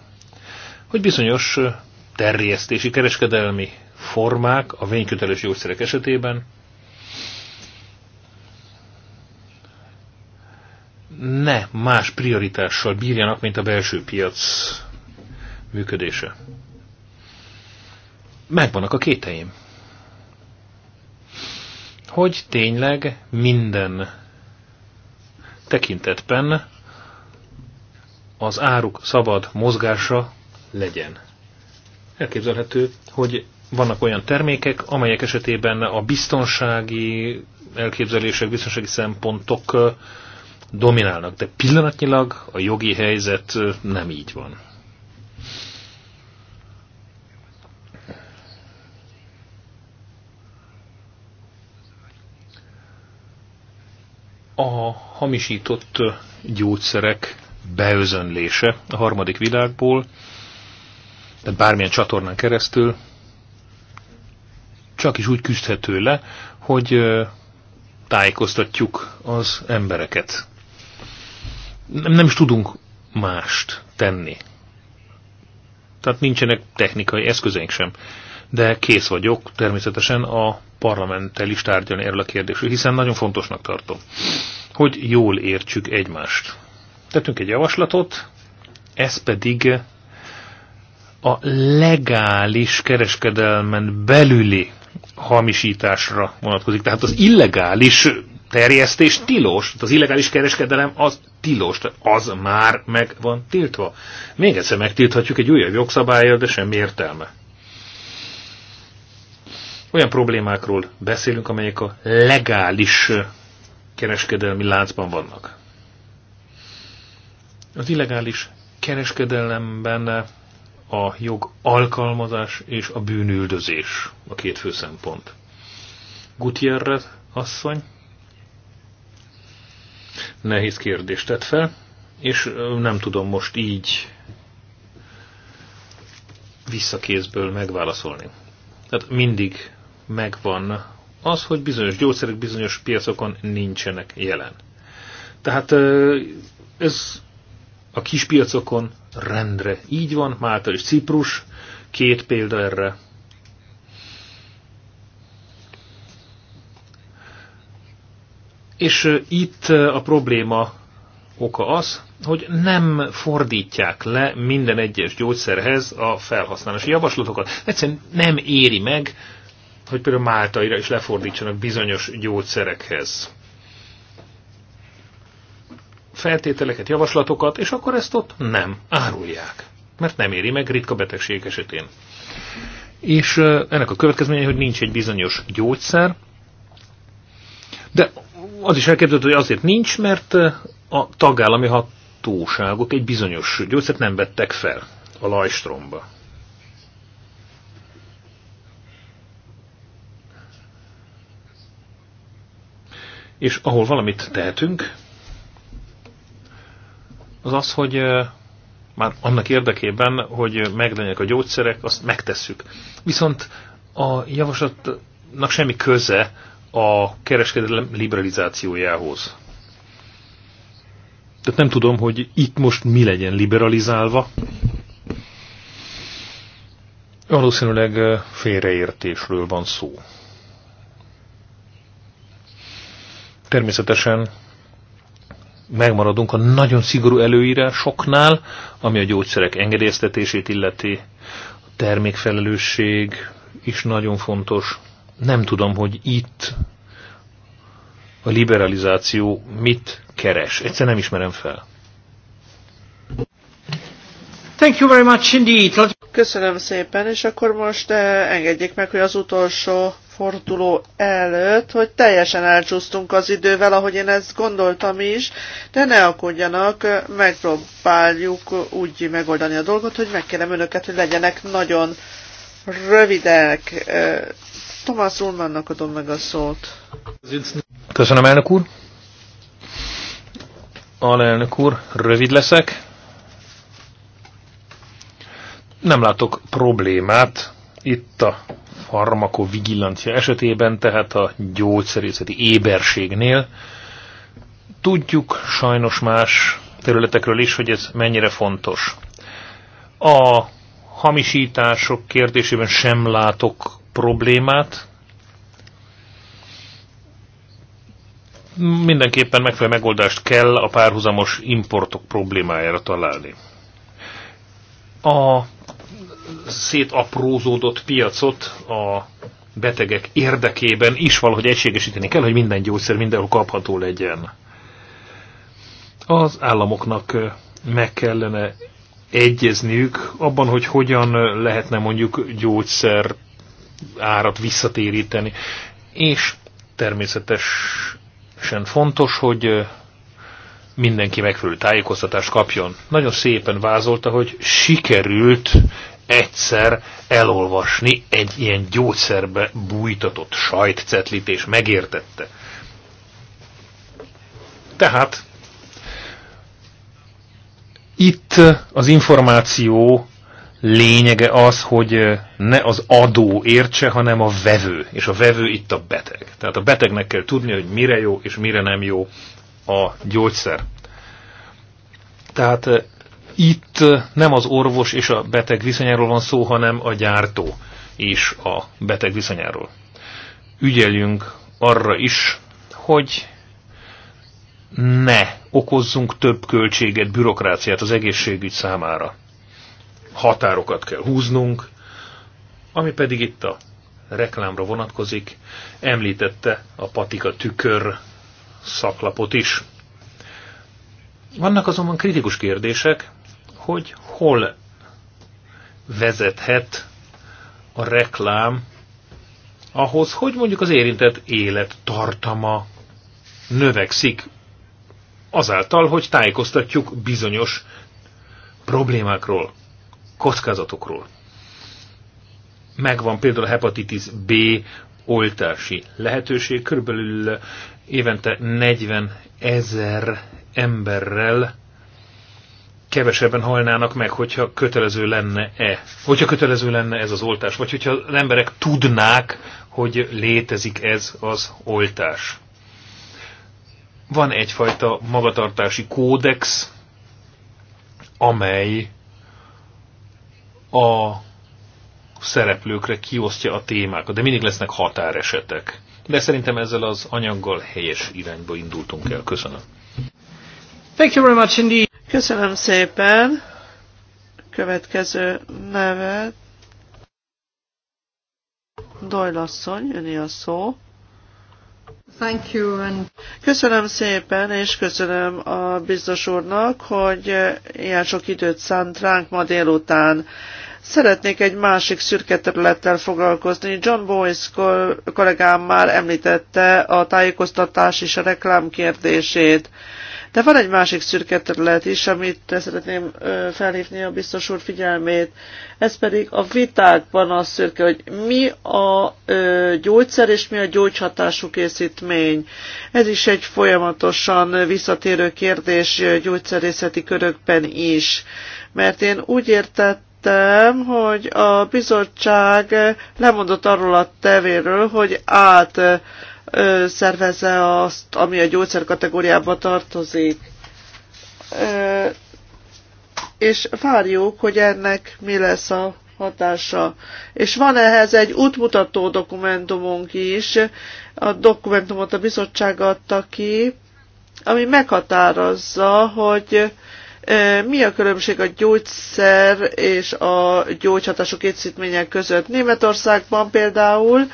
hogy bizonyos terjesztési kereskedelmi formák a vényköteles gyógyszerek esetében ne más prioritással bírjanak, mint a belső piac működése. Megvannak a kéteim. Hogy tényleg minden tekintetben az áruk szabad mozgása legyen. Elképzelhető, hogy vannak olyan termékek, amelyek esetében a biztonsági elképzelések, biztonsági szempontok dominálnak, de pillanatnyilag a jogi helyzet nem így van. a hamisított gyógyszerek beözönlése a harmadik világból, de bármilyen csatornán keresztül, csak is úgy küzdhető le, hogy tájékoztatjuk az embereket. Nem, nem is tudunk mást tenni. Tehát nincsenek technikai eszközeink sem de kész vagyok természetesen a parlamenttel is tárgyalni erről a kérdésről, hiszen nagyon fontosnak tartom, hogy jól értsük egymást. Tettünk egy javaslatot, ez pedig a legális kereskedelmen belüli hamisításra vonatkozik. Tehát az illegális terjesztés tilos, az illegális kereskedelem az tilos, az már meg van tiltva. Még egyszer megtilthatjuk egy újabb jogszabályjal, de semmi értelme olyan problémákról beszélünk, amelyek a legális kereskedelmi láncban vannak. Az illegális kereskedelemben a jog alkalmazás és a bűnüldözés a két fő szempont. Gutierrez asszony nehéz kérdést tett fel, és nem tudom most így visszakézből megválaszolni. Tehát mindig megvan az, hogy bizonyos gyógyszerek bizonyos piacokon nincsenek jelen. Tehát ez a kis piacokon rendre így van, Málta és Ciprus, két példa erre. És itt a probléma oka az, hogy nem fordítják le minden egyes gyógyszerhez a felhasználási javaslatokat. Egyszerűen nem éri meg hogy például Máltaira is lefordítsanak bizonyos gyógyszerekhez feltételeket, javaslatokat, és akkor ezt ott nem árulják, mert nem éri meg ritka betegség esetén. És ennek a következménye, hogy nincs egy bizonyos gyógyszer, de az is elképzelhető, hogy azért nincs, mert a tagállami hatóságok egy bizonyos gyógyszert nem vettek fel a lajstromba. És ahol valamit tehetünk, az az, hogy már annak érdekében, hogy meglegyenek a gyógyszerek, azt megtesszük. Viszont a javaslatnak semmi köze a kereskedelem liberalizációjához. Tehát nem tudom, hogy itt most mi legyen liberalizálva. Valószínűleg félreértésről van szó. Természetesen megmaradunk a nagyon szigorú előírásoknál, ami a gyógyszerek engedélyeztetését illeti. A termékfelelősség is nagyon fontos. Nem tudom, hogy itt a liberalizáció mit keres. Egyszer nem ismerem fel. Thank you very much indeed. Köszönöm szépen, és akkor most eh, engedjék meg, hogy az utolsó forduló előtt, hogy teljesen elcsúsztunk az idővel, ahogy én ezt gondoltam is, de ne akudjanak, megpróbáljuk úgy megoldani a dolgot, hogy megkérem önöket, hogy legyenek nagyon rövidek. Tomás Ulmannak adom meg a szót. Köszönöm, elnök úr. Alelnök úr, rövid leszek. Nem látok problémát itt a farmakovigilancia esetében, tehát a gyógyszerészeti éberségnél. Tudjuk sajnos más területekről is, hogy ez mennyire fontos. A hamisítások kérdésében sem látok problémát. Mindenképpen megfelelő megoldást kell a párhuzamos importok problémájára találni. A szétaprózódott piacot a betegek érdekében is valahogy egységesíteni kell, hogy minden gyógyszer mindenhol kapható legyen. Az államoknak meg kellene egyezniük abban, hogy hogyan lehetne mondjuk gyógyszer árat visszatéríteni. És természetesen fontos, hogy mindenki megfelelő tájékoztatást kapjon. Nagyon szépen vázolta, hogy sikerült egyszer elolvasni egy ilyen gyógyszerbe bújtatott sajtcetlit, és megértette. Tehát itt az információ lényege az, hogy ne az adó értse, hanem a vevő. És a vevő itt a beteg. Tehát a betegnek kell tudni, hogy mire jó és mire nem jó a gyógyszer. Tehát Itt nem az orvos és a beteg viszonyáról van szó, hanem a gyártó és a beteg viszonyáról. Ügyeljünk arra is, hogy ne okozzunk több költséget, bürokráciát az egészségügy számára. Határokat kell húznunk, ami pedig itt a reklámra vonatkozik, említette a patika tükör szaklapot is. Vannak azonban kritikus kérdések, hogy hol vezethet a reklám ahhoz, hogy mondjuk az érintett élet tartama növekszik azáltal, hogy tájékoztatjuk bizonyos problémákról, kockázatokról. Megvan például a hepatitis B oltási lehetőség, körülbelül évente 40 ezer emberrel kevesebben halnának meg, hogyha kötelező lenne-e, hogyha kötelező lenne ez az oltás, vagy hogyha az emberek tudnák, hogy létezik ez az oltás. Van egyfajta magatartási kódex, amely a szereplőkre kiosztja a témákat, de mindig lesznek határesetek. De szerintem ezzel az anyaggal helyes irányba indultunk el. Köszönöm. Thank you very much indeed. Köszönöm szépen. Következő nevet. Doyle asszony, jönni a szó. Thank you and... Köszönöm szépen, és köszönöm a biztos úrnak, hogy ilyen sok időt szánt ránk ma délután. Szeretnék egy másik szürke területtel foglalkozni. John Boyce kollégám már említette a tájékoztatás és a reklám kérdését. De van egy másik szürke terület is, amit szeretném felhívni a biztos úr figyelmét. Ez pedig a vitákban az szürke, hogy mi a gyógyszer és mi a gyógyhatású készítmény. Ez is egy folyamatosan visszatérő kérdés gyógyszerészeti körökben is. Mert én úgy értettem, értettem, hogy a bizottság lemondott arról a tevéről, hogy át szervezze azt, ami a gyógyszer kategóriába tartozik. És várjuk, hogy ennek mi lesz a hatása. És van ehhez egy útmutató dokumentumunk is, a dokumentumot a bizottság adta ki, ami meghatározza, hogy mi a különbség a gyógyszer és a gyógyhatású készítmények között. Németországban például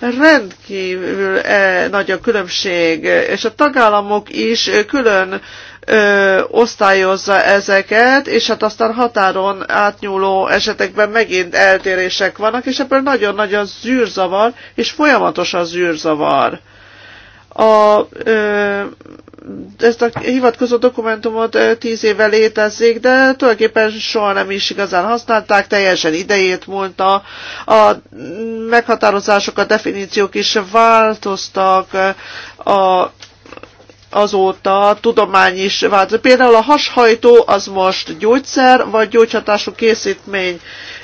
rendkívül eh, nagy a különbség, és a tagállamok is külön ö, osztályozza ezeket, és hát aztán határon átnyúló esetekben megint eltérések vannak, és ebből nagyon nagy a zűrzavar, és folyamatos a zűrzavar a ö, e, ezt a hivatkozó dokumentumot e, tíz éve létezik, de tulajdonképpen soha nem is igazán használták, teljesen idejét múlt a, a meghatározások, a definíciók is változtak a, azóta a tudomány is változott. Például a hashajtó az most gyógyszer, vagy gyógyhatású készítmény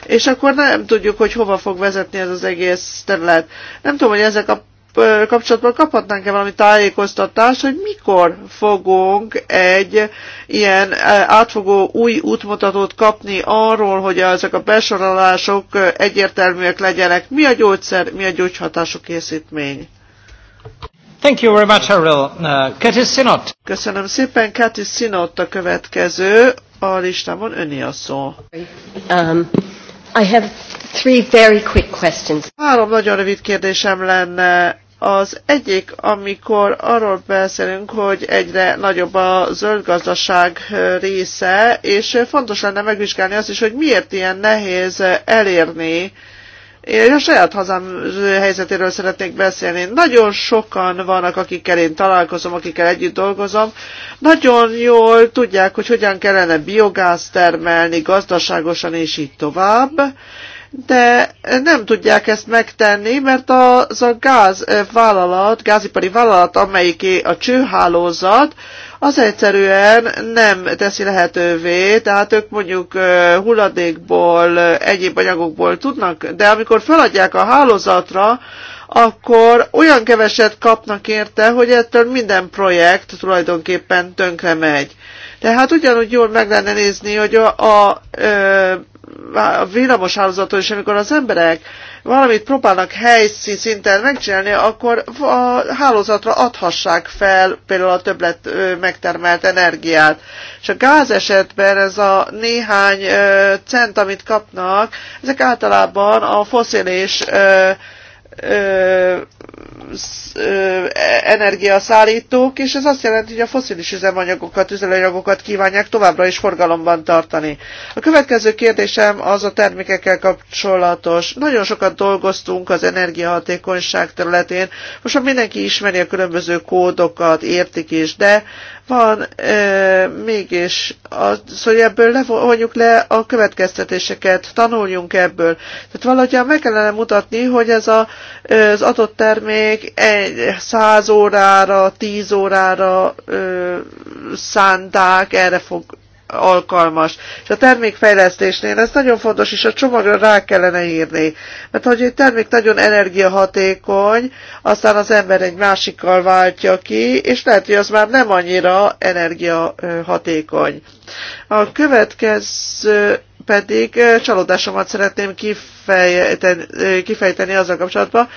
és akkor nem tudjuk, hogy hova fog vezetni ez az egész terület. Nem tudom, hogy ezek a kapcsolatban kaphatnánk-e valami tájékoztatást, hogy mikor fogunk egy ilyen átfogó új útmutatót kapni arról, hogy ezek a besorolások egyértelműek legyenek. Mi a gyógyszer, mi a gyógyhatású készítmény? Thank you very much, Ariel. Uh, Curtis Sinot. Köszönöm szépen, Curtis Sinot a következő. A listámon öni a szó. Um, I have Three very quick questions. Három nagyon rövid kérdésem lenne. Az egyik, amikor arról beszélünk, hogy egyre nagyobb a zöld gazdaság része, és fontos lenne megvizsgálni azt is, hogy miért ilyen nehéz elérni. Én a saját hazám helyzetéről szeretnék beszélni. Nagyon sokan vannak, akikkel én találkozom, akikkel együtt dolgozom. Nagyon jól tudják, hogy hogyan kellene biogáz termelni gazdaságosan és így tovább de nem tudják ezt megtenni, mert az a gáz eh, vállalat, gázipari vállalat, amelyiké a csőhálózat, az egyszerűen nem teszi lehetővé, tehát ők mondjuk eh, hulladékból, eh, egyéb anyagokból tudnak, de amikor feladják a hálózatra, akkor olyan keveset kapnak érte, hogy ettől minden projekt tulajdonképpen tönkre megy. Tehát ugyanúgy jól meg lenne nézni, hogy a, a, a villamos hálózaton is, amikor az emberek valamit próbálnak helyszín szinten megcsinálni, akkor a hálózatra adhassák fel például a többlet megtermelt energiát. És a gáz esetben ez a néhány cent, amit kapnak, ezek általában a foszilis Eh, eh, energiaszállítók, és ez azt jelenti, hogy a foszilis üzemanyagokat, üzemanyagokat kívánják továbbra is forgalomban tartani. A következő kérdésem az a termékekkel kapcsolatos. Nagyon sokat dolgoztunk az energiahatékonyság területén, most már mindenki ismeri a különböző kódokat, értik is, de van e, mégis, a, szóval ebből levonjuk le a következtetéseket, tanuljunk ebből. Tehát valahogyan meg kellene mutatni, hogy ez a, az adott termék egy száz órára, tíz órára e, szánták, erre fog alkalmas. És a termékfejlesztésnél ez nagyon fontos, és a csomagra rá kellene írni. Mert hogy egy termék nagyon energiahatékony, aztán az ember egy másikkal váltja ki, és lehet, hogy az már nem annyira energiahatékony. A következő pedig eh, csalódásomat szeretném eh, kifejteni, azzal kapcsolatban.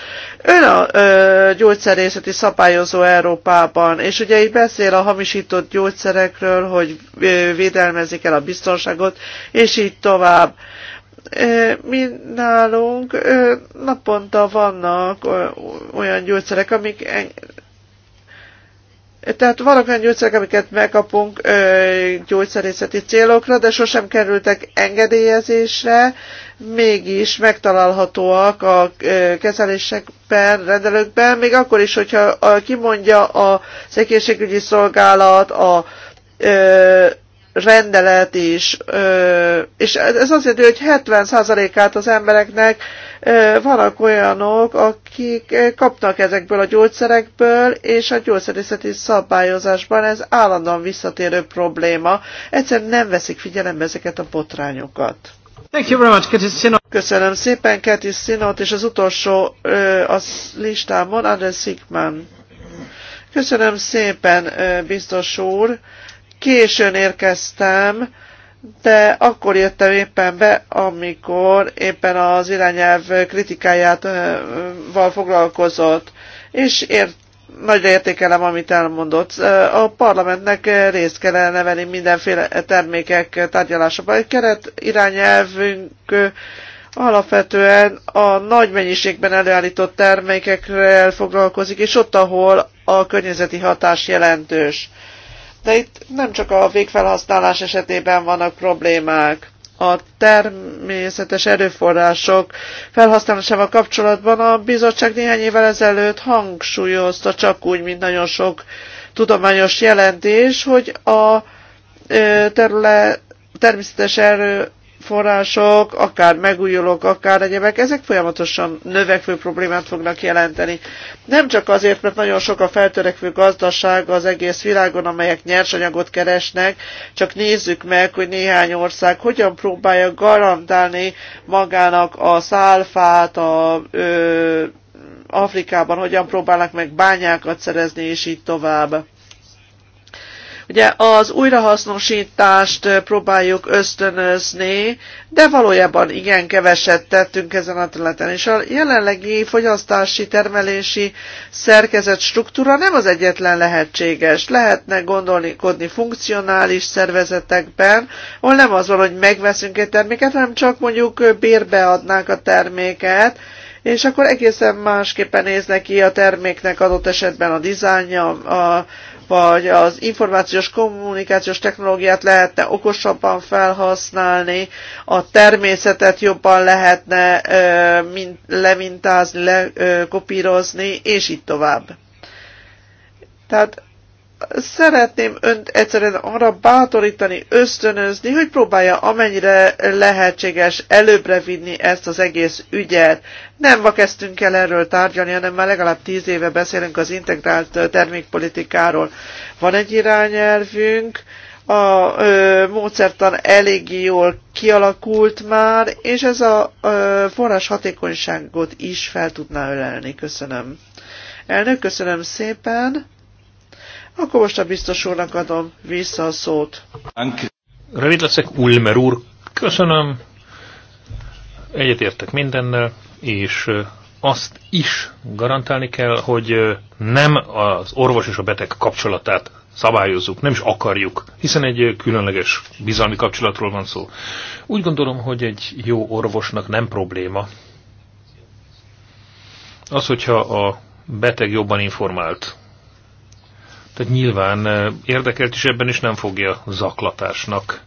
Ön a ö, eh, gyógyszerészeti szabályozó Európában, és ugye itt beszél a hamisított gyógyszerekről, hogy védelmezik el a biztonságot, és így tovább. Mi nálunk naponta vannak olyan gyógyszerek, amik Tehát vannak olyan gyógyszerek, amiket megkapunk ö, gyógyszerészeti célokra, de sosem kerültek engedélyezésre, mégis megtalálhatóak a ö, kezelésekben, rendelőkben, még akkor is, hogyha a, kimondja a szegészségügyi szolgálat, a ö, rendelet is, ö, és ez azért, hogy 70%-át az embereknek ö, vannak olyanok, akik kapnak ezekből a gyógyszerekből, és a gyógyszerészeti szabályozásban ez állandóan visszatérő probléma. Egyszerűen nem veszik figyelembe ezeket a botrányokat. Thank you very much, Köszönöm szépen, Kati Sinot, és az utolsó a listámon, Andres Sigman. Köszönöm szépen, biztos úr. Későn érkeztem, de akkor jöttem éppen be, amikor éppen az irányelv kritikáját val foglalkozott, és ért, nagyra értékelem, amit elmondott. A parlamentnek részt kellene venni mindenféle termékek tárgyalásában. Egy keret irányelvünk alapvetően a nagy mennyiségben előállított termékekkel foglalkozik, és ott, ahol a környezeti hatás jelentős de itt nem csak a végfelhasználás esetében vannak problémák. A természetes erőforrások felhasználásával kapcsolatban a bizottság néhány évvel ezelőtt hangsúlyozta csak úgy, mint nagyon sok tudományos jelentés, hogy a terület természetes erő, források, akár megújulók, akár egyebek, ezek folyamatosan növekvő problémát fognak jelenteni. Nem csak azért, mert nagyon sok a feltörekvő gazdaság az egész világon, amelyek nyersanyagot keresnek, csak nézzük meg, hogy néhány ország hogyan próbálja garantálni magának a szálfát, a ö, Afrikában hogyan próbálnak meg bányákat szerezni, és így tovább. Ugye az újrahasznosítást próbáljuk ösztönözni, de valójában igen keveset tettünk ezen a területen, és a jelenlegi fogyasztási, termelési szerkezet struktúra nem az egyetlen lehetséges. Lehetne gondolkodni funkcionális szervezetekben, ahol nem az van, hogy megveszünk egy terméket, hanem csak mondjuk bérbe adnák a terméket, és akkor egészen másképpen néznek ki a terméknek adott esetben a dizájnja, a vagy az információs kommunikációs technológiát lehetne okosabban felhasználni, a természetet jobban lehetne ö, mint, lemintázni, lekopírozni, és így tovább. Tehát szeretném önt egyszerűen arra bátorítani, ösztönözni, hogy próbálja amennyire lehetséges előbbre vinni ezt az egész ügyet. Nem ma kezdtünk el erről tárgyalni, hanem már legalább tíz éve beszélünk az integrált termékpolitikáról. Van egy irányelvünk, a ö, módszertan eléggé jól kialakult már, és ez a ö, forrás hatékonyságot is fel tudná ölelni. Köszönöm. Elnök, köszönöm szépen. Akkor most a biztos úrnak adom vissza a szót. Rövid leszek, Ulmer úr. Köszönöm. Egyetértek mindennel, és azt is garantálni kell, hogy nem az orvos és a beteg kapcsolatát szabályozzuk, nem is akarjuk, hiszen egy különleges bizalmi kapcsolatról van szó. Úgy gondolom, hogy egy jó orvosnak nem probléma az, hogyha a beteg jobban informált Tehát nyilván eh, érdekelt is ebben, is nem fogja zaklatásnak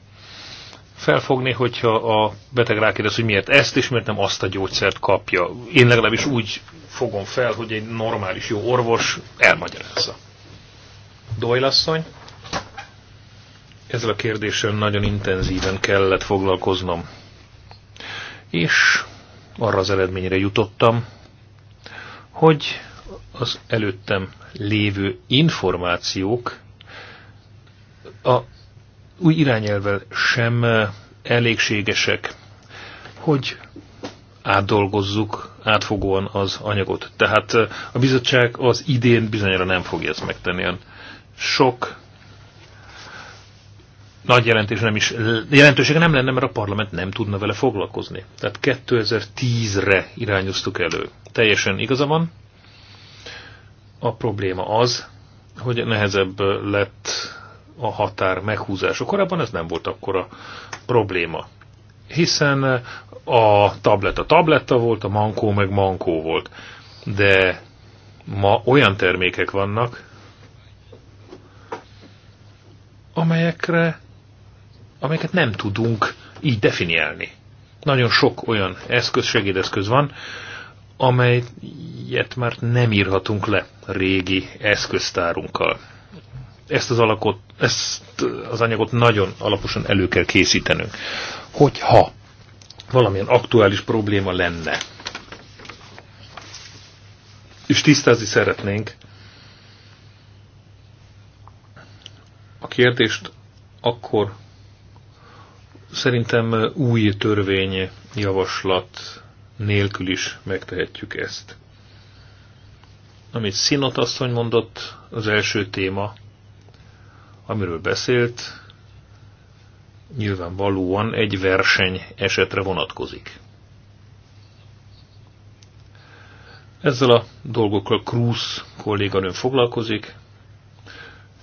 felfogni, hogyha a beteg rákérdez, hogy miért ezt is, miért nem azt a gyógyszert kapja. Én legalábbis úgy fogom fel, hogy egy normális jó orvos elmagyarázza. Doyle asszony, ezzel a kérdéssel nagyon intenzíven kellett foglalkoznom. És arra az eredményre jutottam, hogy az előttem lévő információk a új irányelvel sem eh, elégségesek, hogy átdolgozzuk átfogóan az anyagot. Tehát eh, a bizottság az idén bizonyára nem fogja ezt megtenni. Sok nagy jelentés nem is, jelentősége nem lenne, mert a parlament nem tudna vele foglalkozni. Tehát 2010-re irányoztuk elő. Teljesen igaza van, a probléma az, hogy nehezebb lett a határ meghúzása. Korábban ez nem volt akkora probléma. Hiszen a tablet a tabletta volt, a mankó meg mankó volt. De ma olyan termékek vannak, amelyekre, amelyeket nem tudunk így definiálni. Nagyon sok olyan eszköz, segédeszköz van, amelyet már nem írhatunk le régi eszköztárunkkal. Ezt az, alakot, ezt az anyagot nagyon alaposan elő kell készítenünk. Hogyha valamilyen aktuális probléma lenne, és tisztázni szeretnénk a kérdést, akkor szerintem új törvény javaslat nélkül is megtehetjük ezt. Amit Szinot asszony mondott, az első téma, amiről beszélt, nyilvánvalóan egy verseny esetre vonatkozik. Ezzel a dolgokkal Krúz kolléganőm foglalkozik,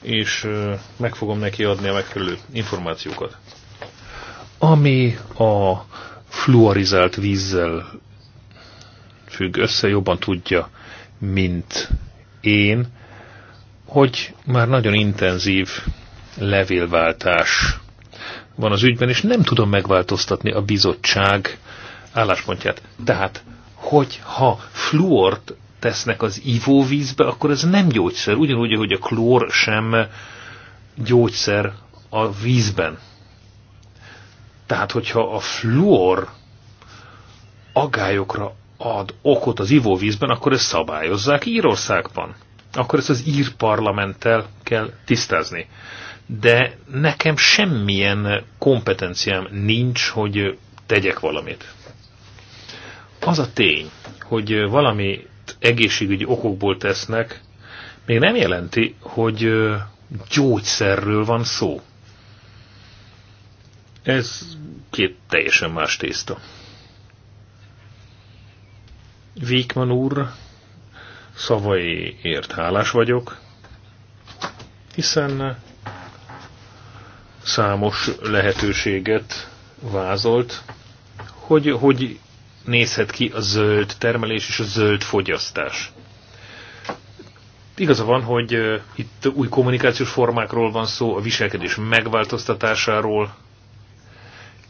és meg fogom neki adni a megfelelő információkat. Ami a fluorizált vízzel függ össze, jobban tudja, mint én, hogy már nagyon intenzív levélváltás van az ügyben, és nem tudom megváltoztatni a bizottság álláspontját. Tehát, hogy ha fluort tesznek az ivóvízbe, akkor ez nem gyógyszer. Ugyanúgy, hogy a klór sem gyógyszer a vízben. Tehát, hogyha a fluor agályokra ad okot az ivóvízben, akkor ezt szabályozzák Írországban. Akkor ezt az ír parlamenttel kell tisztázni. De nekem semmilyen kompetenciám nincs, hogy tegyek valamit. Az a tény, hogy valami egészségügyi okokból tesznek, még nem jelenti, hogy gyógyszerről van szó. Ez két teljesen más tészta. Víkman úr szavai ért hálás vagyok, hiszen számos lehetőséget vázolt, hogy hogy nézhet ki a zöld termelés és a zöld fogyasztás. Igaza van, hogy eh, itt új kommunikációs formákról van szó, a viselkedés megváltoztatásáról,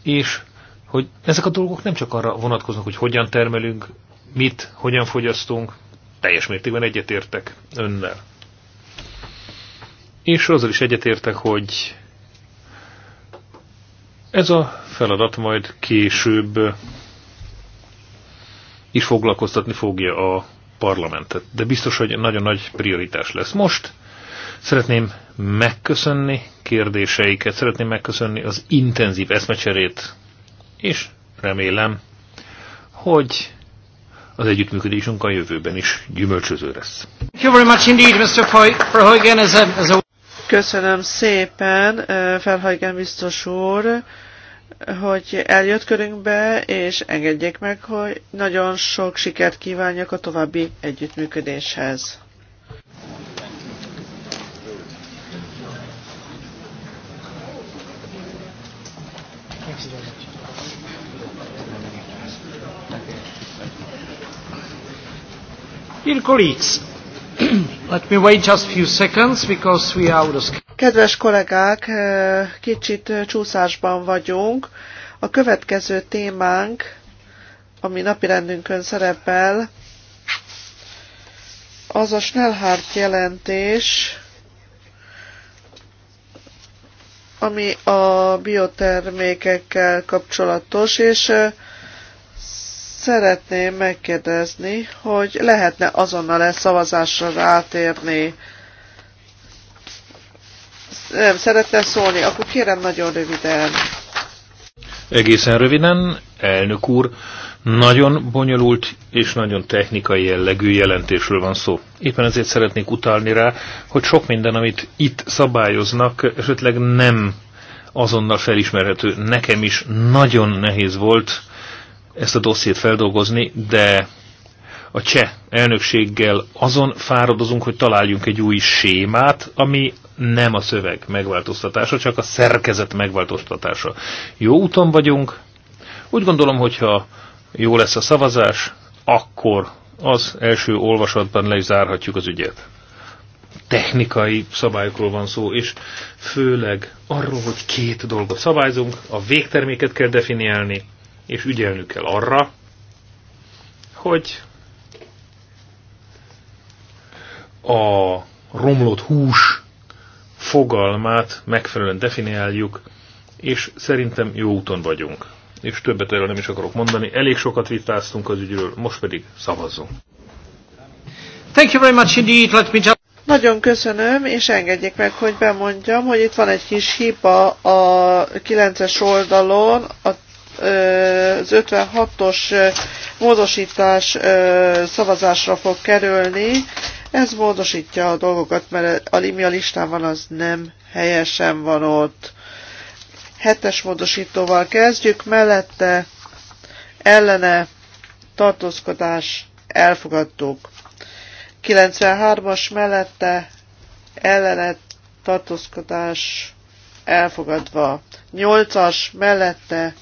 és hogy ezek a dolgok nem csak arra vonatkoznak, hogy hogyan termelünk, mit, hogyan fogyasztunk, teljes mértékben egyetértek önnel. És azzal is egyetértek, hogy ez a feladat majd később is foglalkoztatni fogja a parlamentet. De biztos, hogy nagyon nagy prioritás lesz. Most szeretném megköszönni kérdéseiket, szeretném megköszönni az intenzív eszmecserét, és remélem, hogy az együttműködésünk a jövőben is gyümölcsöző lesz. Köszönöm szépen, Felhajgen biztos úr, hogy eljött körünkbe, és engedjék meg, hogy nagyon sok sikert kívánjak a további együttműködéshez. Dear colleagues, let me wait just a few seconds because we are out of... Kedves kollégák, eh, kicsit csúszásban vagyunk. A következő témánk, ami napirendünkön szerepel, az a Schnellhardt jelentés, ami a biotermékekkel kapcsolatos, és uh, Szeretném megkérdezni, hogy lehetne azonnal-e szavazásra rátérni? Nem szeretne szólni, akkor kérem nagyon röviden. Egészen röviden, elnök úr, nagyon bonyolult és nagyon technikai jellegű jelentésről van szó. Éppen ezért szeretnék utalni rá, hogy sok minden, amit itt szabályoznak, esetleg nem azonnal felismerhető. Nekem is nagyon nehéz volt ezt a dossziét feldolgozni, de a cseh elnökséggel azon fáradozunk, hogy találjunk egy új sémát, ami nem a szöveg megváltoztatása, csak a szerkezet megváltoztatása. Jó úton vagyunk. Úgy gondolom, hogyha jó lesz a szavazás, akkor az első olvasatban le is zárhatjuk az ügyet. Technikai szabályokról van szó, és főleg arról, hogy két dolgot szabályzunk, a végterméket kell definiálni, és ügyelnünk kell arra, hogy a romlott hús fogalmát megfelelően definiáljuk, és szerintem jó úton vagyunk. És többet erről nem is akarok mondani, elég sokat vitáztunk az ügyről, most pedig szavazzunk. Thank you very much indeed. Let me just... Nagyon köszönöm, és engedjék meg, hogy bemondjam, hogy itt van egy kis hiba a 9-es oldalon, a az 56-os módosítás szavazásra fog kerülni. Ez módosítja a dolgokat, mert ami a listán van, az nem helyesen van ott. Hetes módosítóval kezdjük, mellette ellene tartózkodás elfogadtuk. 93-as mellette ellene tartózkodás elfogadva. 8-as mellette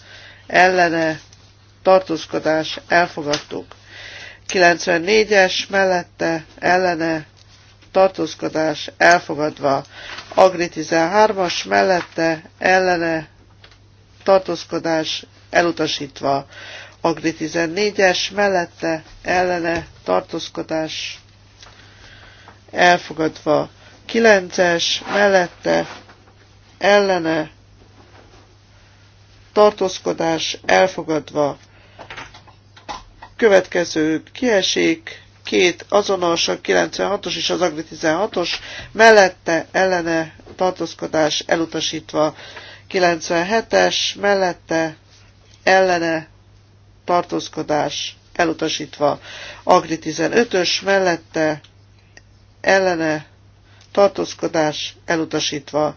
ellene tartózkodás elfogadtuk. 94-es mellette ellene tartózkodás elfogadva. Agri 13-as mellette ellene tartózkodás elutasítva. Agri 14-es mellette ellene tartózkodás elfogadva. 9-es mellette ellene tartózkodás elfogadva. Következő kiesik, két azonos, a 96-os és az Agri 16-os, mellette ellene tartózkodás elutasítva, 97-es, mellette ellene tartózkodás elutasítva, Agri 15-ös, mellette ellene tartózkodás elutasítva,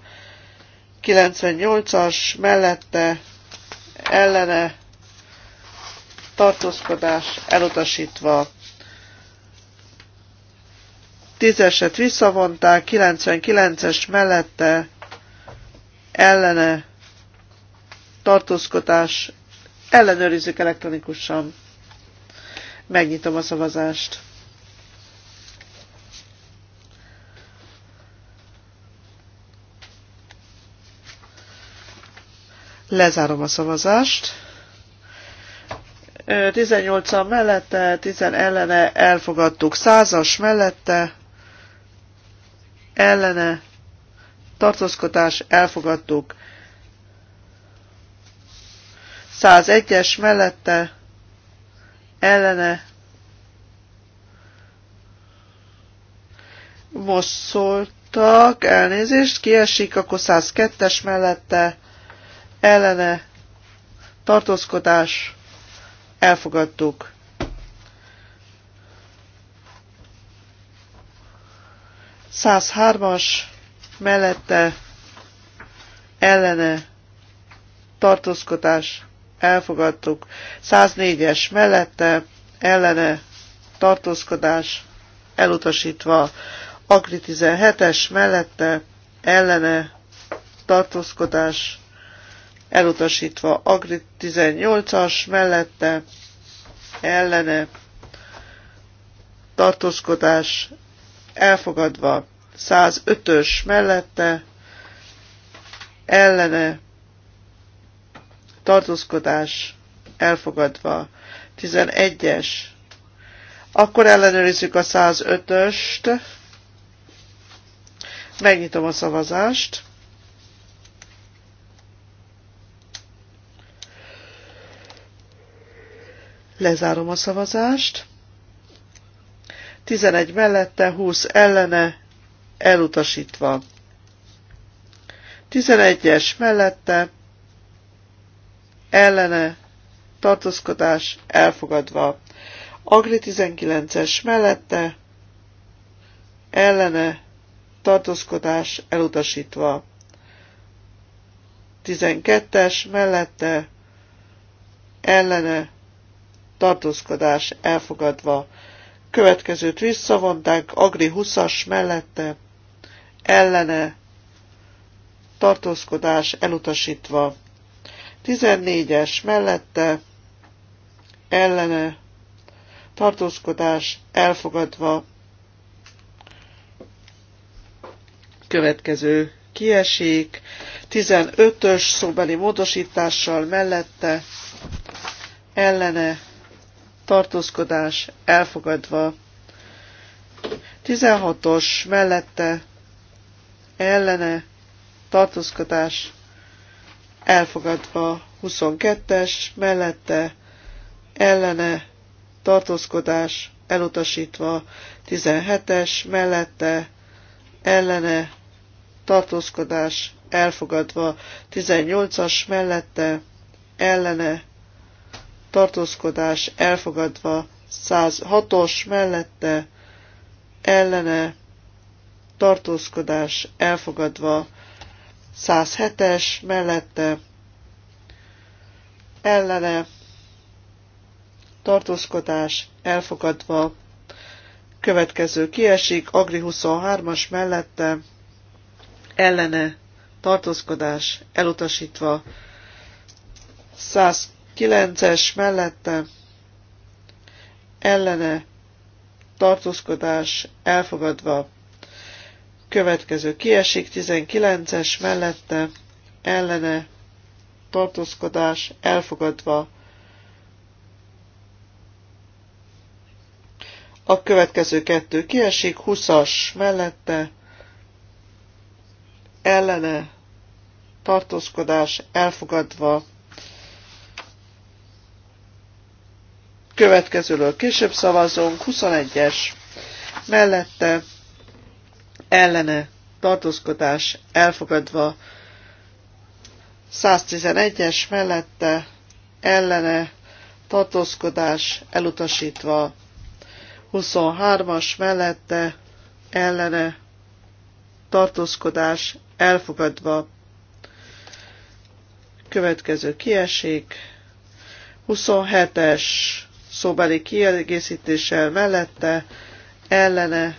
98-as, mellette ellene tartózkodás elutasítva. Tízeset visszavonták, 99-es mellette ellene tartózkodás ellenőrizzük elektronikusan. Megnyitom a szavazást. Lezárom a szavazást. 18 a mellette, 10 ellene elfogadtuk. 100-as mellette, ellene, tartózkodás elfogadtuk. 101-es mellette, ellene, most szóltak, elnézést, kiesik, akkor 102-es mellette, ellene tartózkodás elfogadtuk. Száz hármas mellette ellene tartózkodás elfogadtuk. 104-es mellette ellene tartózkodás elutasítva. Agri 17-es mellette ellene tartózkodás elutasítva. Agri 18-as mellette ellene tartózkodás elfogadva. 105-ös mellette ellene tartózkodás elfogadva. 11-es. Akkor ellenőrizzük a 105-öst. Megnyitom a szavazást. Lezárom a szavazást. 11 mellette, 20 ellene, elutasítva. 11-es mellette, ellene, tartózkodás, elfogadva. Agri 19-es mellette, ellene, tartózkodás, elutasítva. 12-es mellette, ellene, tartózkodás elfogadva. Következőt visszavonták, Agri 20-as mellette, ellene, tartózkodás elutasítva. 14-es mellette, ellene, tartózkodás elfogadva. Következő kiesik, 15-ös szóbeli módosítással mellette, ellene, tartózkodás elfogadva. 16-os mellette ellene tartózkodás elfogadva. 22-es mellette ellene tartózkodás elutasítva. 17-es mellette ellene tartózkodás elfogadva. 18-as mellette ellene tartózkodás elfogadva, 106-os mellette ellene tartózkodás elfogadva, 107-es mellette ellene tartózkodás elfogadva, következő kiesik, Agri 23-as mellette ellene tartózkodás elutasítva, kilences mellette ellene tartózkodás elfogadva. Következő kiesik 19-es mellette ellene tartózkodás elfogadva. A következő kettő kiesik, 20-as mellette, ellene, tartózkodás elfogadva, következőről később szavazunk, 21-es mellette ellene tartózkodás elfogadva, 111-es mellette ellene tartózkodás elutasítva, 23-as mellette ellene tartózkodás elfogadva. Következő kiesik. 27-es szóbeli kiegészítéssel mellette ellene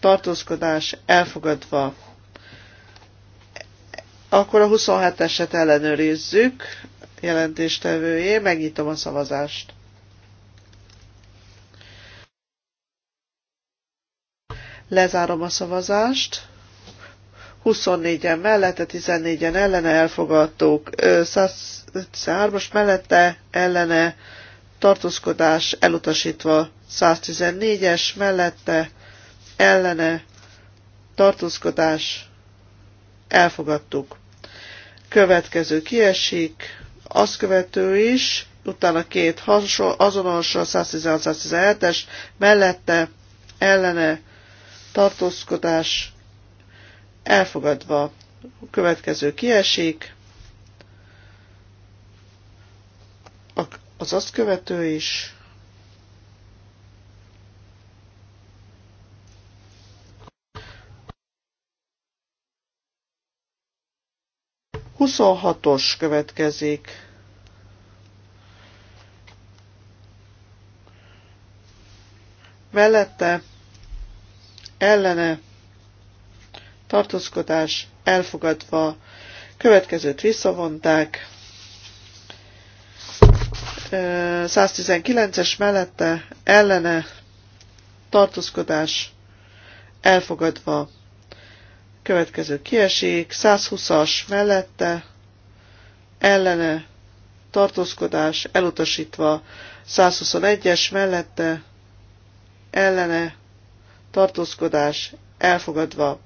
tartózkodás elfogadva. Akkor a 27-eset ellenőrizzük jelentéstevőjé, megnyitom a szavazást. Lezárom a szavazást. 24-en mellette, 14-en ellene elfogadtuk, 103-as mellette ellene tartózkodás elutasítva 114-es mellette ellene tartózkodás elfogadtuk. Következő kiesik, azt követő is, utána két hasonló, azonos, a 116-117-es, mellette ellene tartózkodás elfogadva. Következő kiesik, az azt követő is, Huszonhatos következik. Mellette ellene tartózkodás elfogadva következőt visszavonták. 119-es mellette ellene tartózkodás elfogadva. Következő kiesik, 120-as mellette ellene tartózkodás elutasítva, 121-es mellette ellene tartózkodás elfogadva,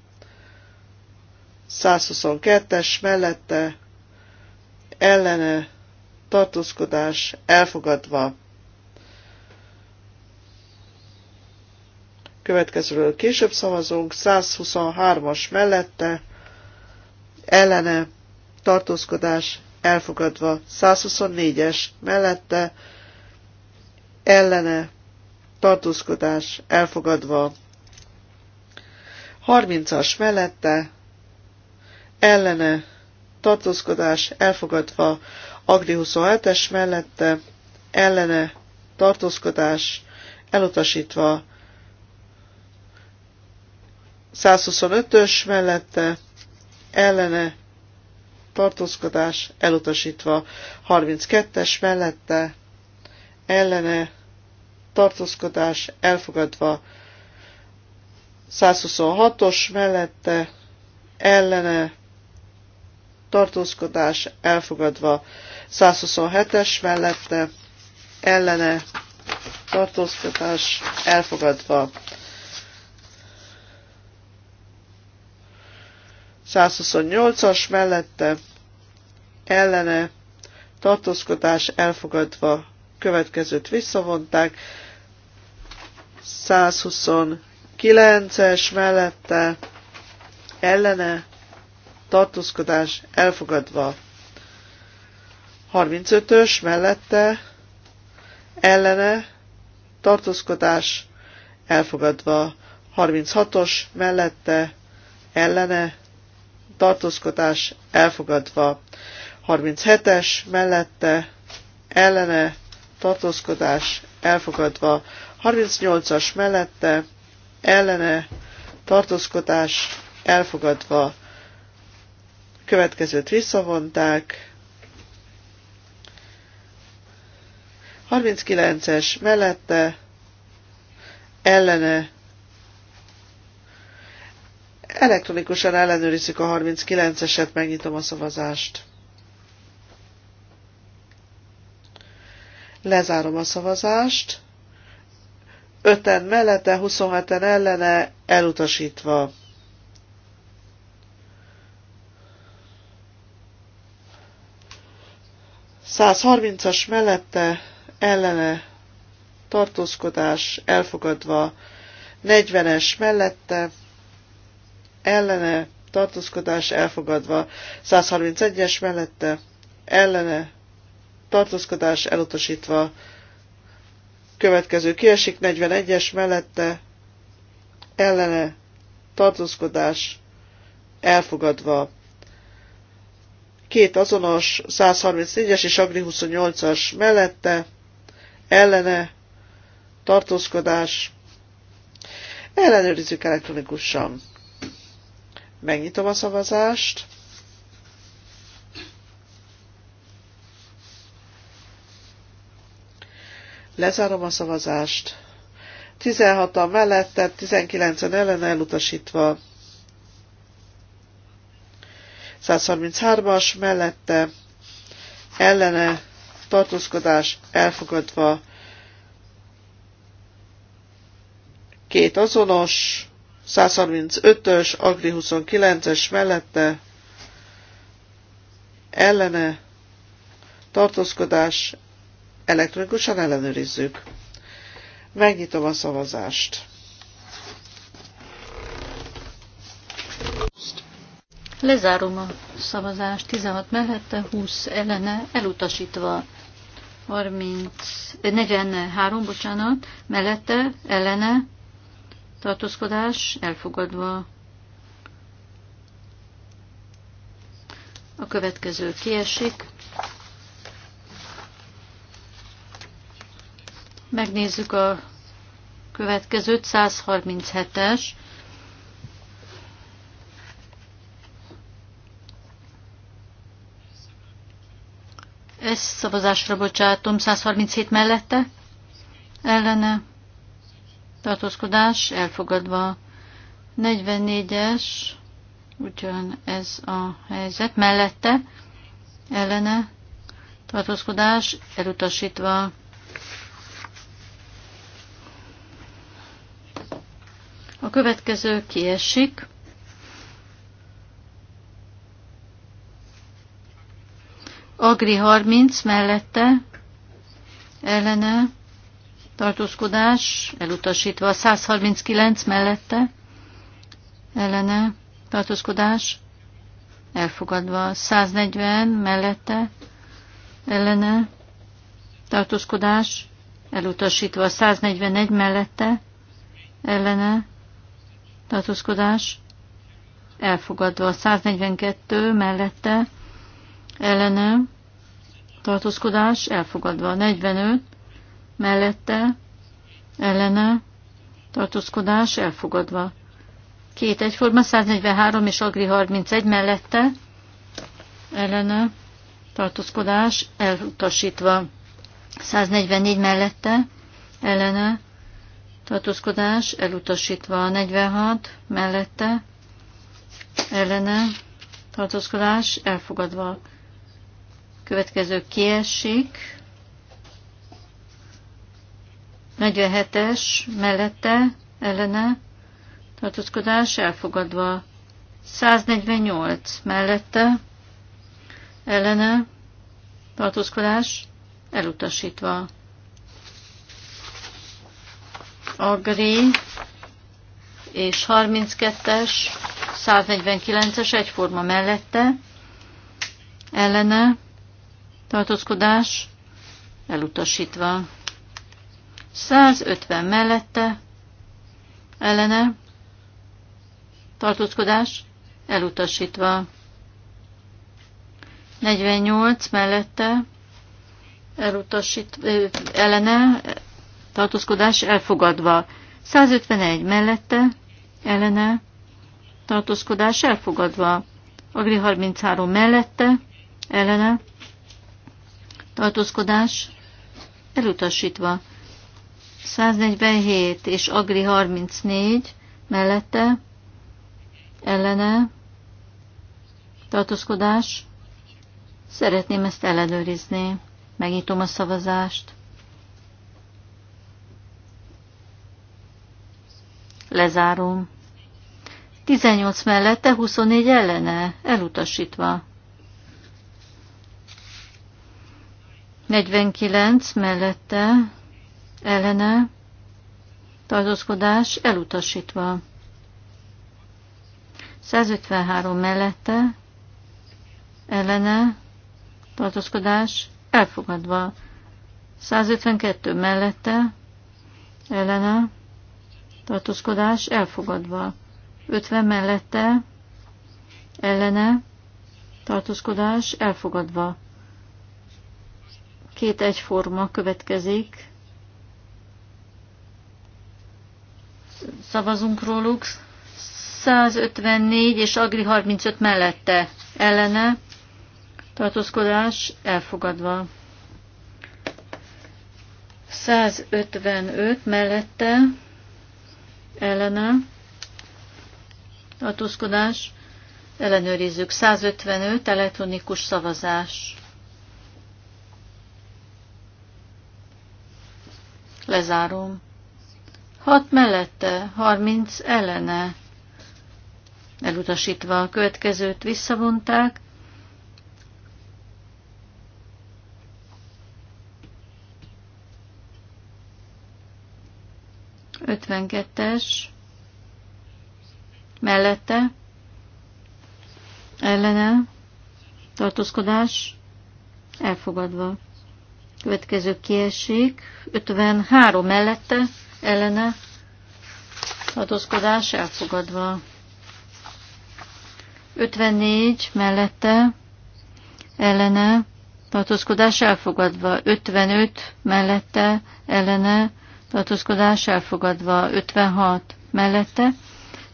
122-es mellette ellene tartózkodás elfogadva. Következőről később szavazunk, 123-as mellette, ellene, tartózkodás elfogadva, 124-es mellette, ellene, tartózkodás elfogadva, 30-as mellette, ellene, tartózkodás elfogadva, Agri 27-es mellette ellene tartózkodás elutasítva. 125-ös mellette ellene tartózkodás elutasítva. 32-es mellette ellene tartózkodás elfogadva. 126-os mellette ellene tartózkodás elfogadva. 127-es mellette ellene tartóztatás elfogadva. 128-as mellette ellene tartózkodás elfogadva következőt visszavonták, 129-es mellette ellene tartózkodás elfogadva. 35-ös mellette ellene tartózkodás elfogadva. 36-os mellette ellene tartózkodás elfogadva. 37-es mellette ellene tartózkodás elfogadva. 38-as mellette ellene tartózkodás elfogadva. Következőt visszavonták. 39-es mellette ellene elektronikusan ellenőrizzük a 39-eset, megnyitom a szavazást. Lezárom a szavazást. 5-en mellette, 27-en ellene, elutasítva. Százharmincas mellette ellene tartózkodás elfogadva, 40-es mellette ellene tartózkodás elfogadva, 131-es mellette ellene tartózkodás elutasítva, következő kiesik, 41-es mellette ellene tartózkodás elfogadva. Két azonos 134-es és Agri 28-as mellette ellene tartózkodás. Ellenőrizzük elektronikusan. Megnyitom a szavazást. Lezárom a szavazást. 16 a mellette, 19-en ellen elutasítva. 133-as mellette, ellene tartózkodás elfogadva. Két azonos, 135-ös, Agri 29-es mellette, ellene, tartózkodás, elektronikusan ellenőrizzük. Megnyitom a szavazást. Lezárom a szavazást 16 mellette, 20 ellene, elutasítva 30, három, bocsánat, mellette, ellene, tartózkodás, elfogadva. A következő kiesik. Megnézzük a következőt, 137-es Ezt szavazásra bocsátom 137 mellette. Ellene tartózkodás elfogadva. 44-es, ugyan ez a helyzet. Mellette ellene tartózkodás elutasítva. A következő kiesik. Agri 30 mellette ellene tartózkodás, elutasítva 139 mellette ellene tartózkodás, elfogadva 140 mellette ellene tartózkodás, elutasítva 141 mellette ellene tartózkodás, elfogadva 142 mellette ellene tartózkodás elfogadva. 45 mellette ellene tartózkodás elfogadva. Két egyforma 143 és Agri 31 mellette ellene tartózkodás elutasítva. 144 mellette ellene tartózkodás elutasítva. 46 mellette ellene tartózkodás elfogadva. Következő kiesik. 47-es mellette ellene tartózkodás elfogadva. 148 mellette ellene tartózkodás elutasítva. Agri és 32-es, 149-es egyforma mellette, ellene, tartózkodás elutasítva. 150 mellette ellene tartózkodás elutasítva. 48 mellette elutasít, ellene tartózkodás elfogadva. 151 mellette ellene tartózkodás elfogadva. Agri 33 mellette ellene tartózkodás elutasítva. 147 és Agri 34 mellette ellene tartózkodás. Szeretném ezt ellenőrizni. Megnyitom a szavazást. Lezárom. 18 mellette, 24 ellene, elutasítva. 49 mellette ellene tartózkodás elutasítva. 153 mellette ellene tartózkodás elfogadva. 152 mellette ellene tartózkodás elfogadva. 50 mellette ellene tartózkodás elfogadva. Két egyforma következik. Szavazunk róluk. 154 és Agri 35 mellette. Ellene. Tartózkodás elfogadva. 155 mellette ellene tartózkodás, ellenőrizzük 155 elektronikus szavazás. Lezárom. Hat mellette, harminc ellene. Elutasítva a következőt visszavonták. Ötvenkettes. Mellette. Ellene. Tartózkodás. Elfogadva. Következő kiesik. 53 mellette ellene tartózkodás elfogadva. 54 mellette ellene tartózkodás elfogadva. 55 mellette ellene tartózkodás elfogadva. 56 mellette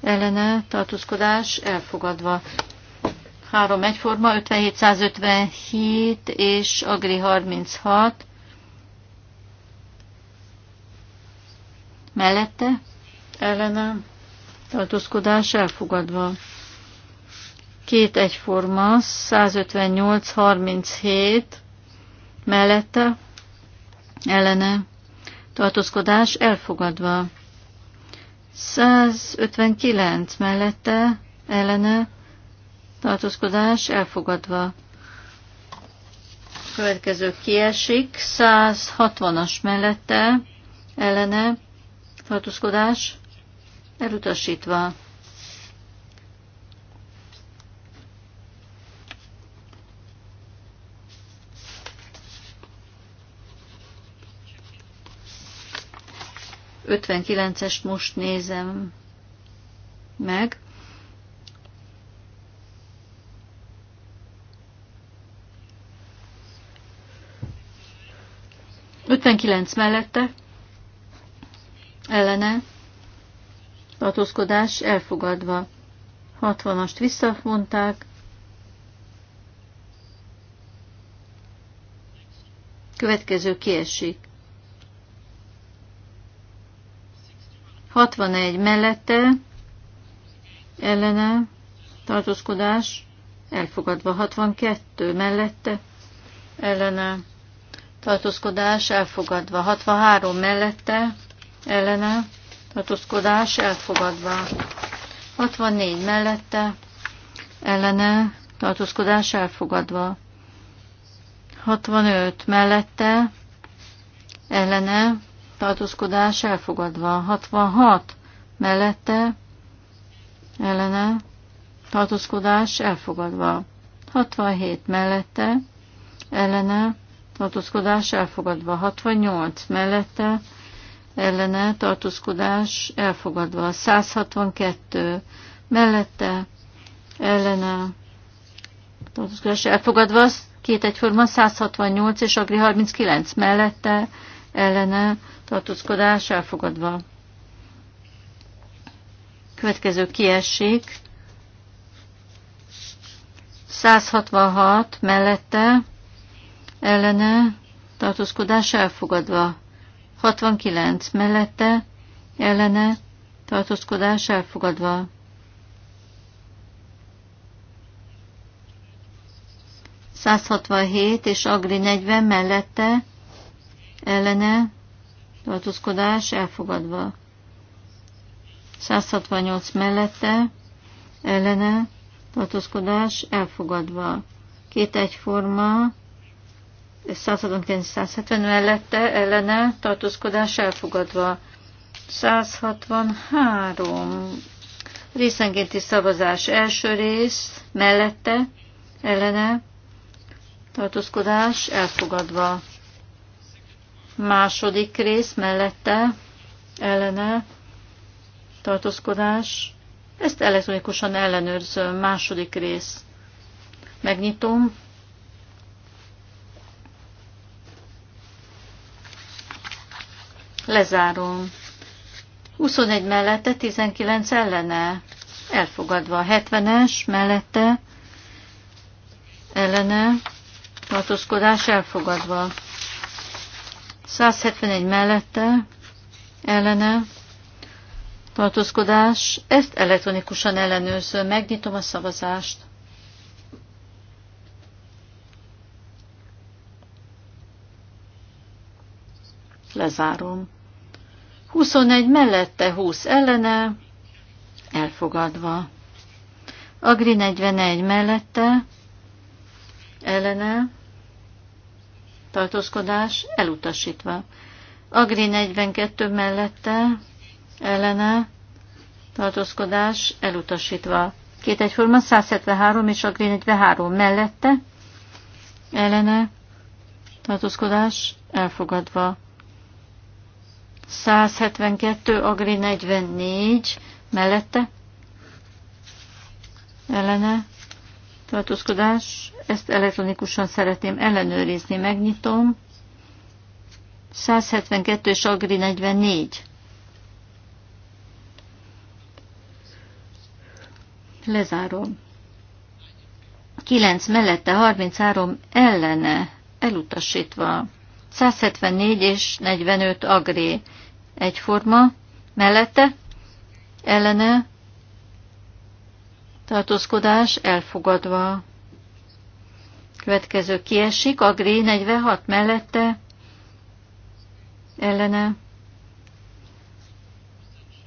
ellene tartózkodás elfogadva. 3 egyforma, 5757 és Agri 36. Mellette ellene tartózkodás elfogadva. Két egyforma, 158-37 mellette ellene tartózkodás elfogadva. 159 mellette ellene tartózkodás elfogadva. Következő kiesik, 160-as mellette ellene tartózkodás elutasítva. Ötvenkilencest most nézem meg. 59 mellette ellene tartózkodás elfogadva. 60-ast visszavonták. Következő kiesik. 61 mellette ellene tartózkodás elfogadva. 62 mellette ellene tartózkodás elfogadva. 63 mellette ellene tartózkodás elfogadva. 64 mellette ellene tartózkodás elfogadva. 65 mellette ellene tartózkodás elfogadva. 66 mellette ellene tartózkodás elfogadva. 67 mellette ellene tartózkodás elfogadva 68 mellette, ellene tartózkodás elfogadva 162 mellette, ellene tartózkodás elfogadva két egyforma 168 és agri 39 mellette, ellene tartózkodás elfogadva. Következő kiesik. 166 mellette ellene tartózkodás elfogadva. 69 mellette ellene tartózkodás elfogadva. Százhatvanhét és Agri 40 mellette ellene tartózkodás elfogadva. 168 mellette ellene tartózkodás elfogadva. Két egyforma 170 mellette ellene tartózkodás elfogadva. 163 részenkénti szavazás első rész mellette ellene tartózkodás elfogadva. Második rész mellette ellene tartózkodás. Ezt elektronikusan ellenőrzöm. Második rész. Megnyitom. Lezárom. 21 mellette, 19 ellene. Elfogadva. 70-es mellette, ellene. Tartózkodás elfogadva. 171 mellette, ellene. Tartózkodás. Ezt elektronikusan ellenőrzöm. Megnyitom a szavazást. Lezárom. 21 mellette, 20 ellene, elfogadva. Agri 41 mellette, ellene, tartózkodás, elutasítva. Agri 42 mellette, ellene, tartózkodás, elutasítva. Két egyforma 173 és Agri 43 mellette, ellene, tartózkodás, elfogadva. 172, Agri 44, mellette, ellene, tartózkodás, ezt elektronikusan szeretném ellenőrizni, megnyitom, 172 és Agri 44. Lezárom. 9 mellette, 33 ellene, elutasítva. 174 és 45 agré egyforma, mellette, ellene, tartózkodás elfogadva. Következő kiesik, a Gré 46 mellette, ellene,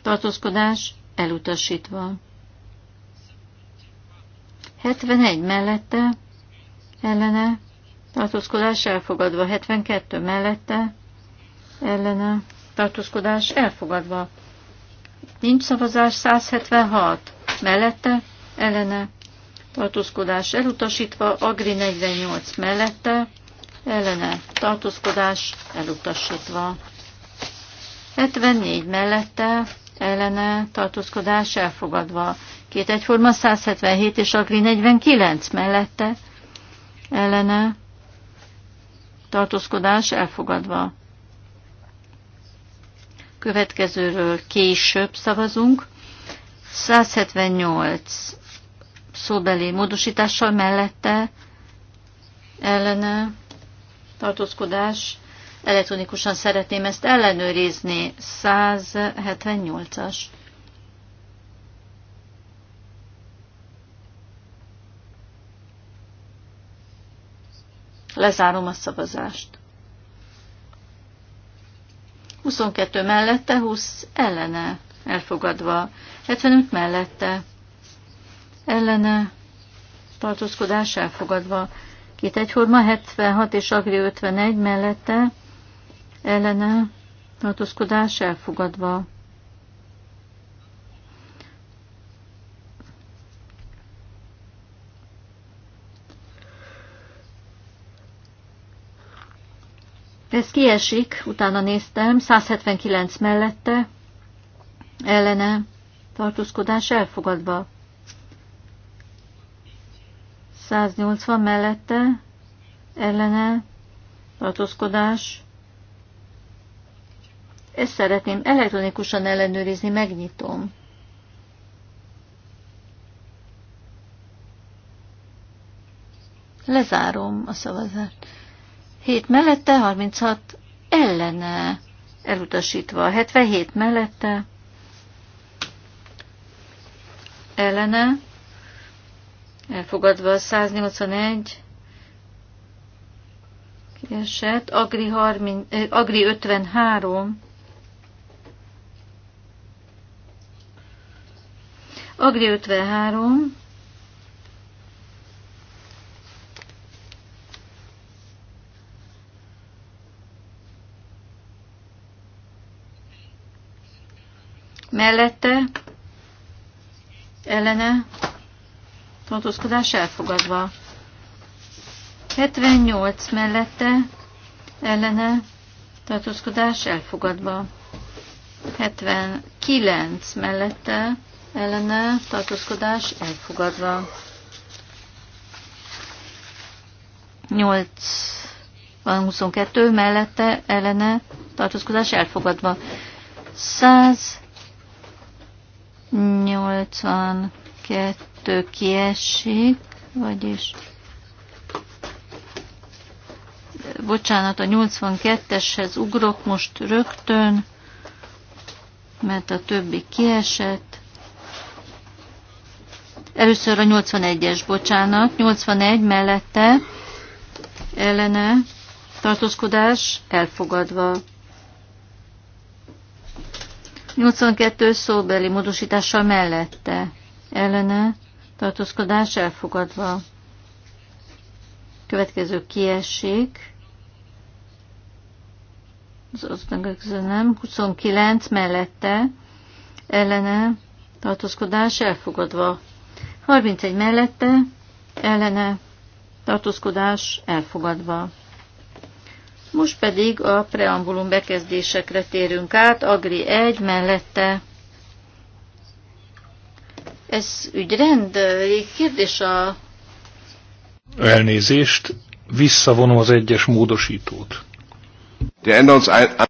tartózkodás elutasítva. 71 mellette, ellene, tartózkodás elfogadva, 72 mellette, ellene, tartózkodás elfogadva. Nincs szavazás 176 mellette, ellene, tartózkodás elutasítva, Agri 48 mellette, ellene, tartózkodás elutasítva. 74 mellette, ellene, tartózkodás elfogadva. Két egyforma 177 és Agri 49 mellette, ellene, tartózkodás elfogadva következőről később szavazunk. 178 szóbeli módosítással mellette ellene tartózkodás. Elektronikusan szeretném ezt ellenőrizni. 178-as. Lezárom a szavazást. 22 mellette, 20 ellene elfogadva, 75 mellette ellene tartózkodás elfogadva, két egyforma 76 és Agri 51 mellette ellene tartózkodás elfogadva. Ez kiesik, utána néztem, 179 mellette, ellene, tartózkodás elfogadva. 180 mellette, ellene, tartózkodás. Ezt szeretném elektronikusan ellenőrizni, megnyitom. Lezárom a szavazást. 7 mellette, 36 ellene elutasítva. 77 mellette ellene elfogadva 181 kieset, Agri, 30, eh, Agri 53 Agri 53 mellette, ellene, tartózkodás elfogadva. 78 mellette, ellene, tartózkodás elfogadva. 79 mellette, ellene, tartózkodás elfogadva. 8 van 22 mellette, ellene, tartózkodás elfogadva. 100 82 kiesik, vagyis bocsánat, a 82-eshez ugrok most rögtön, mert a többi kiesett. Először a 81-es, bocsánat, 81 mellette ellene tartózkodás elfogadva. 82 szóbeli módosítása mellette ellene tartózkodás elfogadva. Következő kiesik. Az nem 29 mellette ellene tartózkodás elfogadva. 31 mellette ellene tartózkodás elfogadva. Most pedig a preambulum bekezdésekre térünk át, Agri 1 mellette. Ez ügyrend? Kérdés a... Elnézést, visszavonom az egyes módosítót. Tehát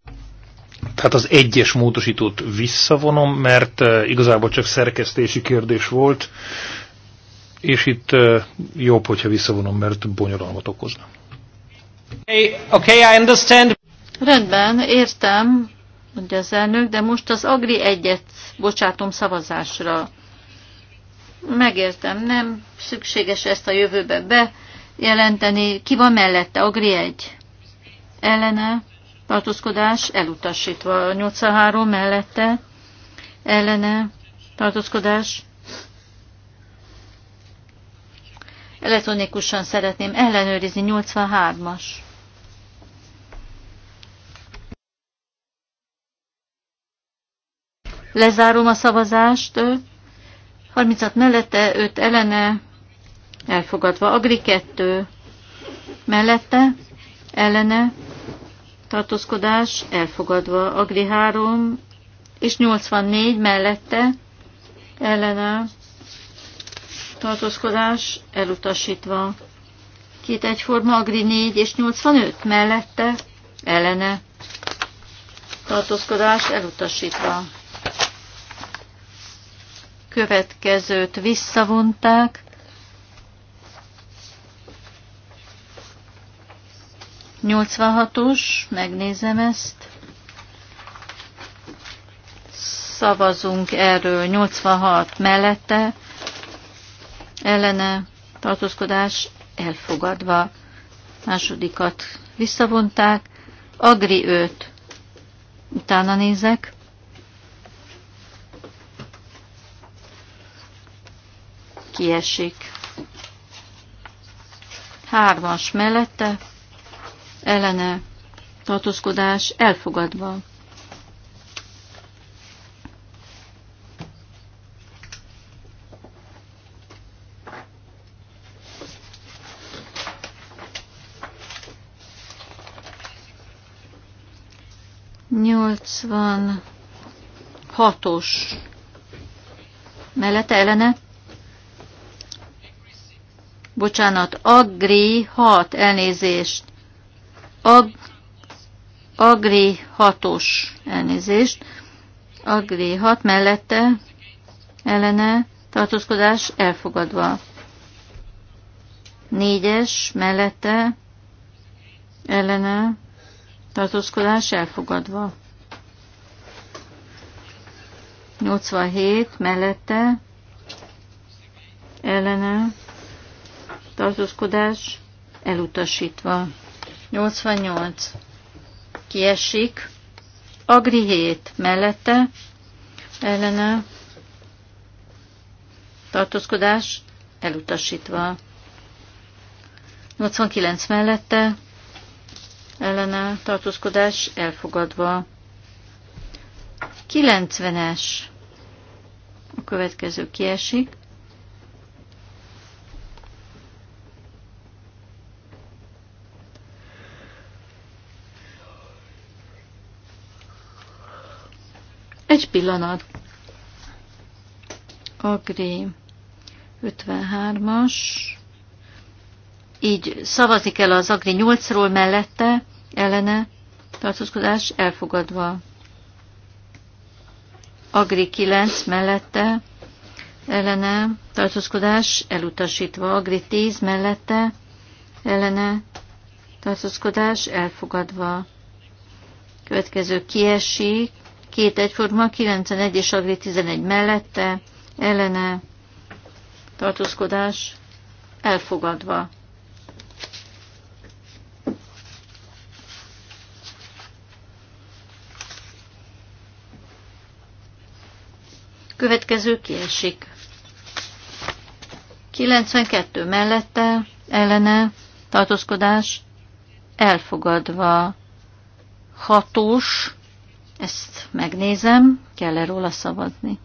az egyes módosítót visszavonom, mert eh, igazából csak szerkesztési kérdés volt, és itt eh, jobb, hogyha visszavonom, mert bonyolalmat okozna. Okay, okay, I understand. Rendben, értem, mondja az elnök, de most az Agri egyet bocsátom szavazásra. Megértem, nem szükséges ezt a jövőbe bejelenteni. Ki van mellette? Agri egy. Ellene tartózkodás elutasítva. 83 mellette ellene tartózkodás. Elektronikusan szeretném ellenőrizni 83-as. Lezárom a szavazást. 36 mellette, 5 ellene, elfogadva. Agri 2 mellette, ellene, tartózkodás, elfogadva. Agri 3 és 84 mellette, ellene, tartózkodás, elutasítva. Két egyforma, Agri 4 és 85 mellette, ellene, tartózkodás, elutasítva következőt visszavonták, Nyolcvanhatos, megnézem ezt. Szavazunk erről 86 mellette, ellene tartózkodás elfogadva. Másodikat visszavonták. Agri 5. Utána nézek. kiesik. Hármas mellette, ellene, tartózkodás elfogadva. Nyolcvan hatos mellette ellene bocsánat, Agri hat, elnézést, Ag, Agri hatos, elnézést, Agri hat mellette, ellene, tartózkodás elfogadva. Négyes mellette, ellene, tartózkodás elfogadva. 87 mellette, ellene, tartózkodás elutasítva. 88 kiesik, Agri 7 mellette, ellene tartózkodás elutasítva. 89 mellette, ellene tartózkodás elfogadva. 90-es a következő kiesik. Egy pillanat. Agri 53-as. Így szavazik el az Agri 8-ról mellette, ellene, tartózkodás elfogadva. Agri 9 mellette, ellene, tartózkodás elutasítva. Agri 10 mellette, ellene, tartózkodás elfogadva. Következő kiesik, két egyforma, 91 és Agri 11 mellette, ellene tartózkodás elfogadva. Következő kiesik. 92 mellette, ellene, tartózkodás, elfogadva. Hatós, Ezt megnézem, kell-e róla szavazni?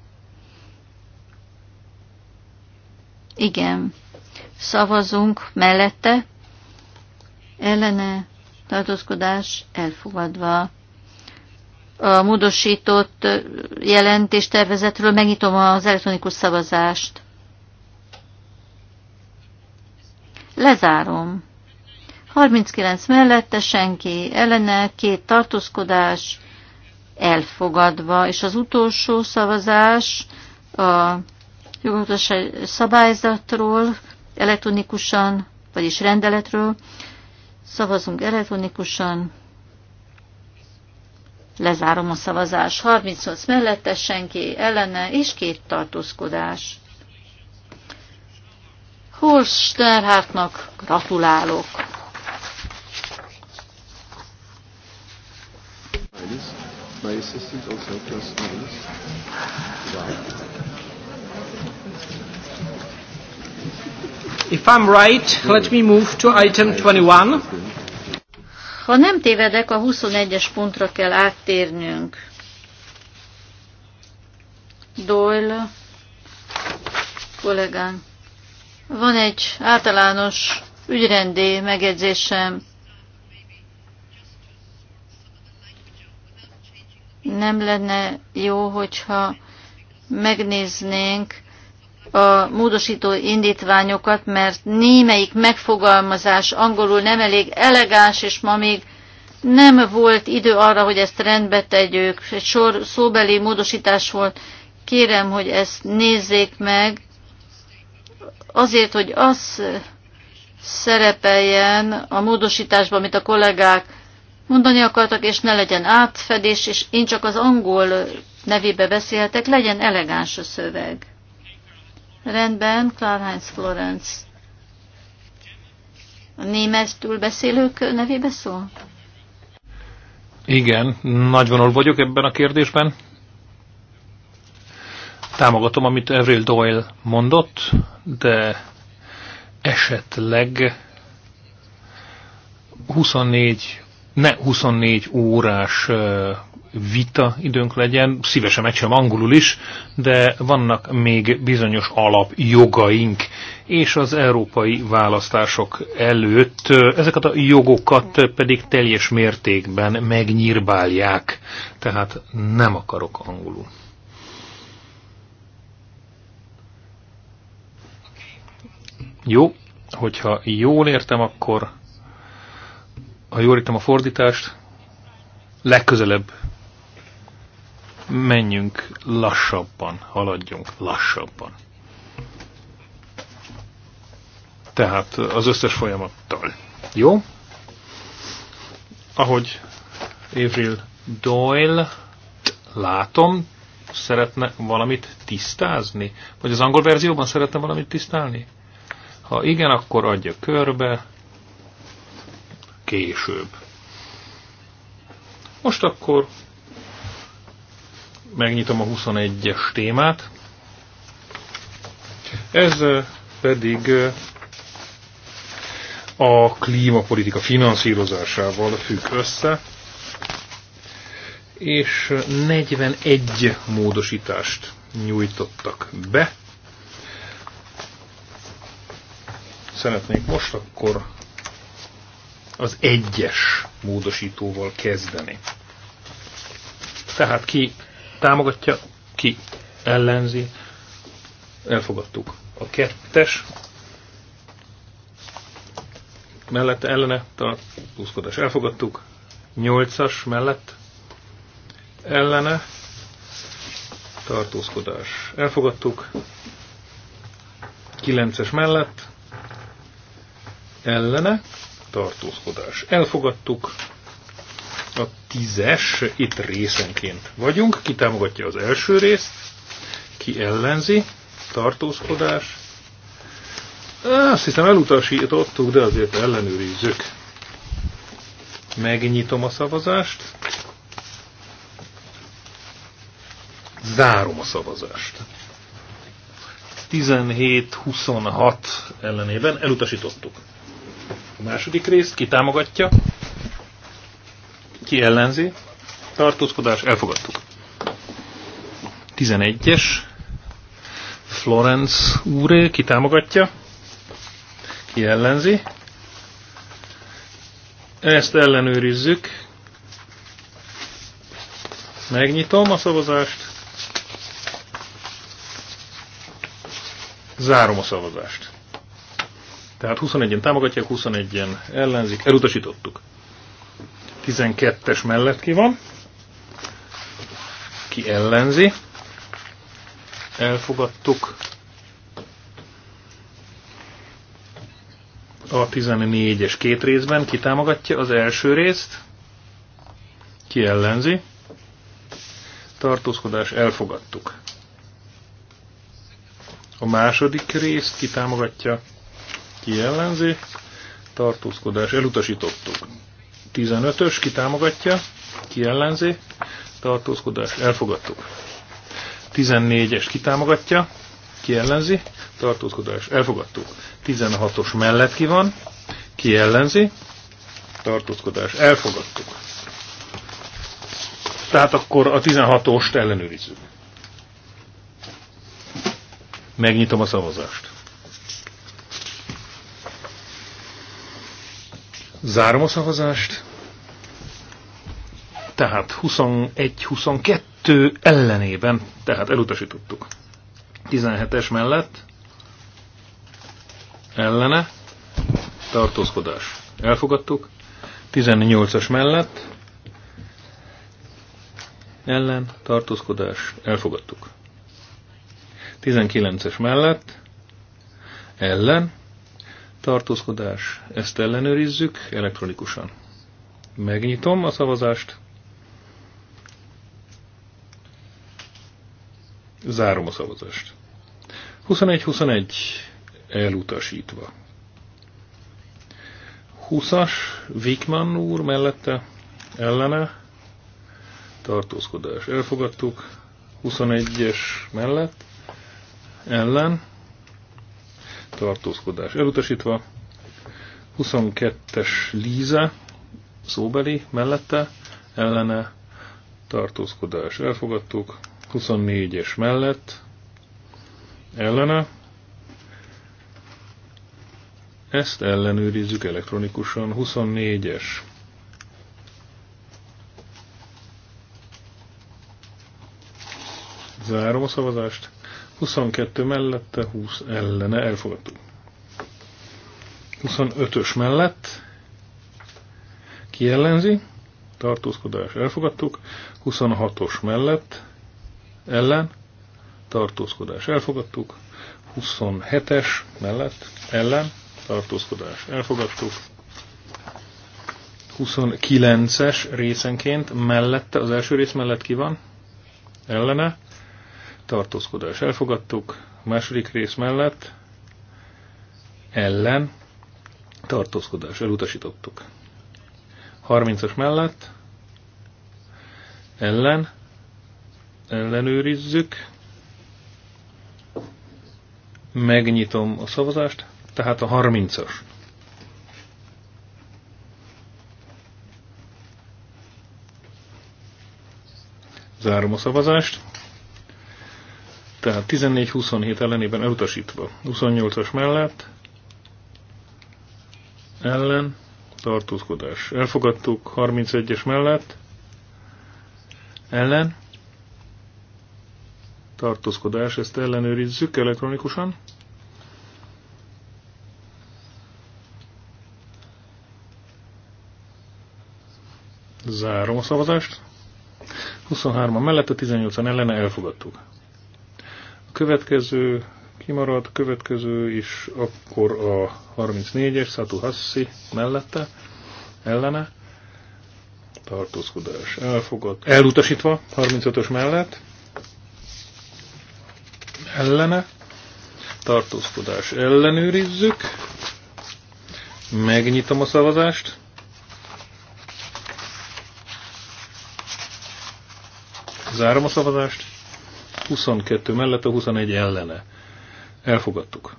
Igen. Szavazunk mellette, ellene tartózkodás elfogadva. A módosított jelentéstervezetről megnyitom az elektronikus szavazást. Lezárom. 39 mellette senki ellene, két tartózkodás, elfogadva, és az utolsó szavazás a jogalkotási szabályzatról elektronikusan, vagyis rendeletről. Szavazunk elektronikusan. Lezárom a szavazás. 38 mellette senki ellene, és két tartózkodás. Horst Sternhártnak gratulálok! My assistant also plus minus. If I'm right, let me move to item 21. Ha nem tévedek, a 21-es pontra kell áttérnünk. Doyle kollégán. Van egy általános ügyrendi megjegyzésem. nem lenne jó, hogyha megnéznénk a módosító indítványokat, mert némelyik megfogalmazás angolul nem elég elegáns, és ma még nem volt idő arra, hogy ezt rendbe tegyük. Egy sor szóbeli módosítás volt. Kérem, hogy ezt nézzék meg, azért, hogy az szerepeljen a módosításban, amit a kollégák mondani akartak, és ne legyen átfedés, és én csak az angol nevébe beszélhetek, legyen elegáns a szöveg. Rendben, Heinz Florence. A német túlbeszélők nevébe szól? Igen, nagyvonul vagyok ebben a kérdésben. Támogatom, amit Avril Doyle mondott, de esetleg 24 ne 24 órás vita időnk legyen, szívesen megcsinálom angolul is, de vannak még bizonyos alapjogaink, és az európai választások előtt ezeket a jogokat pedig teljes mértékben megnyírbálják, tehát nem akarok angolul. Jó, hogyha jól értem, akkor ha jól értem a fordítást, legközelebb menjünk lassabban, haladjunk lassabban. Tehát az összes folyamattal. Jó? Ahogy Évril Doyle látom, szeretne valamit tisztázni? Vagy az angol verzióban szeretne valamit tisztálni? Ha igen, akkor adja körbe később. Most akkor megnyitom a 21-es témát. Ez pedig a klímapolitika finanszírozásával függ össze, és 41 módosítást nyújtottak be. Szeretnék most akkor az egyes módosítóval kezdeni. Tehát ki támogatja, ki ellenzi, elfogadtuk. A kettes mellette ellene tartózkodás elfogadtuk, nyolcas mellett ellene tartózkodás elfogadtuk, kilences mellett ellene tartózkodás. Elfogadtuk a tízes, itt részenként vagyunk, ki támogatja az első részt, ki ellenzi, tartózkodás. Azt hiszem elutasítottuk, de azért ellenőrizzük. Megnyitom a szavazást. Zárom a szavazást. 17-26 ellenében elutasítottuk. A második rész támogatja, ki ellenzi, tartózkodás, elfogadtuk. 11-es, Florence úré, támogatja, ki ellenzi. Ezt ellenőrizzük. Megnyitom a szavazást. Zárom a szavazást. Tehát 21-en támogatják, 21-en ellenzik, elutasítottuk. 12-es mellett ki van, ki ellenzi, elfogadtuk. A 14-es két részben ki támogatja az első részt, ki ellenzi, tartózkodás elfogadtuk. A második részt kitámogatja, ki ellenzi, tartózkodás elutasítottuk. 15-ös, ki támogatja, ki ellenzi, tartózkodás elfogadtuk. 14-es kitámogatja, ki ellenzi, tartózkodás elfogadtuk. 16-os mellett ki van, ki ellenzi, tartózkodás elfogadtuk. Tehát akkor a 16-ost ellenőrizzük. Megnyitom a szavazást. Zárom a szavazást. Tehát 21-22 ellenében, tehát elutasítottuk. 17-es mellett ellene tartózkodás. Elfogadtuk. 18-as mellett ellen tartózkodás. Elfogadtuk. 19-es mellett ellen tartózkodás, ezt ellenőrizzük elektronikusan. Megnyitom a szavazást. Zárom a szavazást. 21-21 elutasítva. 20-as Wikman úr mellette ellene tartózkodás. Elfogadtuk. 21-es mellett ellen tartózkodás elutasítva. 22-es Líze, szóbeli, mellette, ellene, tartózkodás elfogadtuk. 24-es mellett, ellene. Ezt ellenőrizzük elektronikusan. 24-es. Zárom a szavazást. 22 mellette, 20 ellene elfogadtuk. 25-ös mellett kiellenzi, tartózkodás elfogadtuk, 26-os mellett ellen, tartózkodás elfogadtuk, 27-es mellett ellen, tartózkodás elfogadtuk, 29-es részenként mellette, az első rész mellett ki van, ellene, tartózkodás elfogadtuk, a második rész mellett ellen tartózkodás elutasítottuk. 30-as mellett ellen ellenőrizzük, megnyitom a szavazást, tehát a 30-as. Zárom a szavazást. Tehát 14-27 ellenében elutasítva. 28-as mellett ellen tartózkodás. Elfogadtuk 31-es mellett ellen tartózkodás. Ezt ellenőrizzük elektronikusan. Zárom a szavazást. 23-a a 18-an ellene elfogadtuk következő kimaradt következő is akkor a 34-es Satu Hassi mellette, ellene, tartózkodás elfogad, elutasítva 35-ös mellett, ellene, tartózkodás ellenőrizzük, megnyitom a szavazást, zárom a szavazást, 22 a 21 ellene. Elfogadtuk.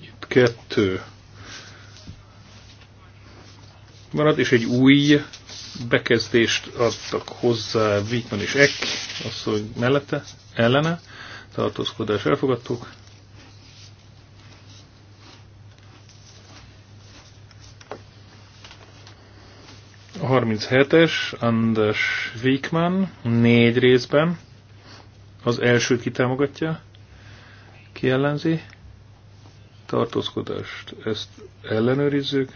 Itt kettő marad, és egy új bekezdést adtak hozzá Wittmann és Eck, az, hogy mellette, ellene, tartózkodás elfogadtuk. 37-es, Anders Wikman, négy részben. Az elsőt kitámogatja, kiellenzi, tartózkodást. Ezt ellenőrizzük.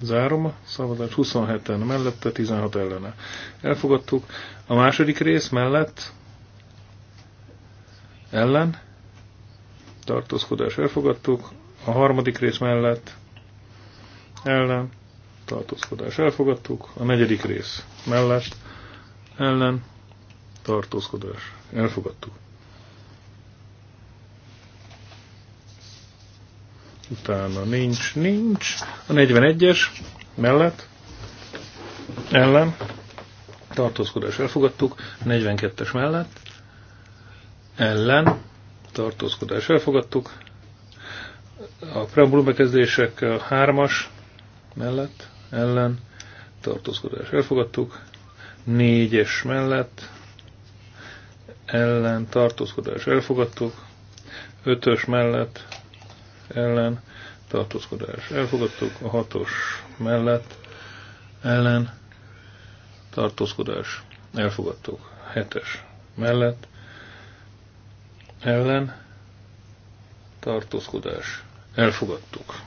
Zárom a szavazást. 27-en mellette, 16 ellene. Elfogadtuk. A második rész mellett ellen tartózkodás elfogadtuk, a harmadik rész mellett ellen tartózkodás elfogadtuk, a negyedik rész mellett ellen tartózkodás elfogadtuk. Utána nincs, nincs. A 41-es mellett ellen tartózkodás elfogadtuk, a 42-es mellett ellen tartózkodás elfogadtuk. A preambulum bekezdések 3-as mellett, ellen, tartózkodás elfogadtuk. 4-es mellett, ellen, tartózkodás elfogadtuk. 5-ös mellett, ellen, tartózkodás elfogadtuk. A 6-os mellett, ellen, tartózkodás elfogadtuk. 7-es mellett, ellen tartózkodás elfogadtuk.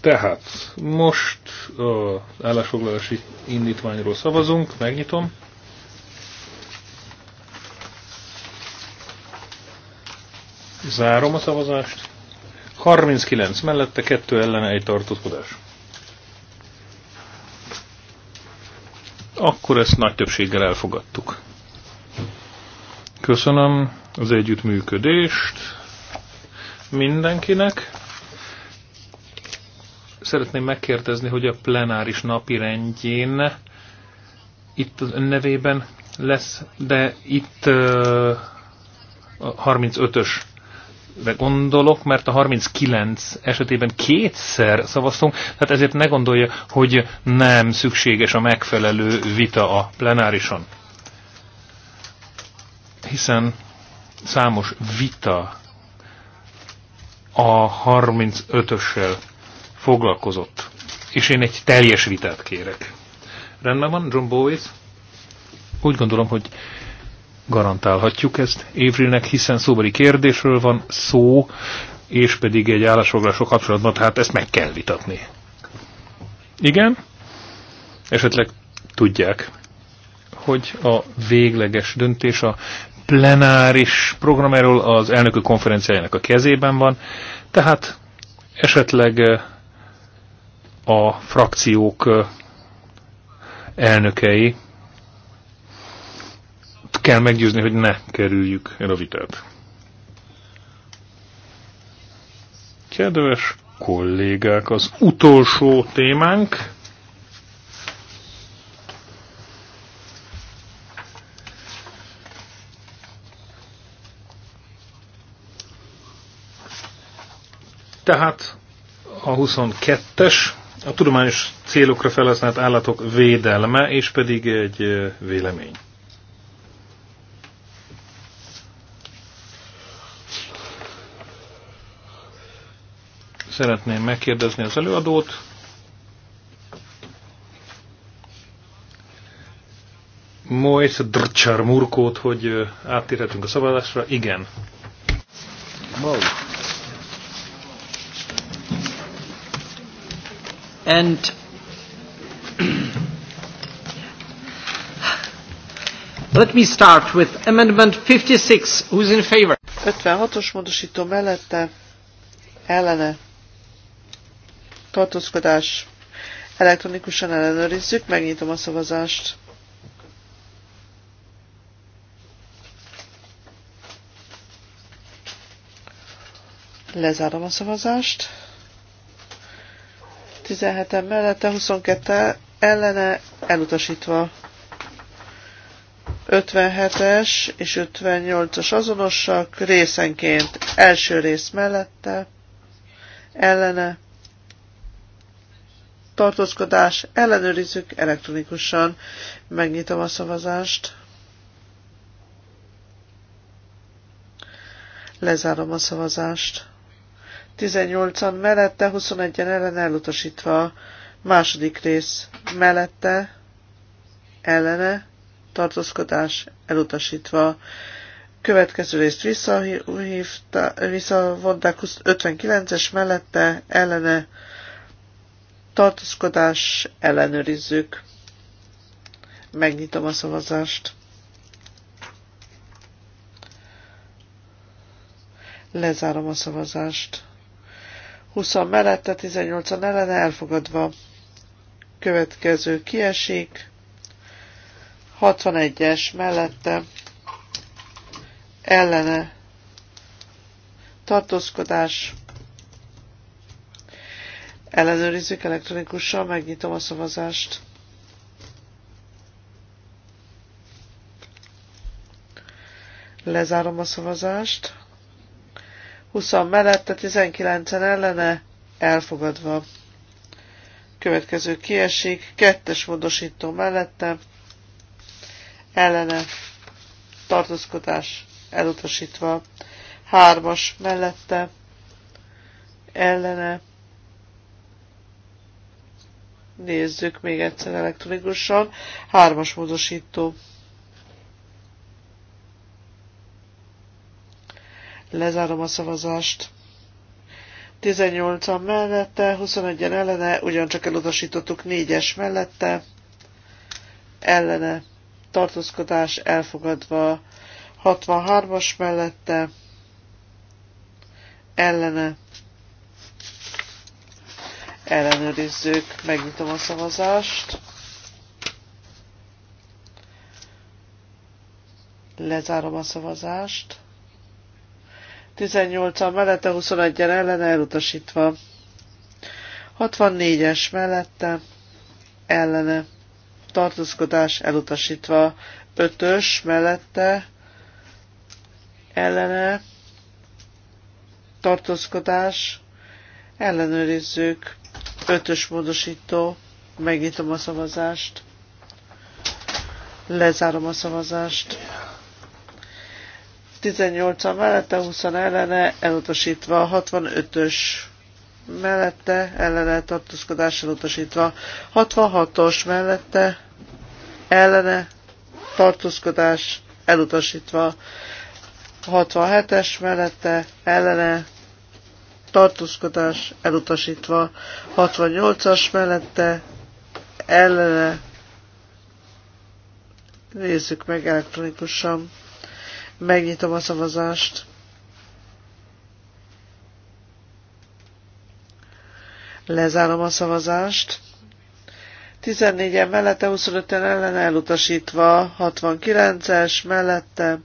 Tehát most az állásfoglalási indítványról szavazunk, megnyitom. Zárom a szavazást. 39 mellette, 2 ellene egy tartózkodás. Akkor ezt nagy többséggel elfogadtuk. Köszönöm az együttműködést mindenkinek. Szeretném megkérdezni, hogy a plenáris napi rendjén itt az ön nevében lesz, de itt uh, a 35-ös gondolok, mert a 39 esetében kétszer szavaztunk, tehát ezért ne gondolja, hogy nem szükséges a megfelelő vita a plenárison hiszen számos vita a 35-össel foglalkozott, és én egy teljes vitát kérek. Rendben van, John Bowies? Úgy gondolom, hogy garantálhatjuk ezt Évrilnek, hiszen szóbeli kérdésről van szó, és pedig egy állásfoglalások kapcsolatban, hát ezt meg kell vitatni. Igen? Esetleg tudják, hogy a végleges döntés a plenáris program, erről az elnökök konferenciájának a kezében van, tehát esetleg eh, a frakciók eh, elnökei kell meggyőzni, hogy ne kerüljük el a vitát. Kedves kollégák, az utolsó témánk Tehát a 22-es, a tudományos célokra felhasznált állatok védelme, és pedig egy vélemény. Szeretném megkérdezni az előadót. Mojsz Drcsar Murkót, hogy áttérhetünk a szabadásra. Igen. Mojsz. And Let me start with amendment 56. Who's in favor? 56-os módosító mellette ellene tartózkodás. Elektronikusan ellenőrizzük, megnyitom a szavazást. Lezárom a szavazást. 17-en mellette, 22 ellene elutasítva. 57-es és 58-as azonosak részenként első rész mellette, ellene, tartózkodás, ellenőrizzük elektronikusan, megnyitom a szavazást, lezárom a szavazást. 18-an mellette, 21-en ellen elutasítva. Második rész mellette, ellene, tartózkodás elutasítva. Következő részt visszahívta, visszavonták 59-es mellette, ellene, tartózkodás ellenőrizzük. Megnyitom a szavazást. Lezárom a szavazást. 20 mellette, 18-an ellen elfogadva. Következő kiesik. 61-es mellette ellene tartózkodás. Ellenőrizzük elektronikusan, megnyitom a szavazást. Lezárom a szavazást. 20 mellette, 19-en ellene, elfogadva. Következő kiesik, kettes módosító mellette, ellene, tartózkodás elutasítva, hármas mellette, ellene, nézzük még egyszer elektronikusan, hármas módosító. Lezárom a szavazást. 18-an mellette, 21-en ellene, ugyancsak elutasítottuk 4-es mellette, ellene, tartózkodás elfogadva, 63-as mellette, ellene, ellenőrizzük, megnyitom a szavazást, lezárom a szavazást, 18-an mellette, 21-en ellen elutasítva. 64-es mellette, ellene, tartózkodás elutasítva. 5-ös mellette, ellene, tartózkodás, ellenőrizzük, 5-ös módosító, megnyitom a szavazást, lezárom a szavazást. 18 a mellette, 20 ellene, elutasítva, 65-ös mellette, ellene tartózkodás elutasítva, 66-os mellette, ellene tartózkodás elutasítva, 67-es mellette, ellene tartózkodás elutasítva, 68-as mellette, ellene nézzük meg elektronikusan. Megnyitom a szavazást. Lezárom a szavazást. 14-en mellette, 25-en ellen elutasítva, 69-es mellette,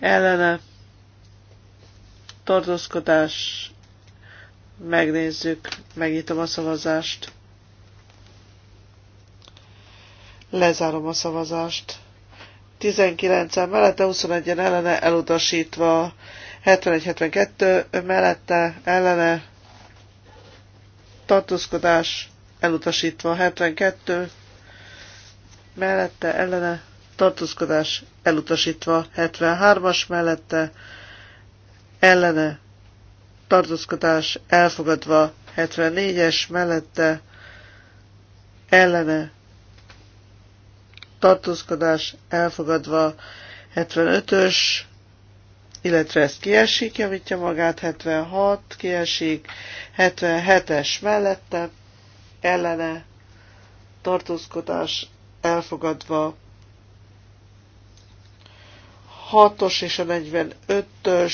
ellene, tartózkodás, megnézzük, megnyitom a szavazást. Lezárom a szavazást. 19-en mellette, 21-en ellene elutasítva. 71-72 mellette, ellene tartózkodás elutasítva. 72 mellette, ellene tartózkodás elutasítva. 73-as mellette, ellene tartózkodás elfogadva. 74-es mellette, ellene tartózkodás elfogadva 75-ös, illetve ez kiesik, javítja magát, 76 kiesik, 77-es mellette, ellene tartózkodás elfogadva 6-os és a 45-ös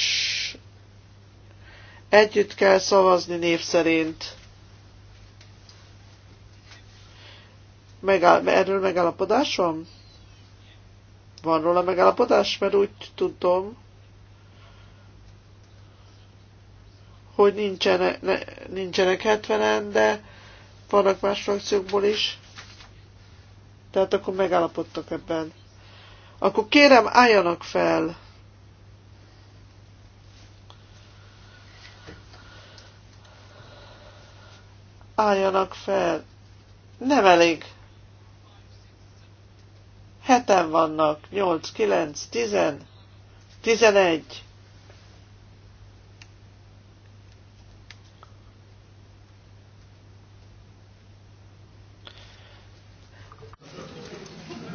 együtt kell szavazni név szerint. Megáll, erről megállapodás van? Van róla megállapodás? Mert úgy tudom, hogy nincsene, ne, nincsenek 70-en, de vannak más frakciókból is. Tehát akkor megállapodtak ebben. Akkor kérem, álljanak fel! Álljanak fel! Nem elég! Heten vannak, 8, 9, 10, 11.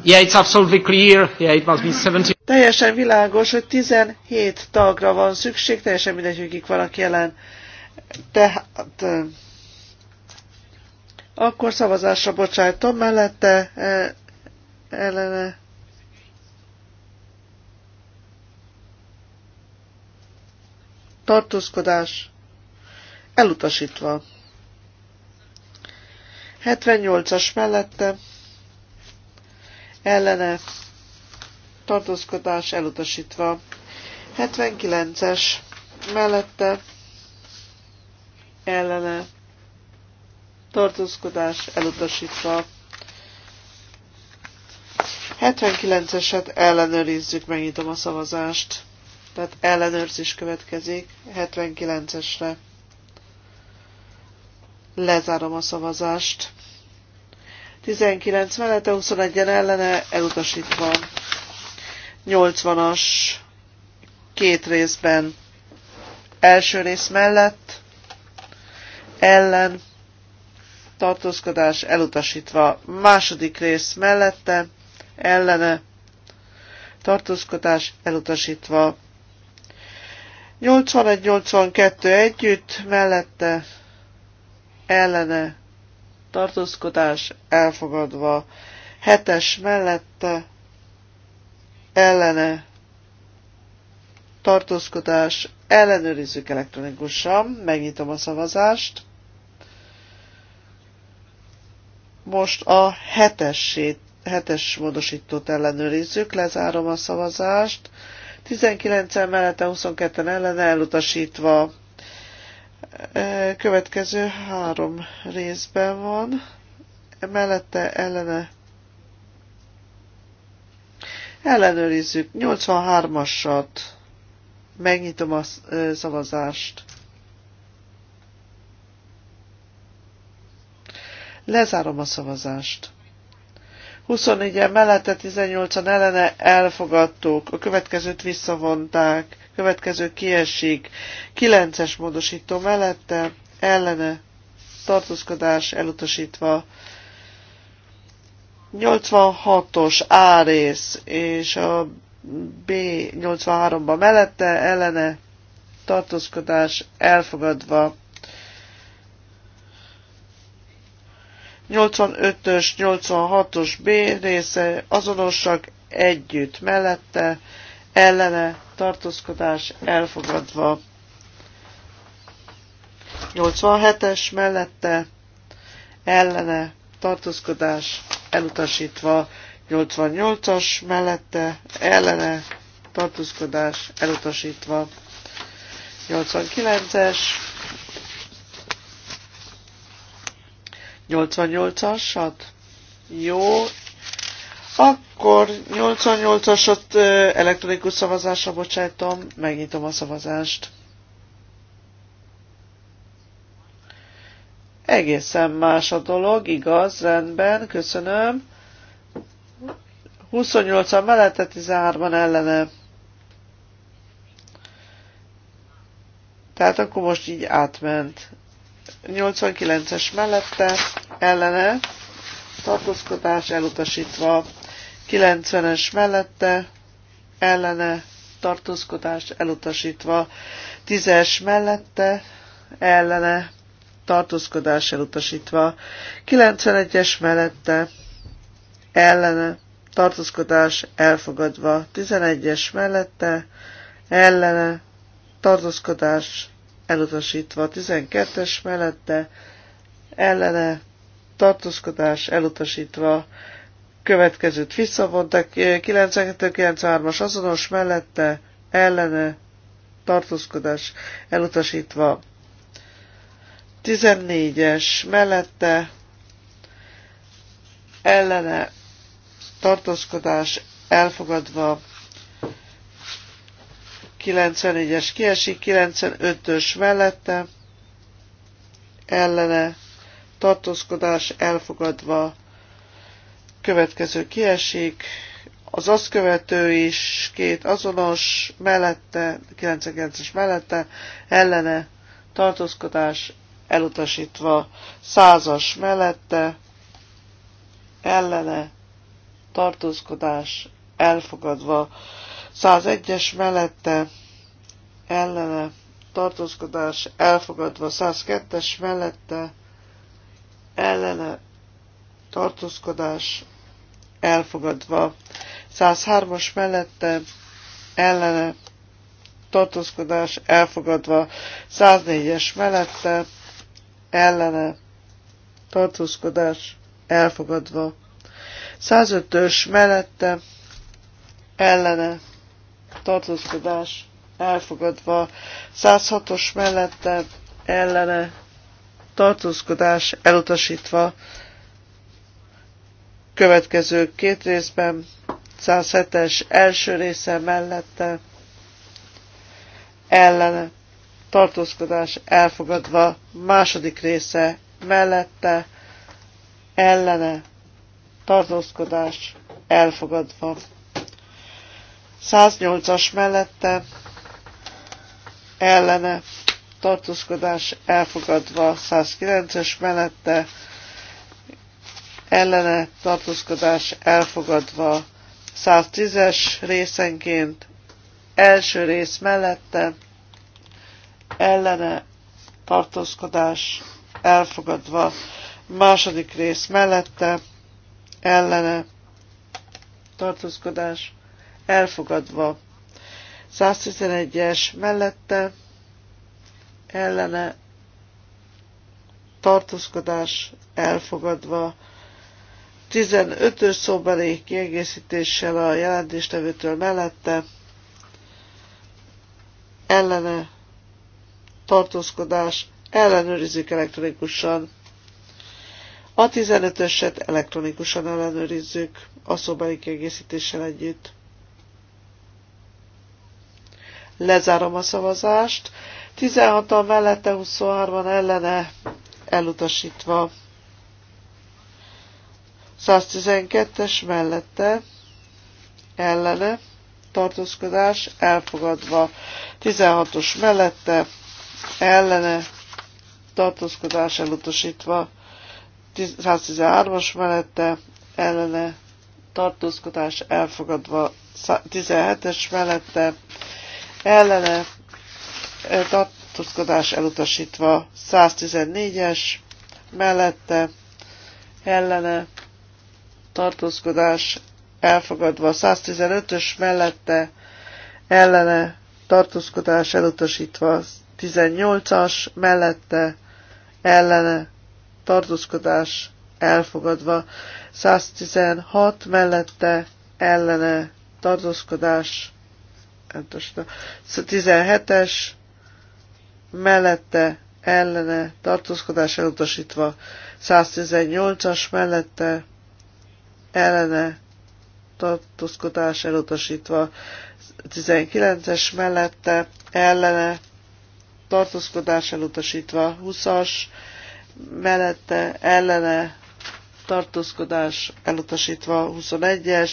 Yeah, it's absolutely clear. Yeah, it must be 17. Teljesen világos, hogy 17 tagra van szükség, teljesen mindegy, hogy kik vannak jelen. Tehát akkor szavazásra bocsájtom mellette, ellene tartózkodás elutasítva. 78-as mellette ellene tartózkodás elutasítva. 79-es mellette ellene tartózkodás elutasítva. 79-eset ellenőrizzük, megnyitom a szavazást. Tehát ellenőrzés következik 79-esre. Lezárom a szavazást. 19 mellette, 21-en ellene, elutasítva. 80-as két részben. Első rész mellett, ellen, tartózkodás elutasítva. Második rész mellette, ellene tartózkodás elutasítva. 81-82 együtt, mellette ellene tartózkodás elfogadva. 7-es mellette ellene tartózkodás ellenőrizzük elektronikusan, megnyitom a szavazást. Most a hetessét hetes módosítót ellenőrizzük, lezárom a szavazást. 19 mellette, 22 ellen elutasítva. Következő három részben van. Mellette ellene ellenőrizzük 83-asat. Megnyitom a szavazást. Lezárom a szavazást. 24-en mellette, 18-an ellene elfogadtuk, a következőt visszavonták, következő kiesik, 9-es módosító mellette, ellene, tartózkodás elutasítva, 86-os A rész és a B 83-ba mellette, ellene, tartózkodás elfogadva, 85-ös, 86-os B része azonosak együtt mellette, ellene tartózkodás elfogadva. 87-es mellette, ellene tartózkodás elutasítva. 88-as mellette, ellene tartózkodás elutasítva. 89-es 88-asat? Jó. Akkor 88-asat elektronikus szavazásra bocsájtom, megnyitom a szavazást. Egészen más a dolog, igaz, rendben, köszönöm. 28-an mellette, 13-an ellene. Tehát akkor most így átment. 89-es mellette ellene tartózkodás elutasítva, 90-es mellette ellene tartózkodás elutasítva, 10-es mellette ellene tartózkodás elutasítva, 91-es mellette ellene tartózkodás elfogadva, 11-es mellette ellene tartózkodás elutasítva, a 12-es mellette ellene tartózkodás elutasítva, következőt visszavontak, 92-93-as azonos mellette ellene tartózkodás elutasítva, 14-es mellette ellene tartózkodás elfogadva, 94-es kiesik, 95-ös mellette, ellene, tartózkodás elfogadva, következő kiesik, az azt követő is két azonos, mellette, 99-es mellette, ellene, tartózkodás elutasítva, 100-as mellette, ellene, tartózkodás elfogadva, 101-es mellette ellene tartózkodás elfogadva, 102-es mellette ellene tartózkodás elfogadva, 103-as mellette ellene tartózkodás elfogadva, 104-es mellette ellene tartózkodás elfogadva, 105-ös mellette ellene tartózkodás elfogadva, 106-os mellette ellene tartózkodás elutasítva, következő két részben 107-es első része mellette ellene tartózkodás elfogadva, második része mellette ellene tartózkodás elfogadva. 108-as mellette ellene tartózkodás elfogadva, 109-es mellette ellene tartózkodás elfogadva, 110-es részenként első rész mellette ellene tartózkodás elfogadva, második rész mellette ellene tartózkodás elfogadva. 111-es mellette ellene tartózkodás elfogadva. 15-ös szóbeli kiegészítéssel a jelentéstevőtől mellette ellene tartózkodás ellenőrizzük elektronikusan. A 15-öset elektronikusan ellenőrizzük a szóbeli kiegészítéssel együtt. Lezárom a szavazást. 16-an mellette, 23-an ellene elutasítva. 112-es mellette ellene tartózkodás elfogadva. 16-os mellette ellene tartózkodás elutasítva. 113-as mellette ellene tartózkodás elfogadva. 17-es mellette ellene tartózkodás elutasítva 114-es, mellette ellene tartózkodás elfogadva 115-ös, mellette ellene tartózkodás elutasítva 18-as, mellette ellene tartózkodás elfogadva 116 mellette ellene tartózkodás elutasítva. 17-es mellette ellene tartózkodás elutasítva. 118-as mellette ellene tartózkodás elutasítva. 19-es mellette ellene tartózkodás elutasítva. 20-as mellette ellene tartózkodás elutasítva. 21-es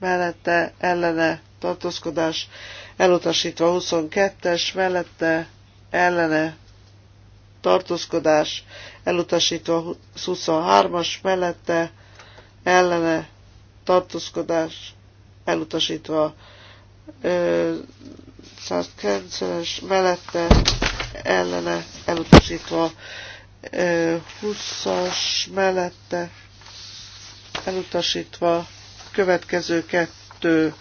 mellette ellene tartózkodás elutasítva 22-es mellette ellene tartózkodás elutasítva 23-as mellette ellene tartózkodás elutasítva 190-es mellette ellene elutasítva 20-as mellette elutasítva következő kettő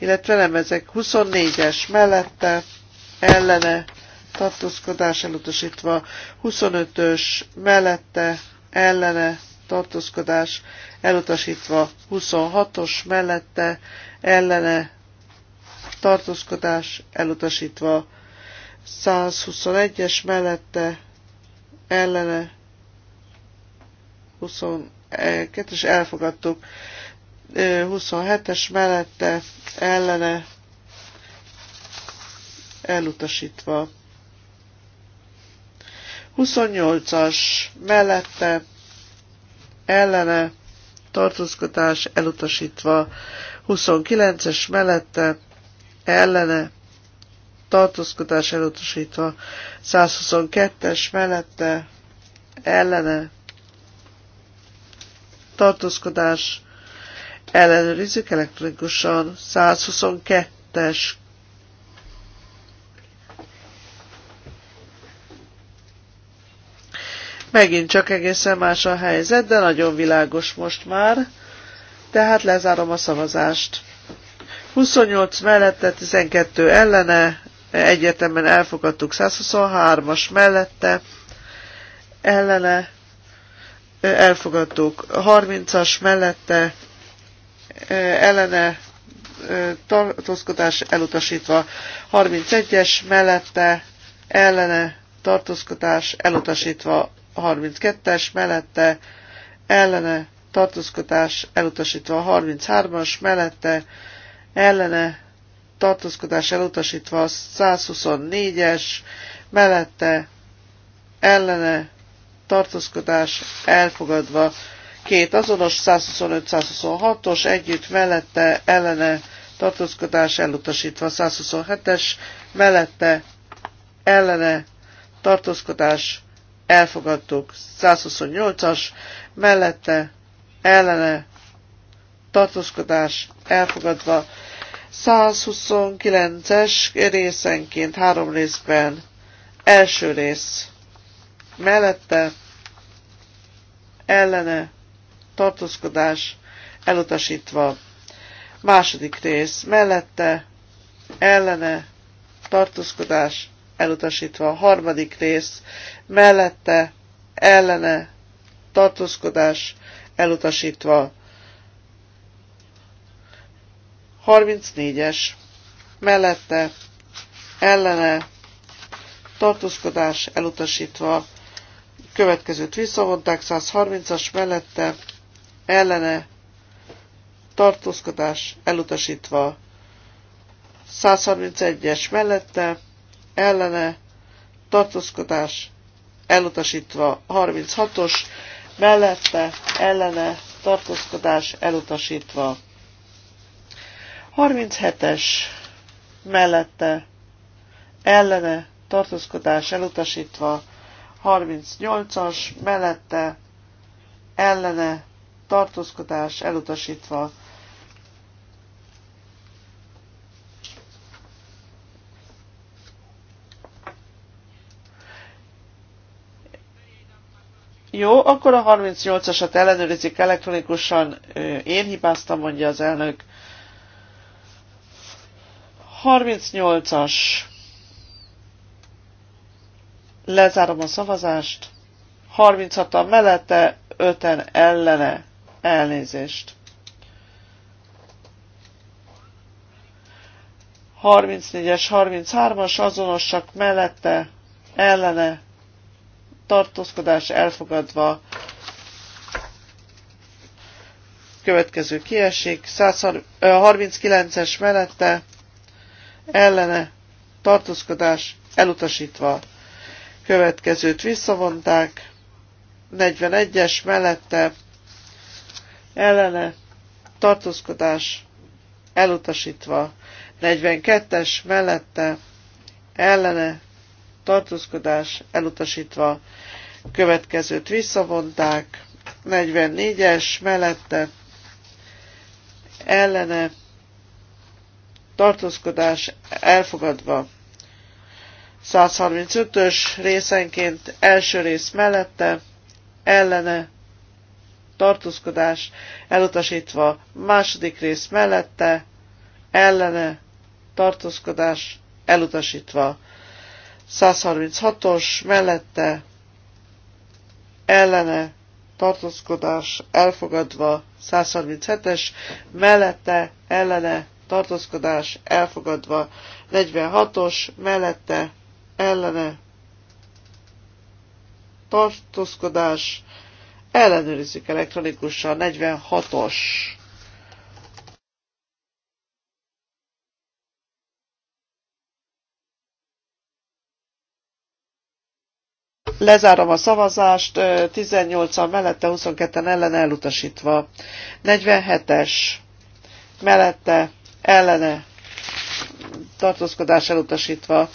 illetve nem ezek 24-es mellette ellene tartózkodás elutasítva, 25-ös mellette ellene tartózkodás elutasítva, 26-os mellette ellene tartózkodás elutasítva, 121-es mellette ellene 22-es eh, elfogadtuk, 27-es mellette ellene elutasítva. 28-as mellette ellene tartózkodás elutasítva. 29-es mellette ellene tartózkodás elutasítva. 122-es mellette ellene tartózkodás ellenőrizzük elektronikusan. 122-es. Megint csak egészen más a helyzet, de nagyon világos most már. Tehát lezárom a szavazást. 28 mellette, 12 ellene, egyetemen elfogadtuk 123-as mellette, ellene elfogadtuk 30-as mellette, E, ellene e, tartózkodás elutasítva, 31-es mellette ellene tartózkodás elutasítva, 32-es mellette ellene tartózkodás elutasítva, 33-as mellette ellene tartózkodás elutasítva, 124-es mellette ellene tartózkodás elfogadva, két azonos 125-126-os együtt mellette ellene tartózkodás elutasítva, 127-es mellette ellene tartózkodás elfogadtuk, 128-as mellette ellene tartózkodás elfogadva, 129-es részenként három részben első rész mellette ellene tartózkodás elutasítva. Második rész mellette, ellene, tartózkodás elutasítva. Harmadik rész mellette, ellene, tartózkodás elutasítva. 34-es mellette, ellene, tartózkodás elutasítva következőt visszavonták, 130-as mellette ellene tartózkodás elutasítva. 131-es mellette ellene tartózkodás elutasítva. 36-os mellette ellene tartózkodás elutasítva. 37-es mellette ellene tartózkodás elutasítva. 38-as mellette ellene tartózkodás elutasítva. Jó, akkor a 38-asat ellenőrizik elektronikusan. Én hibáztam, mondja az elnök. 38-as. Lezárom a szavazást. 36-an mellette, 5-en ellene. Elnézést. 34-es, 33-as azonosak mellette, ellene, tartózkodás elfogadva, következő kiesik, 39 es mellette, ellene, tartózkodás elutasítva, következőt visszavonták, 41-es mellette, ellene tartózkodás elutasítva. 42-es mellette ellene tartózkodás elutasítva. Következőt visszavonták. 44-es mellette ellene tartózkodás elfogadva. 135-ös részenként első rész mellette ellene tartózkodás elutasítva, második rész mellette, ellene, tartózkodás elutasítva, 136-os mellette, ellene, tartózkodás elfogadva, 137-es mellette, ellene, tartózkodás elfogadva, 46-os mellette, ellene, tartózkodás elfogadva, Ellenőrizzük elektronikusan 46-os. Lezárom a szavazást, 18-an mellette, 22-en ellen elutasítva. 47-es mellette, ellene, tartózkodás elutasítva.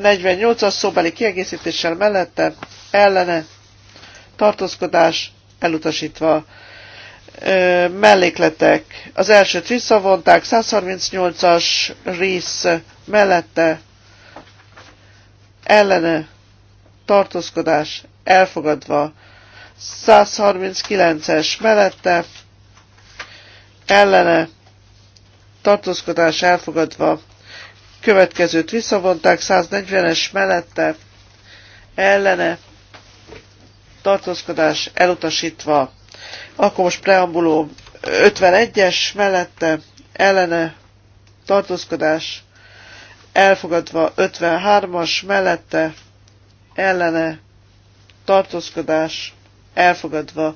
48-as szóbeli kiegészítéssel mellette ellene tartózkodás elutasítva. Ö, mellékletek. Az elsőt visszavonták, 138-as rész mellette ellene tartózkodás elfogadva. 139-es mellette ellene tartózkodás elfogadva. Következőt visszavonták 140-es mellette ellene tartózkodás elutasítva. Akkor most preambuló 51-es mellette ellene tartózkodás elfogadva 53-as mellette ellene tartózkodás elfogadva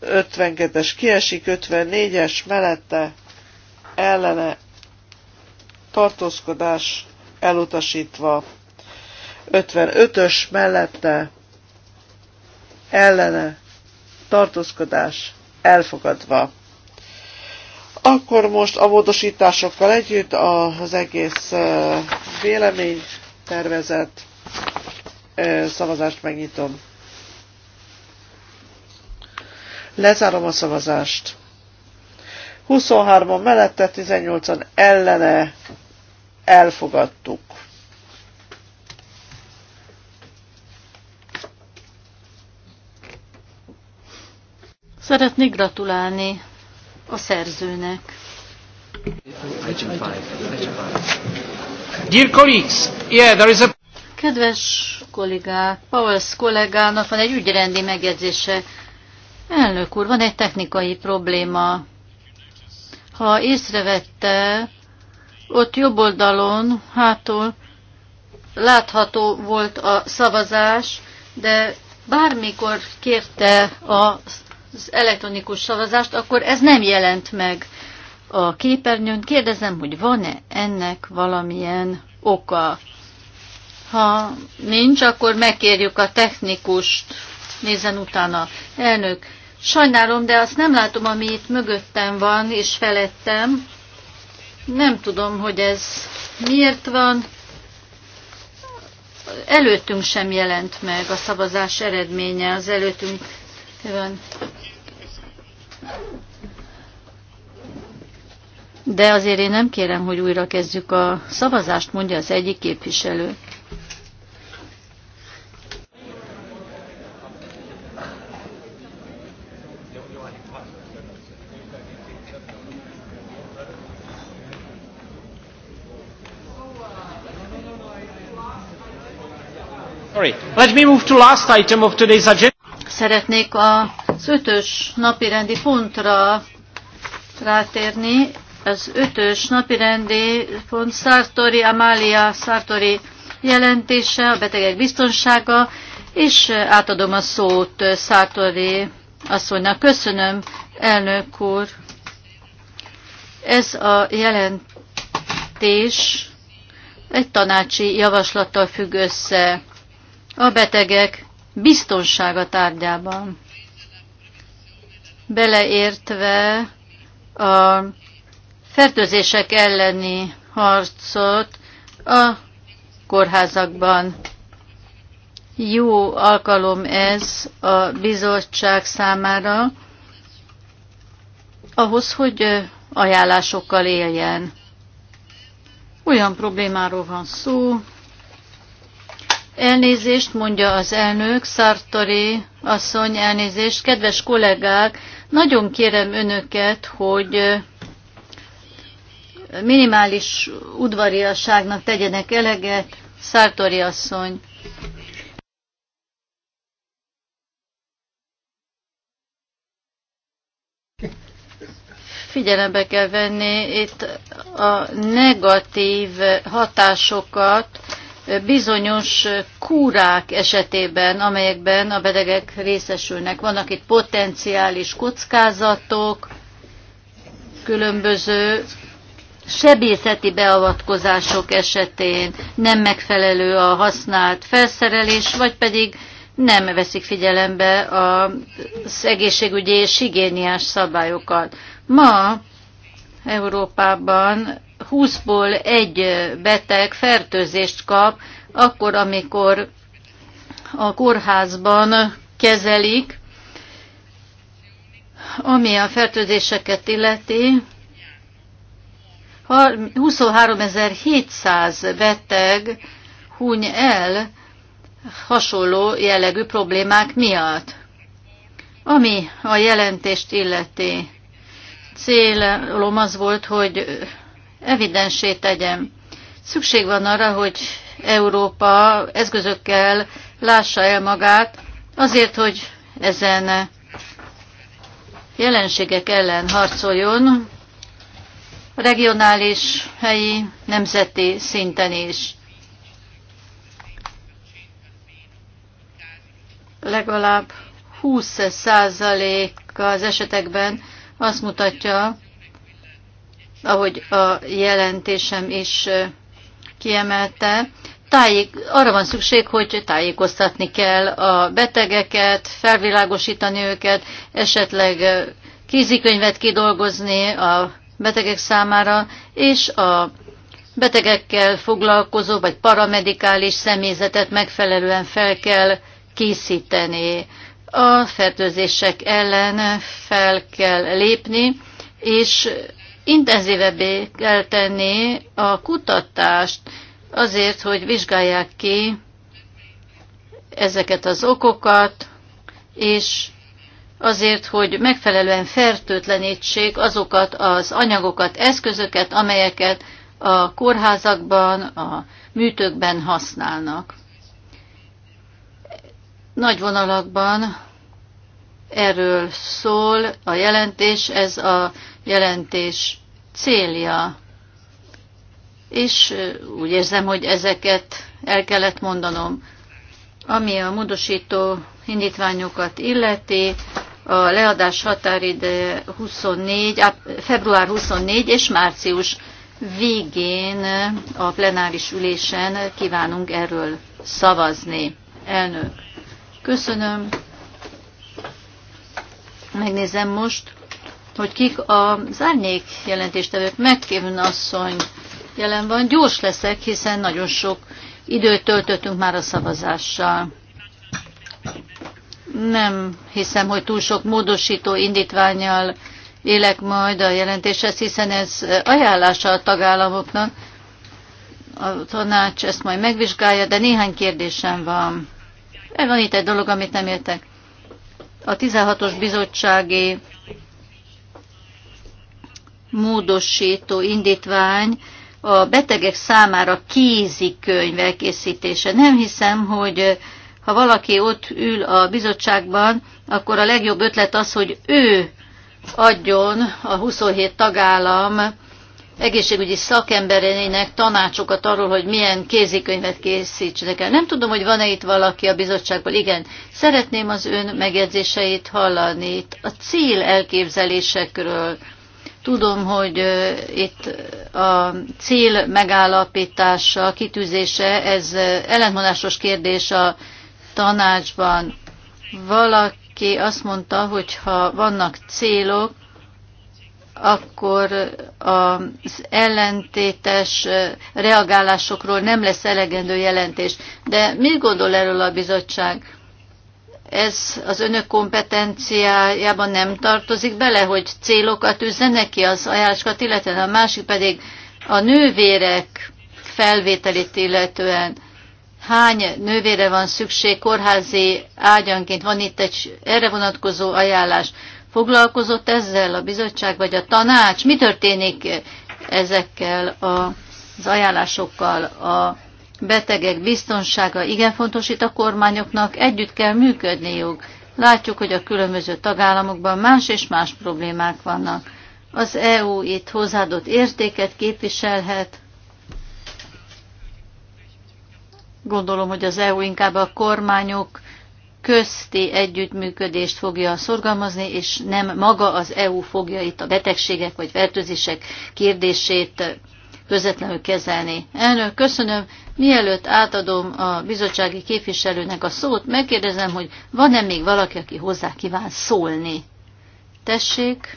52-es kiesik, 54-es mellette ellene tartózkodás elutasítva. 55-ös mellette ellene tartózkodás elfogadva. Akkor most a módosításokkal együtt az egész vélemény tervezett szavazást megnyitom. Lezárom a szavazást. 23-on mellette, 18 on ellene elfogadtuk. Szeretnék gratulálni a szerzőnek. Dear colleagues, yeah, there is a... Kedves kollégá, Pauls kollégának van egy ügyrendi megjegyzése. Elnök úr, van egy technikai probléma. Ha észrevette, ott jobb oldalon, hátul látható volt a szavazás, de bármikor kérte az elektronikus szavazást, akkor ez nem jelent meg a képernyőn. Kérdezem, hogy van-e ennek valamilyen oka? Ha nincs, akkor megkérjük a technikust, nézzen utána. Elnök, Sajnálom, de azt nem látom, ami itt mögöttem van és felettem. Nem tudom, hogy ez miért van. Előttünk sem jelent meg a szavazás eredménye, az előttünk van. De azért én nem kérem, hogy újra kezdjük a szavazást, mondja az egyik képviselő. Sorry. Let me move to last item of today's agenda. Szeretnék a ötös rendi pontra rátérni. Az ötös rendi pont Sartori, Amália Sartori jelentése, a betegek biztonsága, és átadom a szót Sartori asszonynak. Köszönöm, elnök úr. Ez a jelentés egy tanácsi javaslattal függ össze a betegek biztonsága tárgyában, beleértve a fertőzések elleni harcot a kórházakban. Jó alkalom ez a bizottság számára ahhoz, hogy ajánlásokkal éljen. Olyan problémáról van szó, Elnézést, mondja az elnök, Szartori asszony, elnézést, kedves kollégák, nagyon kérem önöket, hogy minimális udvariasságnak tegyenek eleget, Szartori asszony. Figyelembe kell venni itt a negatív hatásokat, bizonyos kúrák esetében, amelyekben a betegek részesülnek. Vannak itt potenciális kockázatok, különböző sebészeti beavatkozások esetén nem megfelelő a használt felszerelés, vagy pedig nem veszik figyelembe az egészségügyi és higiéniás szabályokat. Ma Európában 20-ból egy beteg fertőzést kap, akkor, amikor a kórházban kezelik, ami a fertőzéseket illeti, 23.700 beteg huny el hasonló jellegű problémák miatt. Ami a jelentést illeti, célom az volt, hogy evidensé tegyem. Szükség van arra, hogy Európa eszközökkel lássa el magát, azért, hogy ezen jelenségek ellen harcoljon, regionális, helyi, nemzeti szinten is. Legalább 20%-a az esetekben azt mutatja, ahogy a jelentésem is kiemelte, tájék, arra van szükség, hogy tájékoztatni kell a betegeket, felvilágosítani őket, esetleg kézikönyvet kidolgozni a betegek számára, és a betegekkel foglalkozó vagy paramedikális személyzetet megfelelően fel kell készíteni. A fertőzések ellen fel kell lépni, és intenzívebbé kell tenni a kutatást azért, hogy vizsgálják ki ezeket az okokat, és azért, hogy megfelelően fertőtlenítsék azokat az anyagokat, eszközöket, amelyeket a kórházakban, a műtőkben használnak. Nagy vonalakban erről szól a jelentés, ez a jelentés célja. És úgy érzem, hogy ezeket el kellett mondanom. Ami a módosító indítványokat illeti, a leadás határide 24, február 24 és március végén a plenáris ülésen kívánunk erről szavazni. Elnök, köszönöm. Megnézem most, hogy kik az árnyék jelentéstevők. Megkívül asszony jelen van. Gyors leszek, hiszen nagyon sok időt töltöttünk már a szavazással. Nem hiszem, hogy túl sok módosító indítványjal élek majd a jelentéshez, hiszen ez ajánlása a tagállamoknak. A tanács ezt majd megvizsgálja, de néhány kérdésem van. van itt egy dolog, amit nem értek. A 16-os bizottsági módosító indítvány a betegek számára kézi könyv elkészítése. Nem hiszem, hogy eh, ha valaki ott ül a bizottságban, akkor a legjobb ötlet az, hogy ő adjon a 27 tagállam egészségügyi szakemberének tanácsokat arról, hogy milyen kézikönyvet készítsenek el. Nem tudom, hogy van-e itt valaki a bizottságból. Igen, szeretném az ön megjegyzéseit hallani itt a cél elképzelésekről. Tudom, hogy itt a cél megállapítása, kitűzése, ez ellentmondásos kérdés a tanácsban. Valaki azt mondta, hogy ha vannak célok, akkor az ellentétes reagálásokról nem lesz elegendő jelentés. De mit gondol erről a bizottság? ez az önök kompetenciájában nem tartozik bele, hogy célokat üzenek ki az ajánlásokat, illetve a másik pedig a nővérek felvételét illetően. Hány nővére van szükség kórházi ágyanként? Van itt egy erre vonatkozó ajánlás. Foglalkozott ezzel a bizottság vagy a tanács? Mi történik ezekkel az ajánlásokkal a betegek biztonsága igen fontos, itt a kormányoknak együtt kell működniük. Látjuk, hogy a különböző tagállamokban más és más problémák vannak. Az EU itt hozzáadott értéket képviselhet. Gondolom, hogy az EU inkább a kormányok közti együttműködést fogja szorgalmazni, és nem maga az EU fogja itt a betegségek vagy fertőzések kérdését közvetlenül kezelni. Elnök, köszönöm. Mielőtt átadom a bizottsági képviselőnek a szót, megkérdezem, hogy van-e még valaki, aki hozzá kíván szólni? Tessék.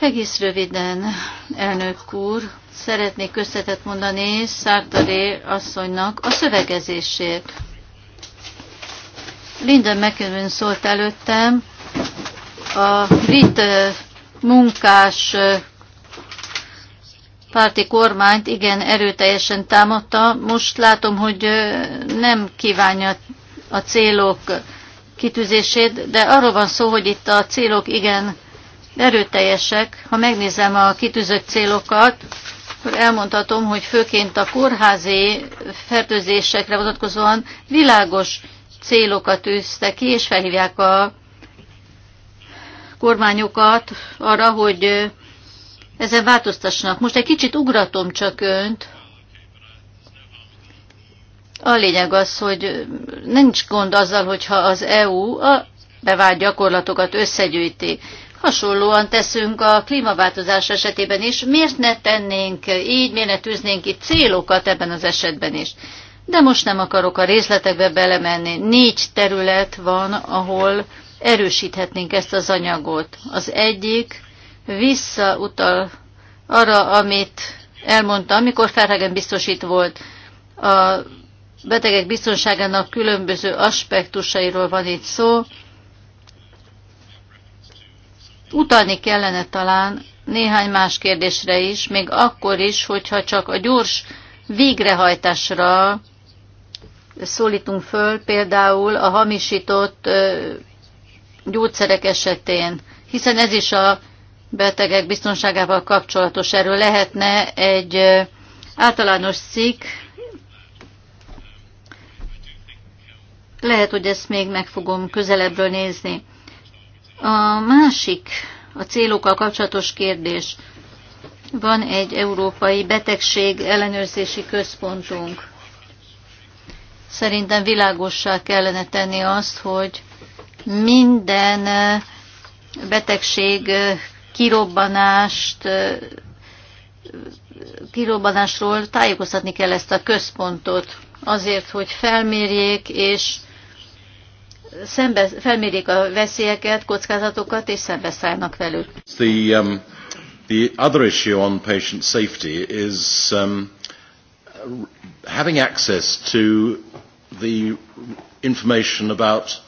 Egész röviden, elnök úr, szeretnék összetett mondani Szártaré asszonynak a szövegezését. Linda McEwen szólt előttem, a brit munkás párti kormányt igen erőteljesen támadta. Most látom, hogy nem kívánja a célok kitűzését, de arról van szó, hogy itt a célok igen erőteljesek. Ha megnézem a kitűzött célokat, akkor elmondhatom, hogy főként a kórházi fertőzésekre vonatkozóan világos célokat tűzte ki, és felhívják a kormányokat arra, hogy ezen változtassanak. Most egy kicsit ugratom csak önt. A lényeg az, hogy nincs gond azzal, hogyha az EU a bevált gyakorlatokat összegyűjti. Hasonlóan teszünk a klímaváltozás esetében is. Miért ne tennénk így, miért ne tűznénk ki célokat ebben az esetben is? De most nem akarok a részletekbe belemenni. Négy terület van, ahol erősíthetnénk ezt az anyagot. Az egyik visszautal arra, amit elmondta, amikor Ferhagen biztosít volt. A betegek biztonságának különböző aspektusairól van itt szó. Utalni kellene talán néhány más kérdésre is, még akkor is, hogyha csak a gyors végrehajtásra szólítunk föl, például a hamisított gyógyszerek esetén, hiszen ez is a betegek biztonságával kapcsolatos. Erről lehetne egy általános cikk. Lehet, hogy ezt még meg fogom közelebbről nézni. A másik, a célokkal kapcsolatos kérdés. Van egy európai betegség ellenőrzési központunk. Szerintem világossá kellene tenni azt, hogy minden betegség kirobbanást kirobbanásról tájékoztatni kell ezt a központot azért, hogy felmérjék és szembe, felmérjék a veszélyeket, kockázatokat és szembeszállnak velük. The, um, the other issue on patient safety is um, having access to the information about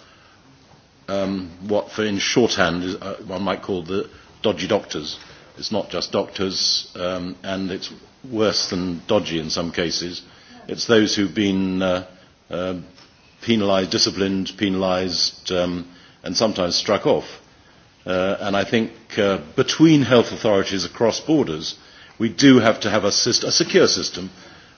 um, what for in shorthand is, uh, one might call the dodgy doctors. It's not just doctors, um, and it's worse than dodgy in some cases. It's those who've been uh, uh, um, penalised, disciplined, penalised, um, and sometimes struck off. Uh, and I think uh, between health authorities across borders, we do have to have a, syst- a secure system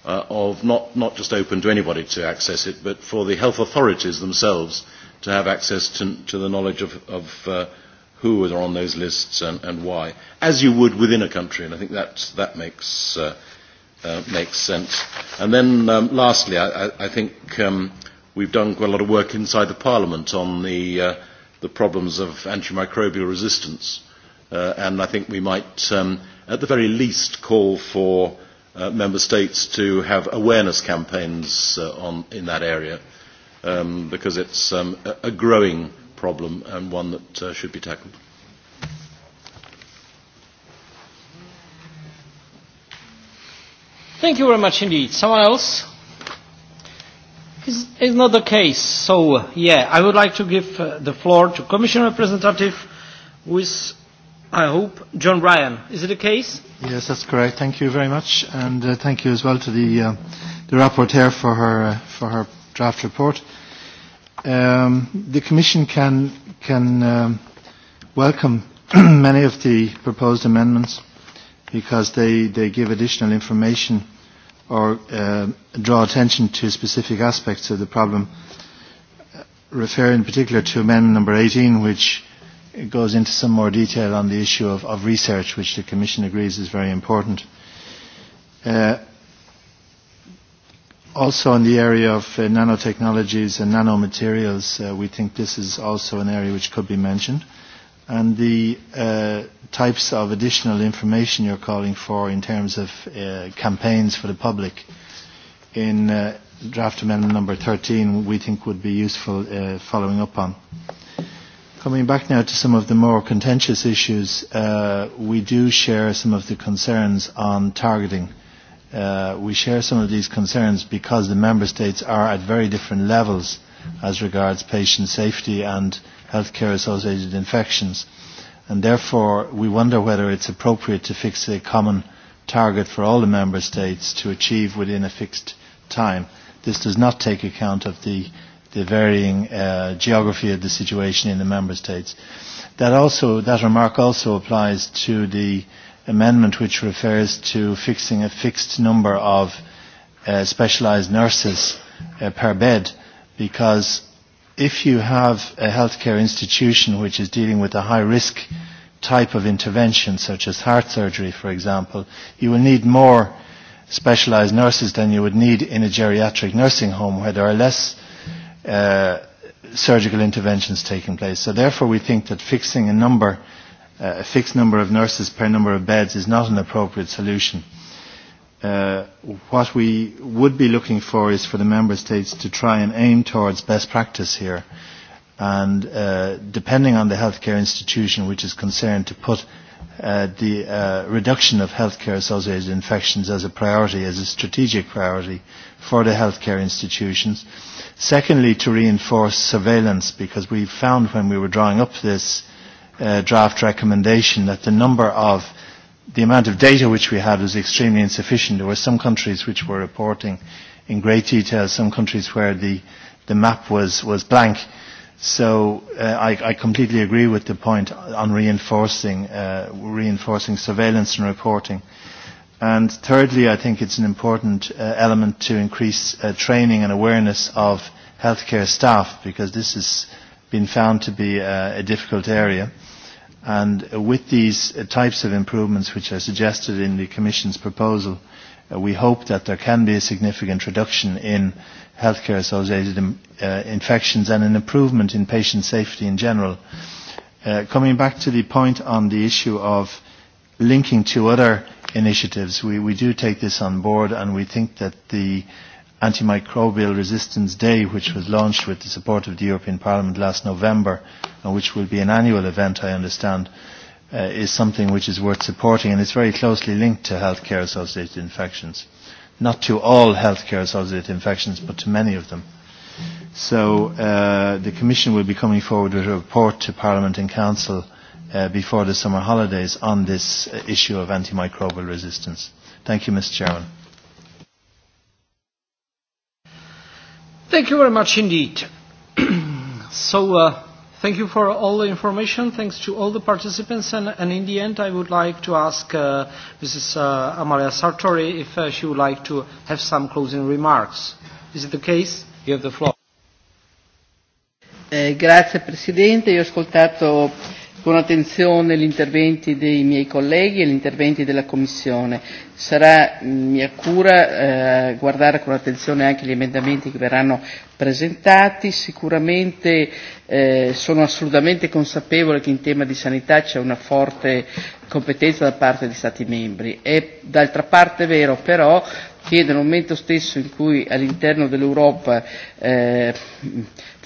uh, of not, not just open to anybody to access it, but for the health authorities themselves to have access to, to the knowledge of, of uh, who are on those lists and, and why, as you would within a country, and I think that, that makes, uh, uh, makes sense. And then um, lastly, I, I, I think um, we've done quite a lot of work inside the Parliament on the, uh, the problems of antimicrobial resistance, uh, and I think we might, um, at the very least, call for uh, member states to have awareness campaigns uh, on, in that area, um, because it's um, a, growing problem and one that uh, should be tackled. Thank you very much indeed. Someone else? It's, it's not the case. So, yeah, I would like to give uh, the floor to Commission representative with, I hope, John Ryan. Is it the case? Yes, that's correct. Thank you very much. And uh, thank you as well to the, uh, the rapporteur for her, uh, for her draft report um, the Commission can, can um, welcome many of the proposed amendments because they, they give additional information or uh, draw attention to specific aspects of the problem, uh, referring in particular to amendment number 18, which goes into some more detail on the issue of, of research, which the Commission agrees is very important. Uh, Also in the area of uh, nanotechnologies and nanomaterials, uh, we think this is also an area which could be mentioned. And the uh, types of additional information you're calling for in terms of uh, campaigns for the public in uh, draft amendment number 13 we think would be useful uh, following up on. Coming back now to some of the more contentious issues, uh, we do share some of the concerns on targeting. Uh, uh, we share some of these concerns because the member states are at very different levels as regards patient safety and healthcare associated infections. And therefore, we wonder whether it's appropriate to fix a common target for all the member states to achieve within a fixed time. This does not take account of the, the varying uh, geography of the situation in the member states. That also, that remark also applies to the uh, amendment which refers to fixing a fixed number of uh, specialised nurses uh, per bed because if you have a healthcare institution which is dealing with a high risk type of intervention such as heart surgery for example you will need more specialised nurses than you would need in a geriatric nursing home where there are less uh, surgical interventions taking place. So therefore we think that fixing a number uh, a fixed number of nurses per number of beds is not an appropriate solution. Uh, what we would be looking for is for the member states to try and aim towards best practice here and uh, depending on the healthcare institution which is concerned to put uh, the uh, reduction of healthcare associated infections as a priority, as a strategic priority for the healthcare institutions. Secondly, to reinforce surveillance because we found when we were drawing up this uh, uh, draft recommendation that the number of the amount of data which we had was extremely insufficient. There were some countries which were reporting in great detail, some countries where the, the map was, was blank. So uh, I, I completely agree with the point on reinforcing, uh, reinforcing surveillance and reporting. And thirdly, I think it's an important uh, element to increase uh, training and awareness of healthcare staff because this has been found to be uh, a difficult area. And uh, with these uh, types of improvements which are suggested in the Commission's proposal, uh, we hope that there can be a significant reduction in healthcare associated um, uh, infections and an improvement in patient safety in general. Uh, coming back to the point on the issue of linking to other initiatives, we, we do take this on board and we think that the uh, Antimicrobial Resistance Day, which was launched with the support of the European Parliament last November, and which will be an annual event, I understand, uh, is something which is worth supporting, and it's very closely linked to healthcare-associated infections. Not to all healthcare-associated infections, but to many of them. So uh, the Commission will be coming forward with a report to Parliament and Council uh, before the summer holidays on this uh, issue of antimicrobial resistance. Thank you, Mr. Chairman. Thank you very much indeed. so, uh, thank you for all the information. Thanks to all the participants. And, and in the end, I would like to ask uh, Mrs. Uh, Amalia Sartori if uh, she would like to have some closing remarks. Is it the case? You have the floor. Eh, grazie Presidente, io ho ascoltato con attenzione gli interventi dei miei colleghi e gli interventi della Commissione. Sarà mia cura eh, guardare con attenzione anche gli emendamenti che verranno presentati. Sicuramente eh, sono assolutamente consapevole che in tema di sanità c'è una forte competenza da parte degli Stati membri. È d'altra parte vero però che nel momento stesso in cui all'interno dell'Europa eh,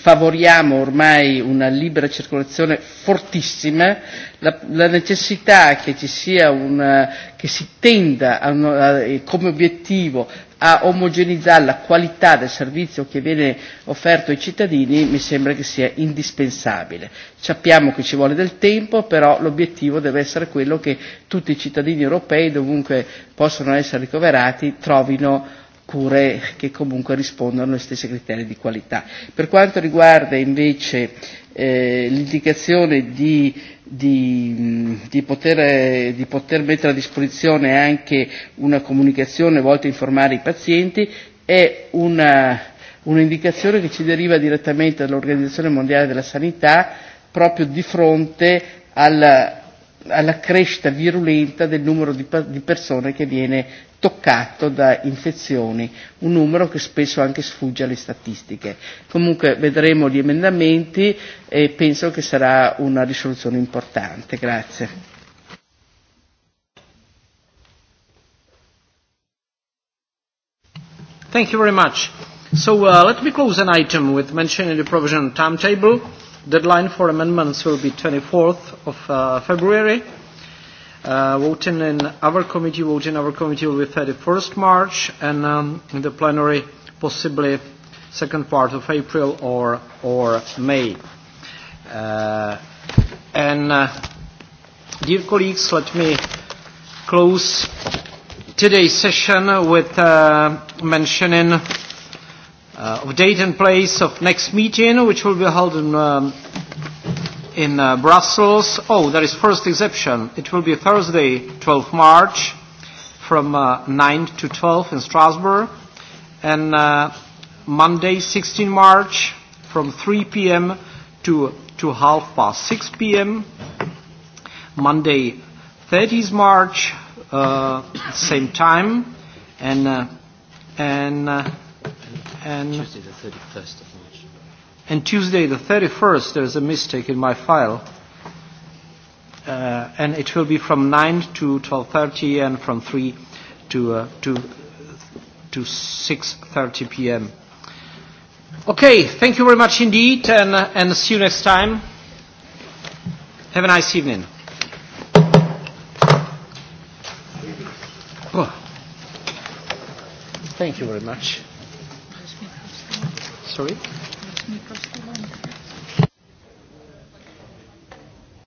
favoriamo ormai una libera circolazione fortissima, la, la necessità che ci sia una, che si tenda a, a, come obiettivo a omogenizzare la qualità del servizio che viene offerto ai cittadini mi sembra che sia indispensabile. Sappiamo che ci vuole del tempo, però l'obiettivo deve essere quello che tutti i cittadini europei, dovunque possano essere ricoverati, trovino cure che comunque rispondono agli stessi criteri di qualità. Per quanto riguarda invece eh, l'indicazione di, di, di, poter, di poter mettere a disposizione anche una comunicazione volta a informare i pazienti, è una, un'indicazione che ci deriva direttamente dall'Organizzazione Mondiale della Sanità proprio di fronte alla, alla crescita virulenta del numero di, di persone che viene toccato da infezioni, un numero che spesso anche sfugge alle statistiche. Comunque vedremo gli emendamenti e penso che sarà una risoluzione importante. Grazie. Thank you very much. So uh, let me close an item with mentioning the provision timetable. Deadline for amendments will be 24th of uh, February Uh, voting in our committee, voting in our committee will be 31st March and um, in the plenary possibly second part of April or, or May. Uh, and uh, dear colleagues, let me close today's session with uh, mentioning uh, of date and place of next meeting, which will be held in um, in uh, Brussels. Oh, there is first exception. It will be Thursday, 12 March, from uh, 9 to 12 in Strasbourg, and uh, Monday, 16 March, from 3 p.m. to to half past 6 p.m. Monday, 30th March, uh, same time, and uh, and uh, and Tuesday the 31st. And Tuesday the 31st, there is a mistake in my file. Uh, and it will be from 9 to 12.30 and from 3 to, uh, to, to 6.30 p.m. Okay, thank you very much indeed and, uh, and see you next time. Have a nice evening. Oh. Thank you very much. Sorry? Microscope.